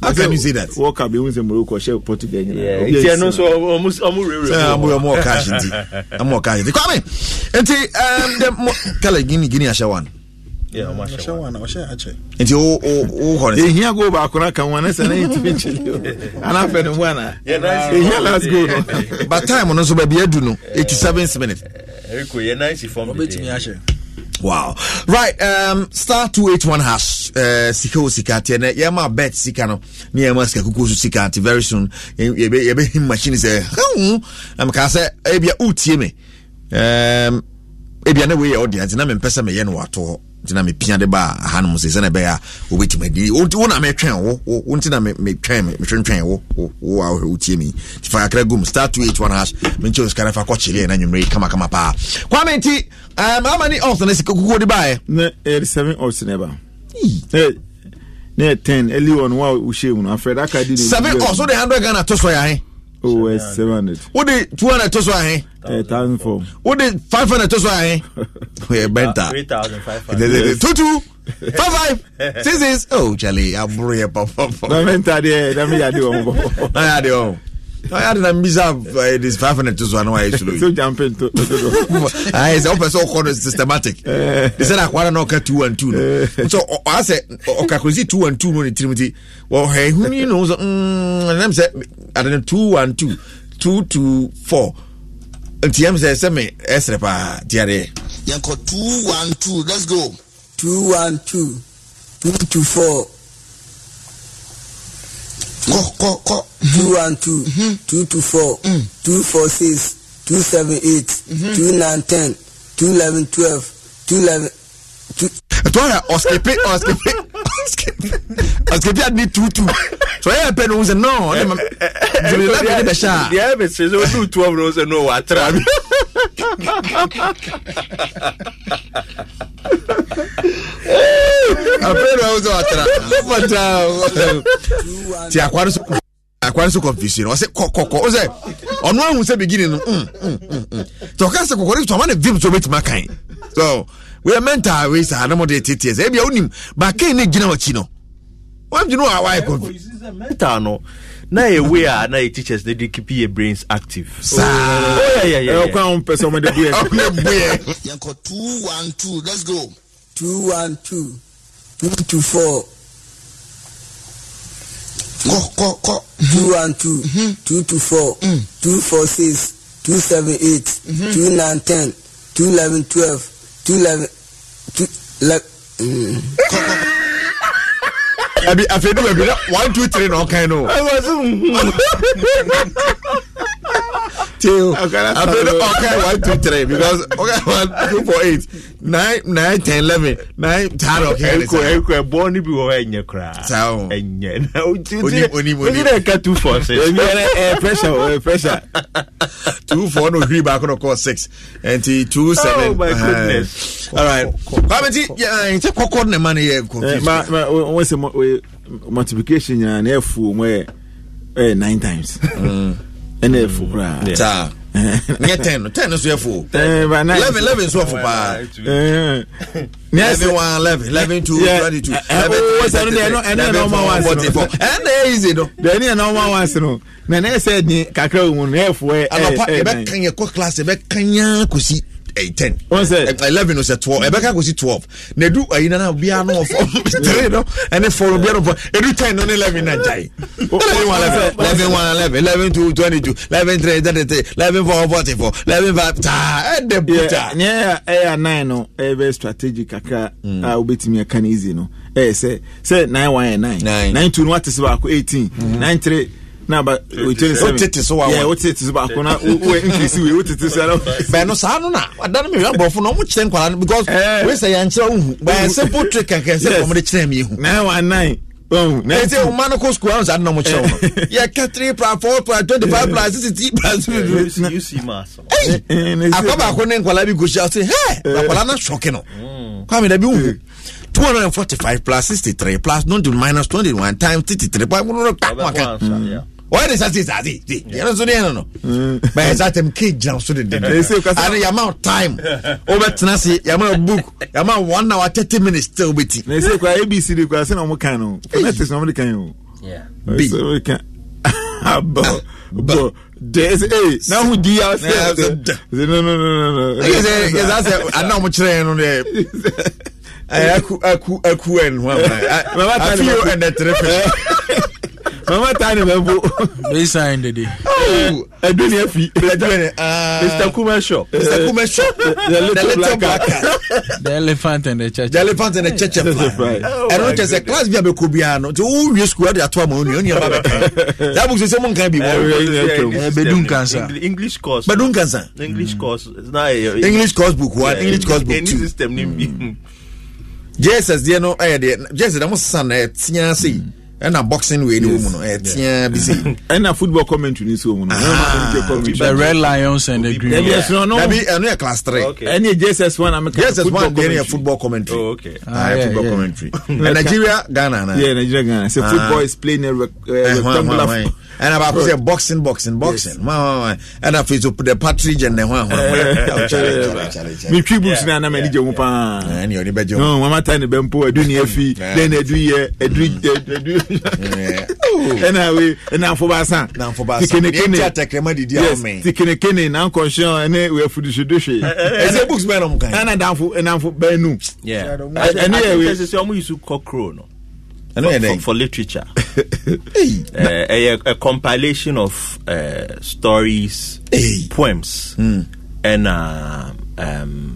how can you say that. world cup ehun sɛ morocco ɔhyɛ portugal nyina. tiɛ no so ɔmu ɔmu rewere. sɛ ɔmu ɔmu ɔka ahyɛ nti ɔmu ɔka ahyɛ nti kwame nti um, ahyɛ one nti wohɔ ne ɛhia gol baako no ka ho ana sɛ ne yɛtumi nkyɛli ana afɛ ne mu ana ɛhia last gol no but time no nso baabi adu no seven minutes nice Wow. Right. Um, star one hash. Uh, sika o And tiɛ nɛ yɛma bet sika no ne yɛma sika kuku so very soon yɛbɛ yɛbɛ him machine sɛ hɛn ɛm kaa sɛ ebia o tie me ɛm um, ebia ne wei yɛ ɔdi ati na mɛ mpɛ sɛ mɛ yɛ ntina mepia de ba hanom sɛ sɛne ɛbɛyɛ a wobɛtumi adi wo na metwɛn wo wo ntina metwɛn metwentwɛn wo wo a wohwɛ wotie mi nti fa kakra gum star 281 hash menkyɛ osika no fa kɔkyeleɛ na nwummerɛ kamakama paa kwame nti ama ne ɔs no sika kukuo de baɛ na ɛde 7 ɔs ne ba eh, na 10 early on wo a wohyɛ mu no afrɛ da ka di ne 7 ɔs wode 100 ghana to so yɛ ahe eh? owó oh, seven hundred. wọ́n de two hundred tó so ahẹ́. ẹ eh, thousand four. wọ́n de five hundred tó so ahẹ́. o yẹ bẹ́ntà. three thousand five hundred. tutu five five six six. oh jale aburo yẹ pọpọpọ. na bẹ́ntà de ẹ dami yà di wọn pọpọ. na yà di wọn ɔyɛ na mbisa ɛdi five hundred to so ano ayɛ slow yi. so jampe nto. ayi sɛ ɔpɛ sɛ ɔkɔ no systematic. ɛsɛ na akwara na ɔka two one two no. nso ɔasɛ ɔka kò si two one two no ne tirim ti ɔhɛ ehun yi no nso ɛnam sɛ adana two one two two ah, two four nti yɛm sɛ sɛmi ɛsrɛ paa tiare. yɛn kɔ two one two let's go. two one two two two four kọ kọ kọ. two one mm-hmm. two mm-hmm. two two four mm. two four six two seven eight mm-hmm. two nine ten two eleven twelve two eleven two. ẹ̀tọ́ yà ọ̀sìkèpé ọ̀sìkèpé ọ̀sìkèpé àdìní tuutu sọ yẹ pẹ ní wọn sẹ náà ọ̀dẹ̀ mọ̀ eh, eh, eh, jùlọ láti ẹ̀dẹ̀ bẹ̀ ṣáà. diẹ bẹ sẹ sẹ o tún tu ọmọ náà sẹ náà wà á tẹ̀ra mi apɛrɛ awo sɛ watara pata ti akwari mm, mm, mm, so akwari so confusion ɔsɛ kɔkɔkɔ ɔsɛ ɔno ahun sɛ beginning no tɛ ɔka sɛ kɔkɔrɔ tɔ ɔma ne vim so obetuma kan so weyɛ mental wey sa anamɔ de tete sɛ ebi awonim baakain ne gyina wɔkyi no wɔn gyina wɔ awa ayɛ confusion mental no na yɛ way a na yɛ teachers na de keep yɛ brains active. saa ɛyɛ kwan ahun pɛ sɛ ɔmo de bu yɛ. ɔmo bu yɛ. yɛn kɔ two one two let's go. two one two two two four. kɔ kɔ kɔ. two one two mm-hmm. Mm-hmm. two two four mm. two four six two seven eight mm-hmm. two nine ten two eleven twelve two eleven two eleven abi afei ne baabi na one two three na ɔkan no. till I played okay one two three because okay one two four eight nine nine ten eleven nine ten okay. Eko eko ẹbọ níbi wọ ẹnyẹ kura. Sáwọn ẹnyẹ na o ti Oni oni o ti na ẹka two four six. Ebi ẹrẹ ẹ pressure ẹ oh, eh, pressure. Two four no three baako no call six And two oh, seven. Oh my uh-huh. goodness. All right. Kwame ti n sẹ kọkọ ne ma ne yẹ eh, confusion. Ma ma wọ́n sẹ multiplication yẹn na fu mu ẹ nine times. Mm ɛna ɛfo koraa taa nyɛ ten no ten no so ɛfo eh, eleven eleven so ɛfo paa eleven eh. one eleven eleven two twenty two eh, eleven three oh, oh, eleven four forty four ɛna ɛyɛ easy no. ɛni yɛ normal ones no na ne yɛ sɛ ni kakra wo mu no ɛfo ɛɛ ɛɛ ɛɛ anapa ɛbɛ kan yɛ kɔ class ɛbɛ kan yaa kò si eh, ten eleven no sɛ twelve ɛbɛka kɔsi twelve na edu ayi nana biara no ɔfɔ three no ɛne four no biara no fɔ edu ten no ne eleven na gya eleven one eleven eleven two twenty two eleven three thirty three eleven four forty four eleven five taa ɛdɛ eh, buta. nyɛ ɛyɛ eh, nine no ɛyɛ eh, bɛ strategic kakra mm. a ah, obetumi ɛka ne easy no ɛyɛ sɛ sɛ nine one yɛ nine nine two no wate sɛ baako eighteen mm-hmm. nine three na ba wotiri sɛ wotete so wawa wotete so baako na wo e, nkirisi wei wotete so ara bɛn no saa no na ada no mehwɛ abɔfo no ɔmo kyerɛ nkwalaa no because eh. wei sɛ yɛnkyerɛ wo hu bɛn simple trick kankan sɛ ɔmo de kyerɛ mi hu. na wa nan ɛsɛ wo ma no kɔ sukuu ansa no mo kyerɛ wo yɛka 3 pra 4 pra 25 pra 60 pra akwa baako ne nkwalaa bi kohyia sɛ hɛ akwalaa no sɔke no kwame da bi wohu 245 plus 63 plus 90 minus 21 times 33 pa wɔyɛ de sase sase de yɛrɛ nso ne yɛn no bɛyɛ sɛ atɛm kee gyina so de dede ade yama time wobɛtena se yama book yama one hour thirty minutes tɛ wobɛti. na ese kura abc de kura sɛnɛ ɔmo kan no phonetics na ɔmo de kan yi o. bi abɔ bɔ dɛsɛ ee n'an kun di yan sɛ sɛ no no no no. no. ɛyɛ sɛ yɛ sɛ ana ɔmo kyerɛ yɛn no dɛ. ɛɛ aku aku aku ɛn ho ama ye. afi yo ɛnɛ tere fɛ mama ta ni mɛ bo. baseline de de. ɛdun ni efi. mr kuma shop. mr kuma the little black guy. the elephant and the church. the elephant and the church and fly. ɛnu kyɛ sɛ class bi a bɛ ko bi yan nɔ ti o wiye sukuu de ato a ma o nìyɛn nìyɛn ba bɛ kan. yabu sise mun kan bi bɛdun kansa. english course. bɛdun kansa. english course. english course book one english course book two. system ni bi. jss deɛ no ɛyɛ eh, deɛ jss deɛ mo sisan na eh, ɛtiɲa se yi ɛna boxing wei ni wo mu no ɛtiɛ bi se. ɛna football commentary ni so mu no. Ah, the red lions and the green lions. dabi ɛnu yɛ class three. ɛni ye jss one amika jss one deɛ yɛ football commentary. oh okay. ah, ah yɛ football commentary. nigeria ghana na. yeah nigeria ghana say football is playing a rectangular ɛna baako sɛ boxing boxing boxing yes. ma ɛna afei so the partridge and the hwan hwan metwi books no anam ani gye mu paa mamata ne bɛmpo adu e ne afi then adu yɛ adu ɛna we namfo baasa tikenekene na nkɔnhyɛ ne weafudisudu hwee ɛsɛ books bɛnomka ɛna damfo e namfo bɛnu ɛne yɛ we for, for, for literature. hey, a, eh, eh, a, a, compilation of uh, stories, hey. poems, mm. and uh, um,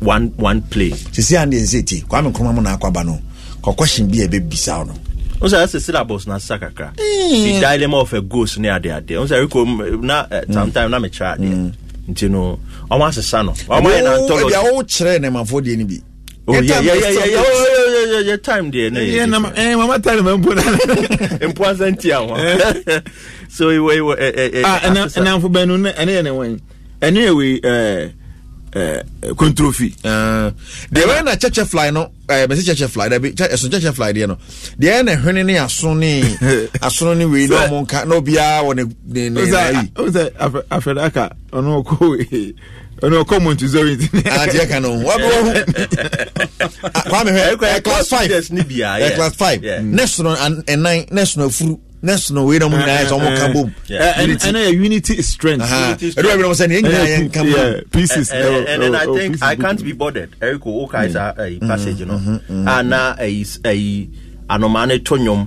one one play. see, Sisi andi nseti kwame nkrumah mu na Banu. no kɔkɔhyin bi a ɛbɛ bisa no. n sɛ ɛsɛ syllabus na sisa kakra. Hmm. the dilemma of a ghost ne ade ade n sɛ ɛrekɔ na hmm. sometime na mekyerɛ adeɛ hmm. nti no ɔmo asesa no ɔmo ayɛ na anthology. ebi awo kyerɛ ne mafo deɛ ni bi. Oh, yeah, yeah, yeah, yeah, yeah, oh, yeah, yeah, yeah, yeah, time there. Yeah, yeah, eh, mama time me mpona. Mpona santi So we we we eh, eh, Ah, and and am for benu na ene ne we eh eh controfi. Eh, ah. the way na cheche fly no, eh me cheche fly, da bi cheche fly there no. The ene na hwene ne aso ne aso ne we no monka no bia wo ne ne ne. Oza, oza afedaka, ono ko we ɛnu ɔkɔ mu nti zero eight. àti ɛka no wa bɛ wɔhu kwame hɛ ɛ class five ɛ class five nɛsono ɛnan nɛsono afuru nɛsono wei na ɔmo nyinaa yɛ sɛ ɔmo ka bom. ɛnna yɛ unity is strength. ɛdi wɛrɛ bi na ɔmo sɛ ne nyinaa yɛ nka mu. pieces ɛwɔ ɛwɔ pieces. and then oh, i oh, think i can't be bothered eriko okai sa mm. eh, passage no ana ɛyi ɛyi anomaa hmm. eh, eh, no to nwom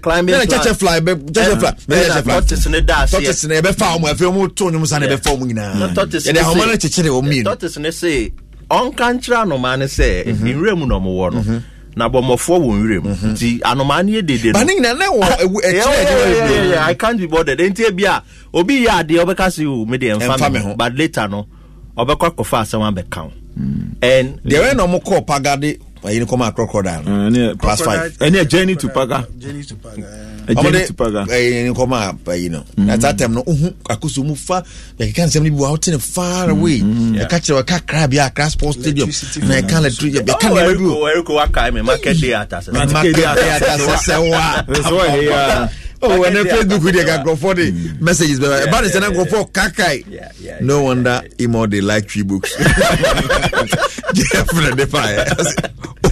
climbingtɔtes ne daseɛbɛfa ɔm afei ɔmo to nwom sa na ɛbɛfa ɔm nyinaayɛde ahoma no kyekyere ɔ mmienutɔtes ne se ɔnka nkyerɛ anomaa no sɛ mhm. nwura mu na ɔmowɔ no mhm. na bɔmmɔfoɔ wɔ nwura mu mhm. nti anomaa no yɛ dede nobane nyina na wɔ ah, ɛkyerɛ i can't be bothered enti bi a obi yɛ adeɛ wobɛka se o oh, mede ɛmfa me ho but later no ɔbɛkɔ akɔfa asɛm abɛka wo hmm. and deɛ wɛ na ɔmokɔɔ pagade ayi ni kɔma crocodile no ɛni class five ɛni yɛ journey to paga journey to paga journey to paga ɛyi ni kɔma ayi no at that time no ohun uh-huh, akoso mu fa yɛkeka nsɛm ni bi wa ɔte ne far mm-hmm. away yɛka kyerɛ yɛka kra bi akra sports stadium na yɛka electricity yɛka nneɛma bi o. wɔyɛ ko wa kaa mi market day ata sɛ. market day ata sɛ sɛ wa oh when ɛnɛ facebook deɛ ka nkurɔfoɔ de messages bɛba ɛba ne sɛ na nkurɔfoɔ kakae no wonder imo de like tree books jeffrey de fa yɛ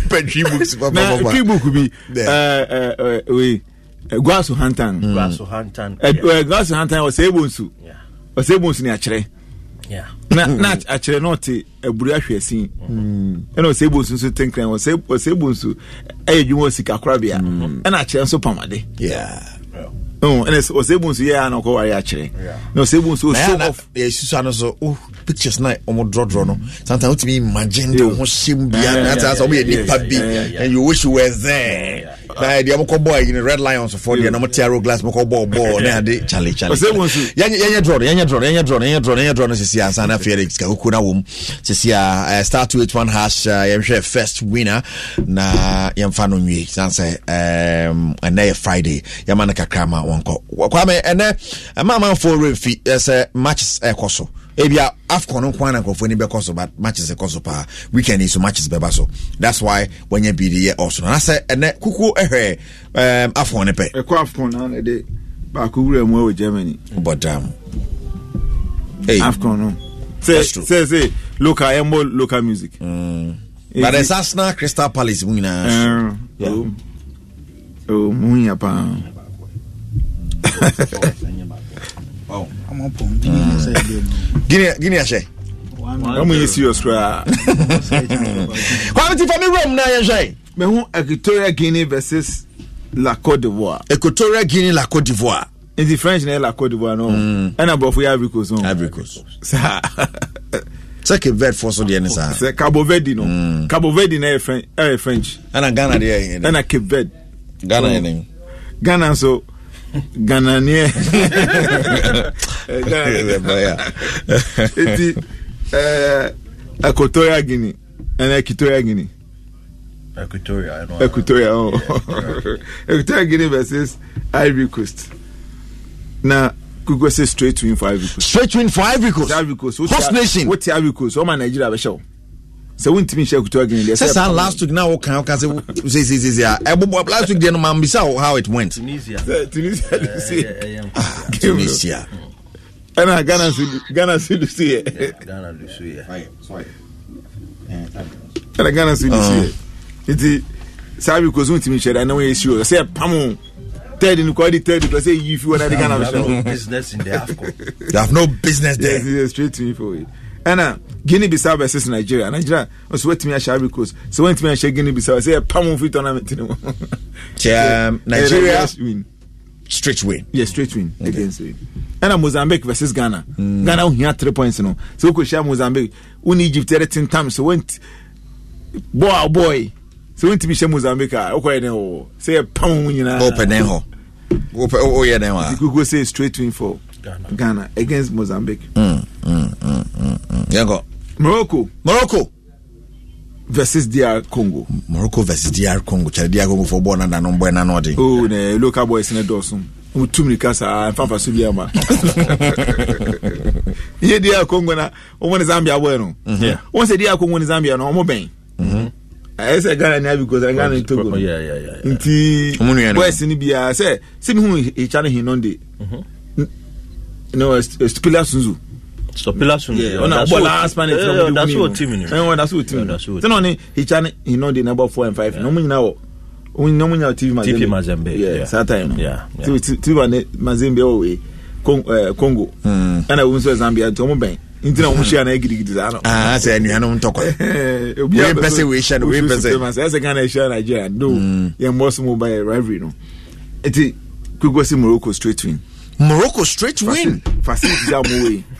open tree books Now papa papa na tree book bi uh, uh, uh, wei guaso hantan mm. guaso hantan guaso hantan ɔsɛ ebo nsu ɔsɛ ebo nsu ne akyerɛ na na akyerɛ na ɔte aburu ahwɛ sin ɛna ɔsɛ ebo nso tenkran ɔsɛ ebo nso ɛyɛ adwuma wɔ sika korabea ɛna akyerɛ nso pamade. Yeah ɛnɛ ɔsɛ bu nso yɛ a na ɔkɔ wari akyerɛ na ɔsɛ bu nso show off. ɛyɛ susu ano so o oh, pictures na ɔmo dɔdɔrɔ no sometimes o ti mi imagine de ɔmo se mu bia na ata sɛ ɔmo yɛ nipa bi and you wish you were there na deɛ mokɔ bɔɔ yine red lions fɔ deɛ na mo tiaro glass mokɔ bɔɔ bɔɔ ne ade chale chale yɛnyɛ drɔ no yɛnyɛ drɔ no yɛnyɛ drɔ no yɛnyɛ drɔ no yɛnyɛ drɔ no sisi ansa na afei yɛde sika kuku na wɔm sisi a eh, star two eight one hash eh, yɛnhwɛ first winner na yɛmfa no nwie san sɛ ehm, ɛnɛ yɛ friday yɛma no kakra ma wɔnkɔ kwame ɛnɛ ɛma eh, amanfoɔ remfi sɛ matches ɛkɔ so ebia afcon no na nkurɔfoɔ ni bɛkɔ so but matches ɛkɔ so paa weekend yi so matches bɛba so that's why wɔnyɛ biribi yɛ ɔso na sɛ ɛnɛ kuku ɛhwɛ ɛɛm afcon ne pɛ. ɛkɔ afcon na ne de baako wura mu ɛwɔ germany. bɔdam. Hey. afcon no. sɛ sɛ sɛ local ɛmɔ local music. Mm. Hey, but ɛsɛ arsenal crystal palace mu nyinaa. ɛɛ o mu nya paa. ọmọ pọ̀ gíní ẹsẹ̀ ẹgbẹ́ mu. gíní ẹsẹ̀. wọ́n mu yín serious koraa. kwami ti fami rome náà yẹn mehu equatorial guinea versus la cote d'ivoire. equatorial guinea la cote d'ivoire. nti french na yɛ la cote d'ivoire no ɛna mm. borɔfo yɛ ivory coast no. ivory coast. saa. sɛ cape verde fɔ so deɛ ne saa. sɛ cabo no mm. na yɛ eh, french ɛna eh, ghana deɛ yɛ. ɛna cape ghana yɛ ne. ghana nso ghananiɛ eti ɛɛ e, equatorial guinea ɛnna equatorial guinea. Equatorial, Equatorial, oh. yeah, Equatorial Guinea versus Ivory Coast. Now, Google says straight win for Ivory Coast. Straight win for Ivory Coast. Ivory Coast. Host nation. What's Ivory What Ivory Coast? What my Nigeria be show? sɛ wontumi nhyɛ akutu agene deɛ sɛ saa last week na woka woka sɛ sɛsɛsɛsɛ a ɛbobɔ last week deɛ no mambisa wo how it went tunisia eh, eh, eh, ah, tunisia ɛna ghana sɛ ghana sɛ lusuɛ ɛna ghana sɛ lusuɛ ah. nti saa bi kɔso ntumi nhyɛ da na woyɛ sio sɛ pam third in kwadi third to say you if you want any kind of business in the afcon you have no business there yes, yes, straight to me for it ɛna guinea bissau versus nigeria nigeria nso wɔatumi ahyɛ ivory coast sɛ wɔntumi ahyɛ guinea bissau sɛ yɛpam fi tournament no mu um, nigeria straight win yeah straight win against win ɛna mozambique versus ghana mm. Ghana ghana wohia three points no sɛ wokɔhyia mozambique wone egypt ɛretin tam so wɔnt boy oh boy sɛ wontumi hyɛ mozambique a wokɔyɛ den wɔ sɛ yɛpam wo nyinaa wopɛ den hɔ woyɛ den hɔ a kukuo sɛ straight win for Ghana, against Mozambique. Mm, mm, mm, mm, mm. Yeah, Morocco. Morocco versus DR Congo. Morocco versus DR Congo. Kyerɛ DR Congo fɔ bɔɔl nana nɔn bɔɛ nana ɔdi. o oh, ne. local boys ne dɔɔso mo tum ni kasa nfafa so bi a ma. n ye DR Congo na o mo ni Zambia bɔ yen nɔ. o mo se DR Congo ni Zambia nɔ o mo bɛn. ɛyɛ sɛ ghana ni abi gosa ghana ni togo nti boys ni bi a sɛ sɛ mi hu ìkya no Stupila Sunzu Stupila Sunzu yeah ona bɔ last minute na mo de win mu ɛn ɔda so tim tena ɔne hicha ne he no de number four and five na ɔmo nyina wɔ ɔmo nyina wɔ TV Mazembe TV Mazembe yeah saa time no TV Mazembe wɔ wei Congo ɛna wɔn nso Zambia nti ɔmo bɛn nti na wɔn hyia na gidigidi saa no. aa sɛ nuanom ntɔkɔ. obi a bɛ sɛ wei hyɛ no wei bɛ sɛ. ɛsɛ ghana hyia nigeria no yɛn bɔ so mo ba yɛ rivalry no nti kwekwe si morocco straight win. Morocco straight win. Facilities are moving.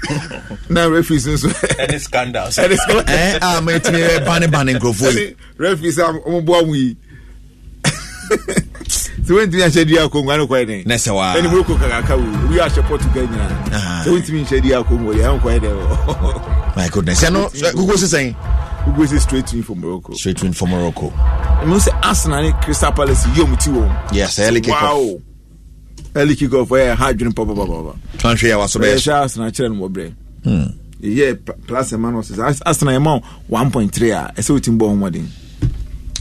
Now referees nso. Any scandals. Any scandals. Eh, ah, me tini eh, bani bani nkrofo. Referees am mo bo amu yi. Sɛ wɔntumi ahyɛ di akɔ ngwa no kɔɛ dɛn. Nɛ sɛ waa. Ɛni Morocco kakaka wo. Obi ahyɛ Portugal nyinaa. Sɛ wɔntumi nhyɛ di akɔ ngwa yɛn kɔɛ dɛn. My goodness. Ɛno kukuo sisan. Kukuo si straight win for Morocco. Straight win for Morocco. Ɛmu sɛ Arsenal ni eh, Crystal Palace yi omu ti wɔm. Yes, early kick off. Wow early kick off ɛyɛ ha adwene pɔpɔpɔpɔ. kanhwe yɛ wasɔ bɛyɛ. ɛyɛ asena kyerɛ no wɔ brɛ. yɛ plus ɛma no ɔsɛ asena ɛma one point three a ah. ɛsɛ o ti bɔ ɔmo mɔden.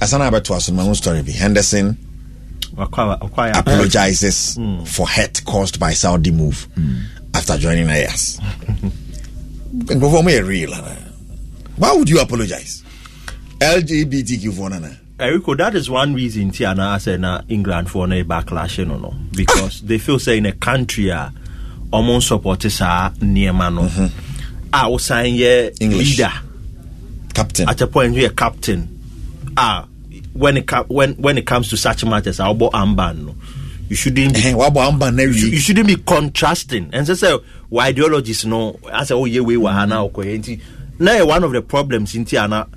asana abɛto aso ma ho story bi henderson. apologizes mm. for hurt caused by saudi move mm. after joining ayas. nkurɔfoɔ ɔmo yɛ real ana ah. why would you apologize lgbtq for nana. Eriko, that is one reason Tiana said na England for no backlash you know, because they feel say in a country uh, ah, almost support is uh, near man. Mhm. I was saying yeah leader. Captain. At a point you're captain. Ah when it when when it comes to such matters, I'll bo amban no. You shouldn't be eh, you, you shouldn't be contrasting. And so say why ideologies no I say oh yeah we were now." okay. Now one of the problems in Tiana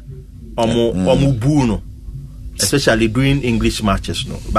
ọmụ mm. ọmụ buu no especially during English matches. No, but